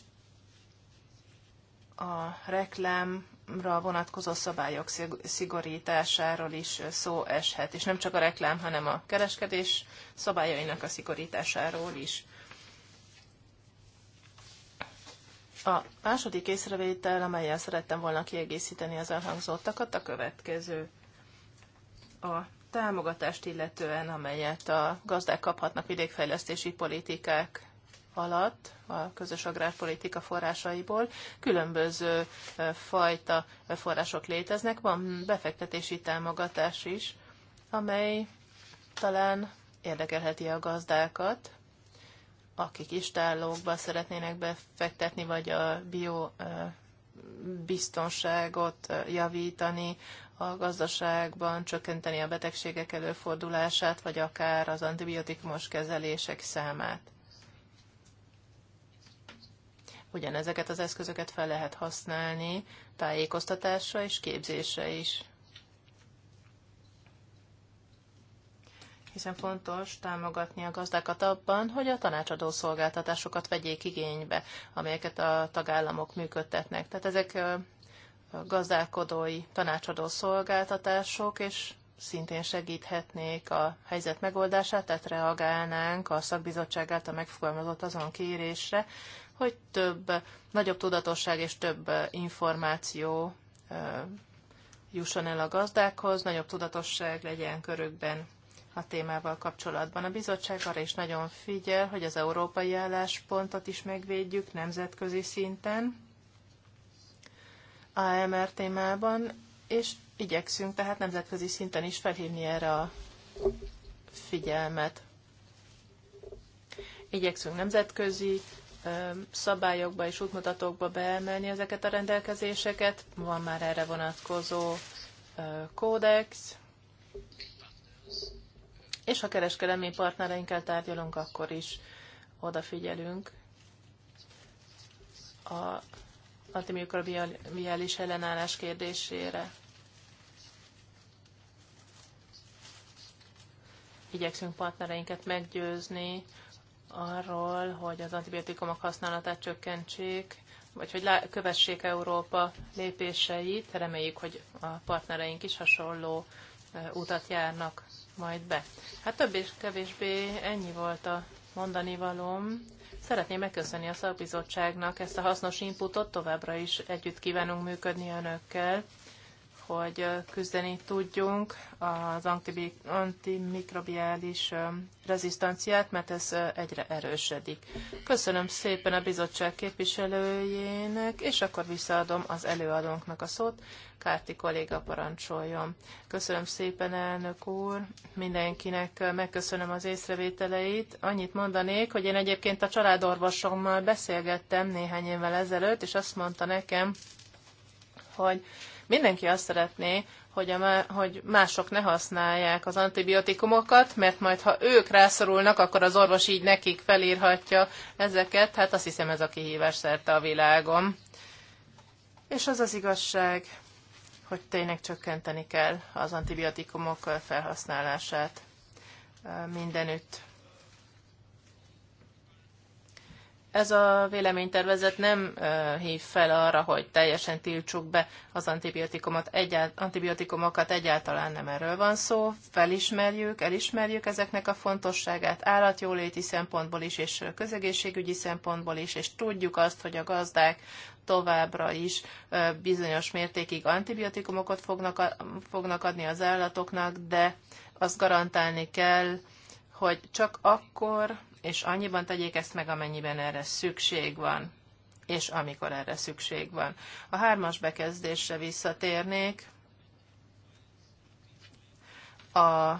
Speaker 1: a reklámra vonatkozó szabályok szigorításáról is szó eshet, és nem csak a reklám, hanem a kereskedés szabályainak a szigorításáról is. A második észrevétel, amelyel szerettem volna kiegészíteni az elhangzottakat, a következő. A támogatást illetően, amelyet a gazdák kaphatnak vidékfejlesztési politikák alatt a közös agrárpolitika forrásaiból különböző fajta források léteznek. Van befektetési támogatás is, amely talán érdekelheti a gazdákat, akik istállókba szeretnének befektetni, vagy a bio biztonságot javítani a gazdaságban, csökkenteni a betegségek előfordulását, vagy akár az antibiotikumos kezelések számát. Ugyanezeket az eszközöket fel lehet használni tájékoztatásra és képzésre is. hiszen fontos támogatni a gazdákat abban, hogy a tanácsadó szolgáltatásokat vegyék igénybe, amelyeket a tagállamok működtetnek. Tehát ezek gazdálkodói tanácsadó szolgáltatások, és szintén segíthetnék a helyzet megoldását, tehát reagálnánk a szakbizottság által megfogalmazott azon kérésre, hogy több, nagyobb tudatosság és több információ jusson el a gazdákhoz, nagyobb tudatosság legyen körökben a témával kapcsolatban. A bizottság arra is nagyon figyel, hogy az európai álláspontot is megvédjük nemzetközi szinten, AMR témában, és igyekszünk tehát nemzetközi szinten is felhívni erre a figyelmet. Igyekszünk nemzetközi szabályokba és útmutatókba beemelni ezeket a rendelkezéseket. Van már erre vonatkozó kódex, és ha kereskedelmi partnereinkkel tárgyalunk, akkor is odafigyelünk a antimikrobiális ellenállás kérdésére. Igyekszünk partnereinket meggyőzni arról, hogy az antibiotikumok használatát csökkentsék, vagy hogy kövessék Európa lépéseit. Reméljük, hogy a partnereink is hasonló utat járnak majd be. Hát több és kevésbé ennyi volt a mondani valóm. Szeretném megköszönni a szakbizottságnak ezt a hasznos inputot, továbbra is együtt kívánunk működni önökkel hogy küzdeni tudjunk az antimikrobiális rezisztanciát, mert ez egyre erősödik. Köszönöm szépen a bizottság képviselőjének, és akkor visszaadom az előadónknak a szót. Kárti kolléga parancsoljon. Köszönöm szépen, elnök úr, mindenkinek megköszönöm az észrevételeit. Annyit mondanék, hogy én egyébként a családorvosommal beszélgettem néhány évvel ezelőtt, és azt mondta nekem, hogy Mindenki azt szeretné, hogy, a, hogy mások ne használják az antibiotikumokat, mert majd ha ők rászorulnak, akkor az orvos így nekik felírhatja ezeket. Hát azt hiszem ez a kihívás szerte a világom. És az az igazság, hogy tényleg csökkenteni kell az antibiotikumok felhasználását mindenütt. Ez a véleménytervezet nem hív fel arra, hogy teljesen tiltsuk be az antibiotikumot, egyált, antibiotikumokat, egyáltalán nem erről van szó. Felismerjük, elismerjük ezeknek a fontosságát állatjóléti szempontból is, és közegészségügyi szempontból is, és tudjuk azt, hogy a gazdák továbbra is bizonyos mértékig antibiotikumokat fognak, fognak adni az állatoknak, de azt garantálni kell, hogy csak akkor és annyiban tegyék ezt meg, amennyiben erre szükség van, és amikor erre szükség van. A hármas bekezdésre visszatérnék. A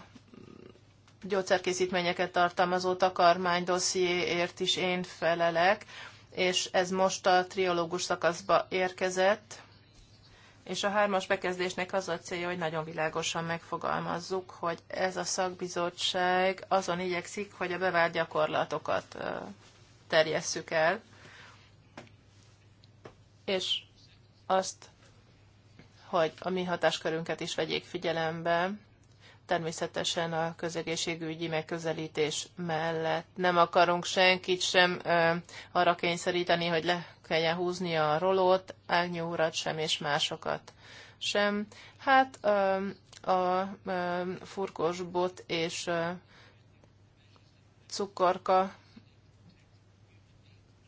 Speaker 1: gyógyszerkészítményeket tartalmazó takarmány dossziéért is én felelek, és ez most a triológus szakaszba érkezett, és a hármas bekezdésnek az a célja, hogy nagyon világosan megfogalmazzuk, hogy ez a szakbizottság azon igyekszik, hogy a bevált gyakorlatokat terjesszük el, és azt, hogy a mi hatáskörünket is vegyék figyelembe, természetesen a közegészségügyi megközelítés mellett. Nem akarunk senkit sem ö, arra kényszeríteni, hogy le kelljen húzni a rolót, Ágnyi urat sem, és másokat sem. Hát ö, a ö, bot és ö, cukorka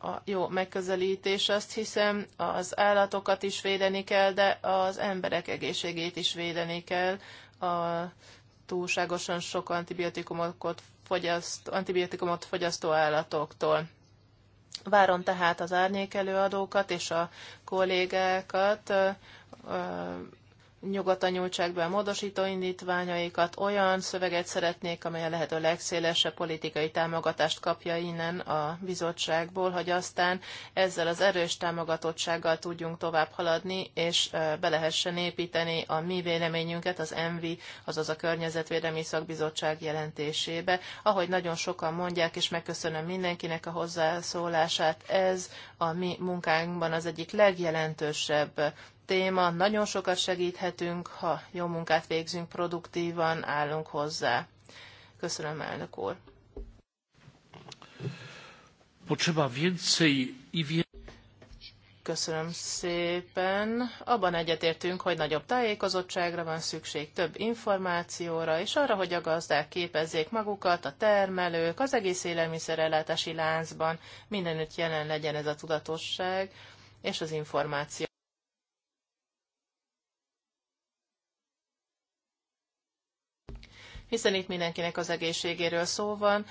Speaker 1: a jó megközelítés, azt hiszem, az állatokat is védeni kell, de az emberek egészségét is védeni kell, a túlságosan sok antibiotikumot fogyaszt, antibiotikumot fogyasztó állatoktól. Várom tehát az árnyékelőadókat és a kollégákat nyugodtan nyújtsák be a módosító indítványaikat, olyan szöveget szeretnék, amely a lehető legszélesebb politikai támogatást kapja innen a bizottságból, hogy aztán ezzel az erős támogatottsággal tudjunk tovább haladni, és be lehessen építeni a mi véleményünket az ENVI, azaz a Környezetvédelmi Szakbizottság jelentésébe. Ahogy nagyon sokan mondják, és megköszönöm mindenkinek a hozzászólását, ez a mi munkánkban az egyik legjelentősebb téma, nagyon sokat segíthetünk, ha jó munkát végzünk, produktívan állunk hozzá. Köszönöm, elnök úr. Köszönöm szépen. Abban egyetértünk, hogy nagyobb tájékozottságra van szükség, több információra, és arra, hogy a gazdák képezzék magukat, a termelők, az egész élelmiszerellátási láncban mindenütt jelen legyen ez a tudatosság és az információ. hiszen itt mindenkinek az egészségéről szó van,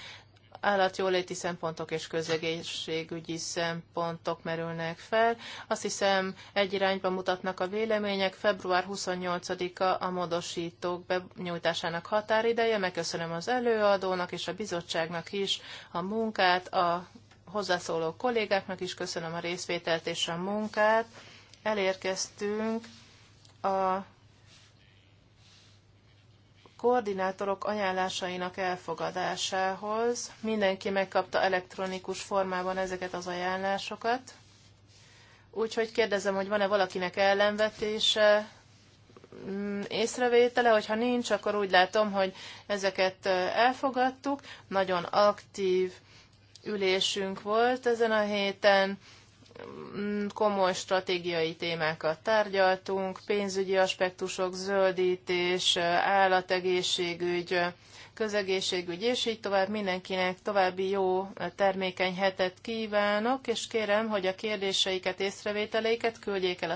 Speaker 1: állatjóléti szempontok és közegészségügyi szempontok merülnek fel. Azt hiszem, egy irányba mutatnak a vélemények. Február 28-a a módosítók benyújtásának határideje. Megköszönöm az előadónak és a bizottságnak is a munkát, a hozzászóló kollégáknak is köszönöm a részvételt és a munkát. Elérkeztünk a koordinátorok ajánlásainak elfogadásához. Mindenki megkapta elektronikus formában ezeket az ajánlásokat. Úgyhogy kérdezem, hogy van-e valakinek ellenvetése, mm, észrevétele, hogyha nincs, akkor úgy látom, hogy ezeket elfogadtuk. Nagyon aktív ülésünk volt ezen a héten, Mm, komoly stratégiai témákat tárgyaltunk, pénzügyi aspektusok, zöldítés, állategészségügy, közegészségügy, és így tovább mindenkinek további jó termékeny hetet kívánok, és kérem, hogy a kérdéseiket, észrevételeiket küldjék el a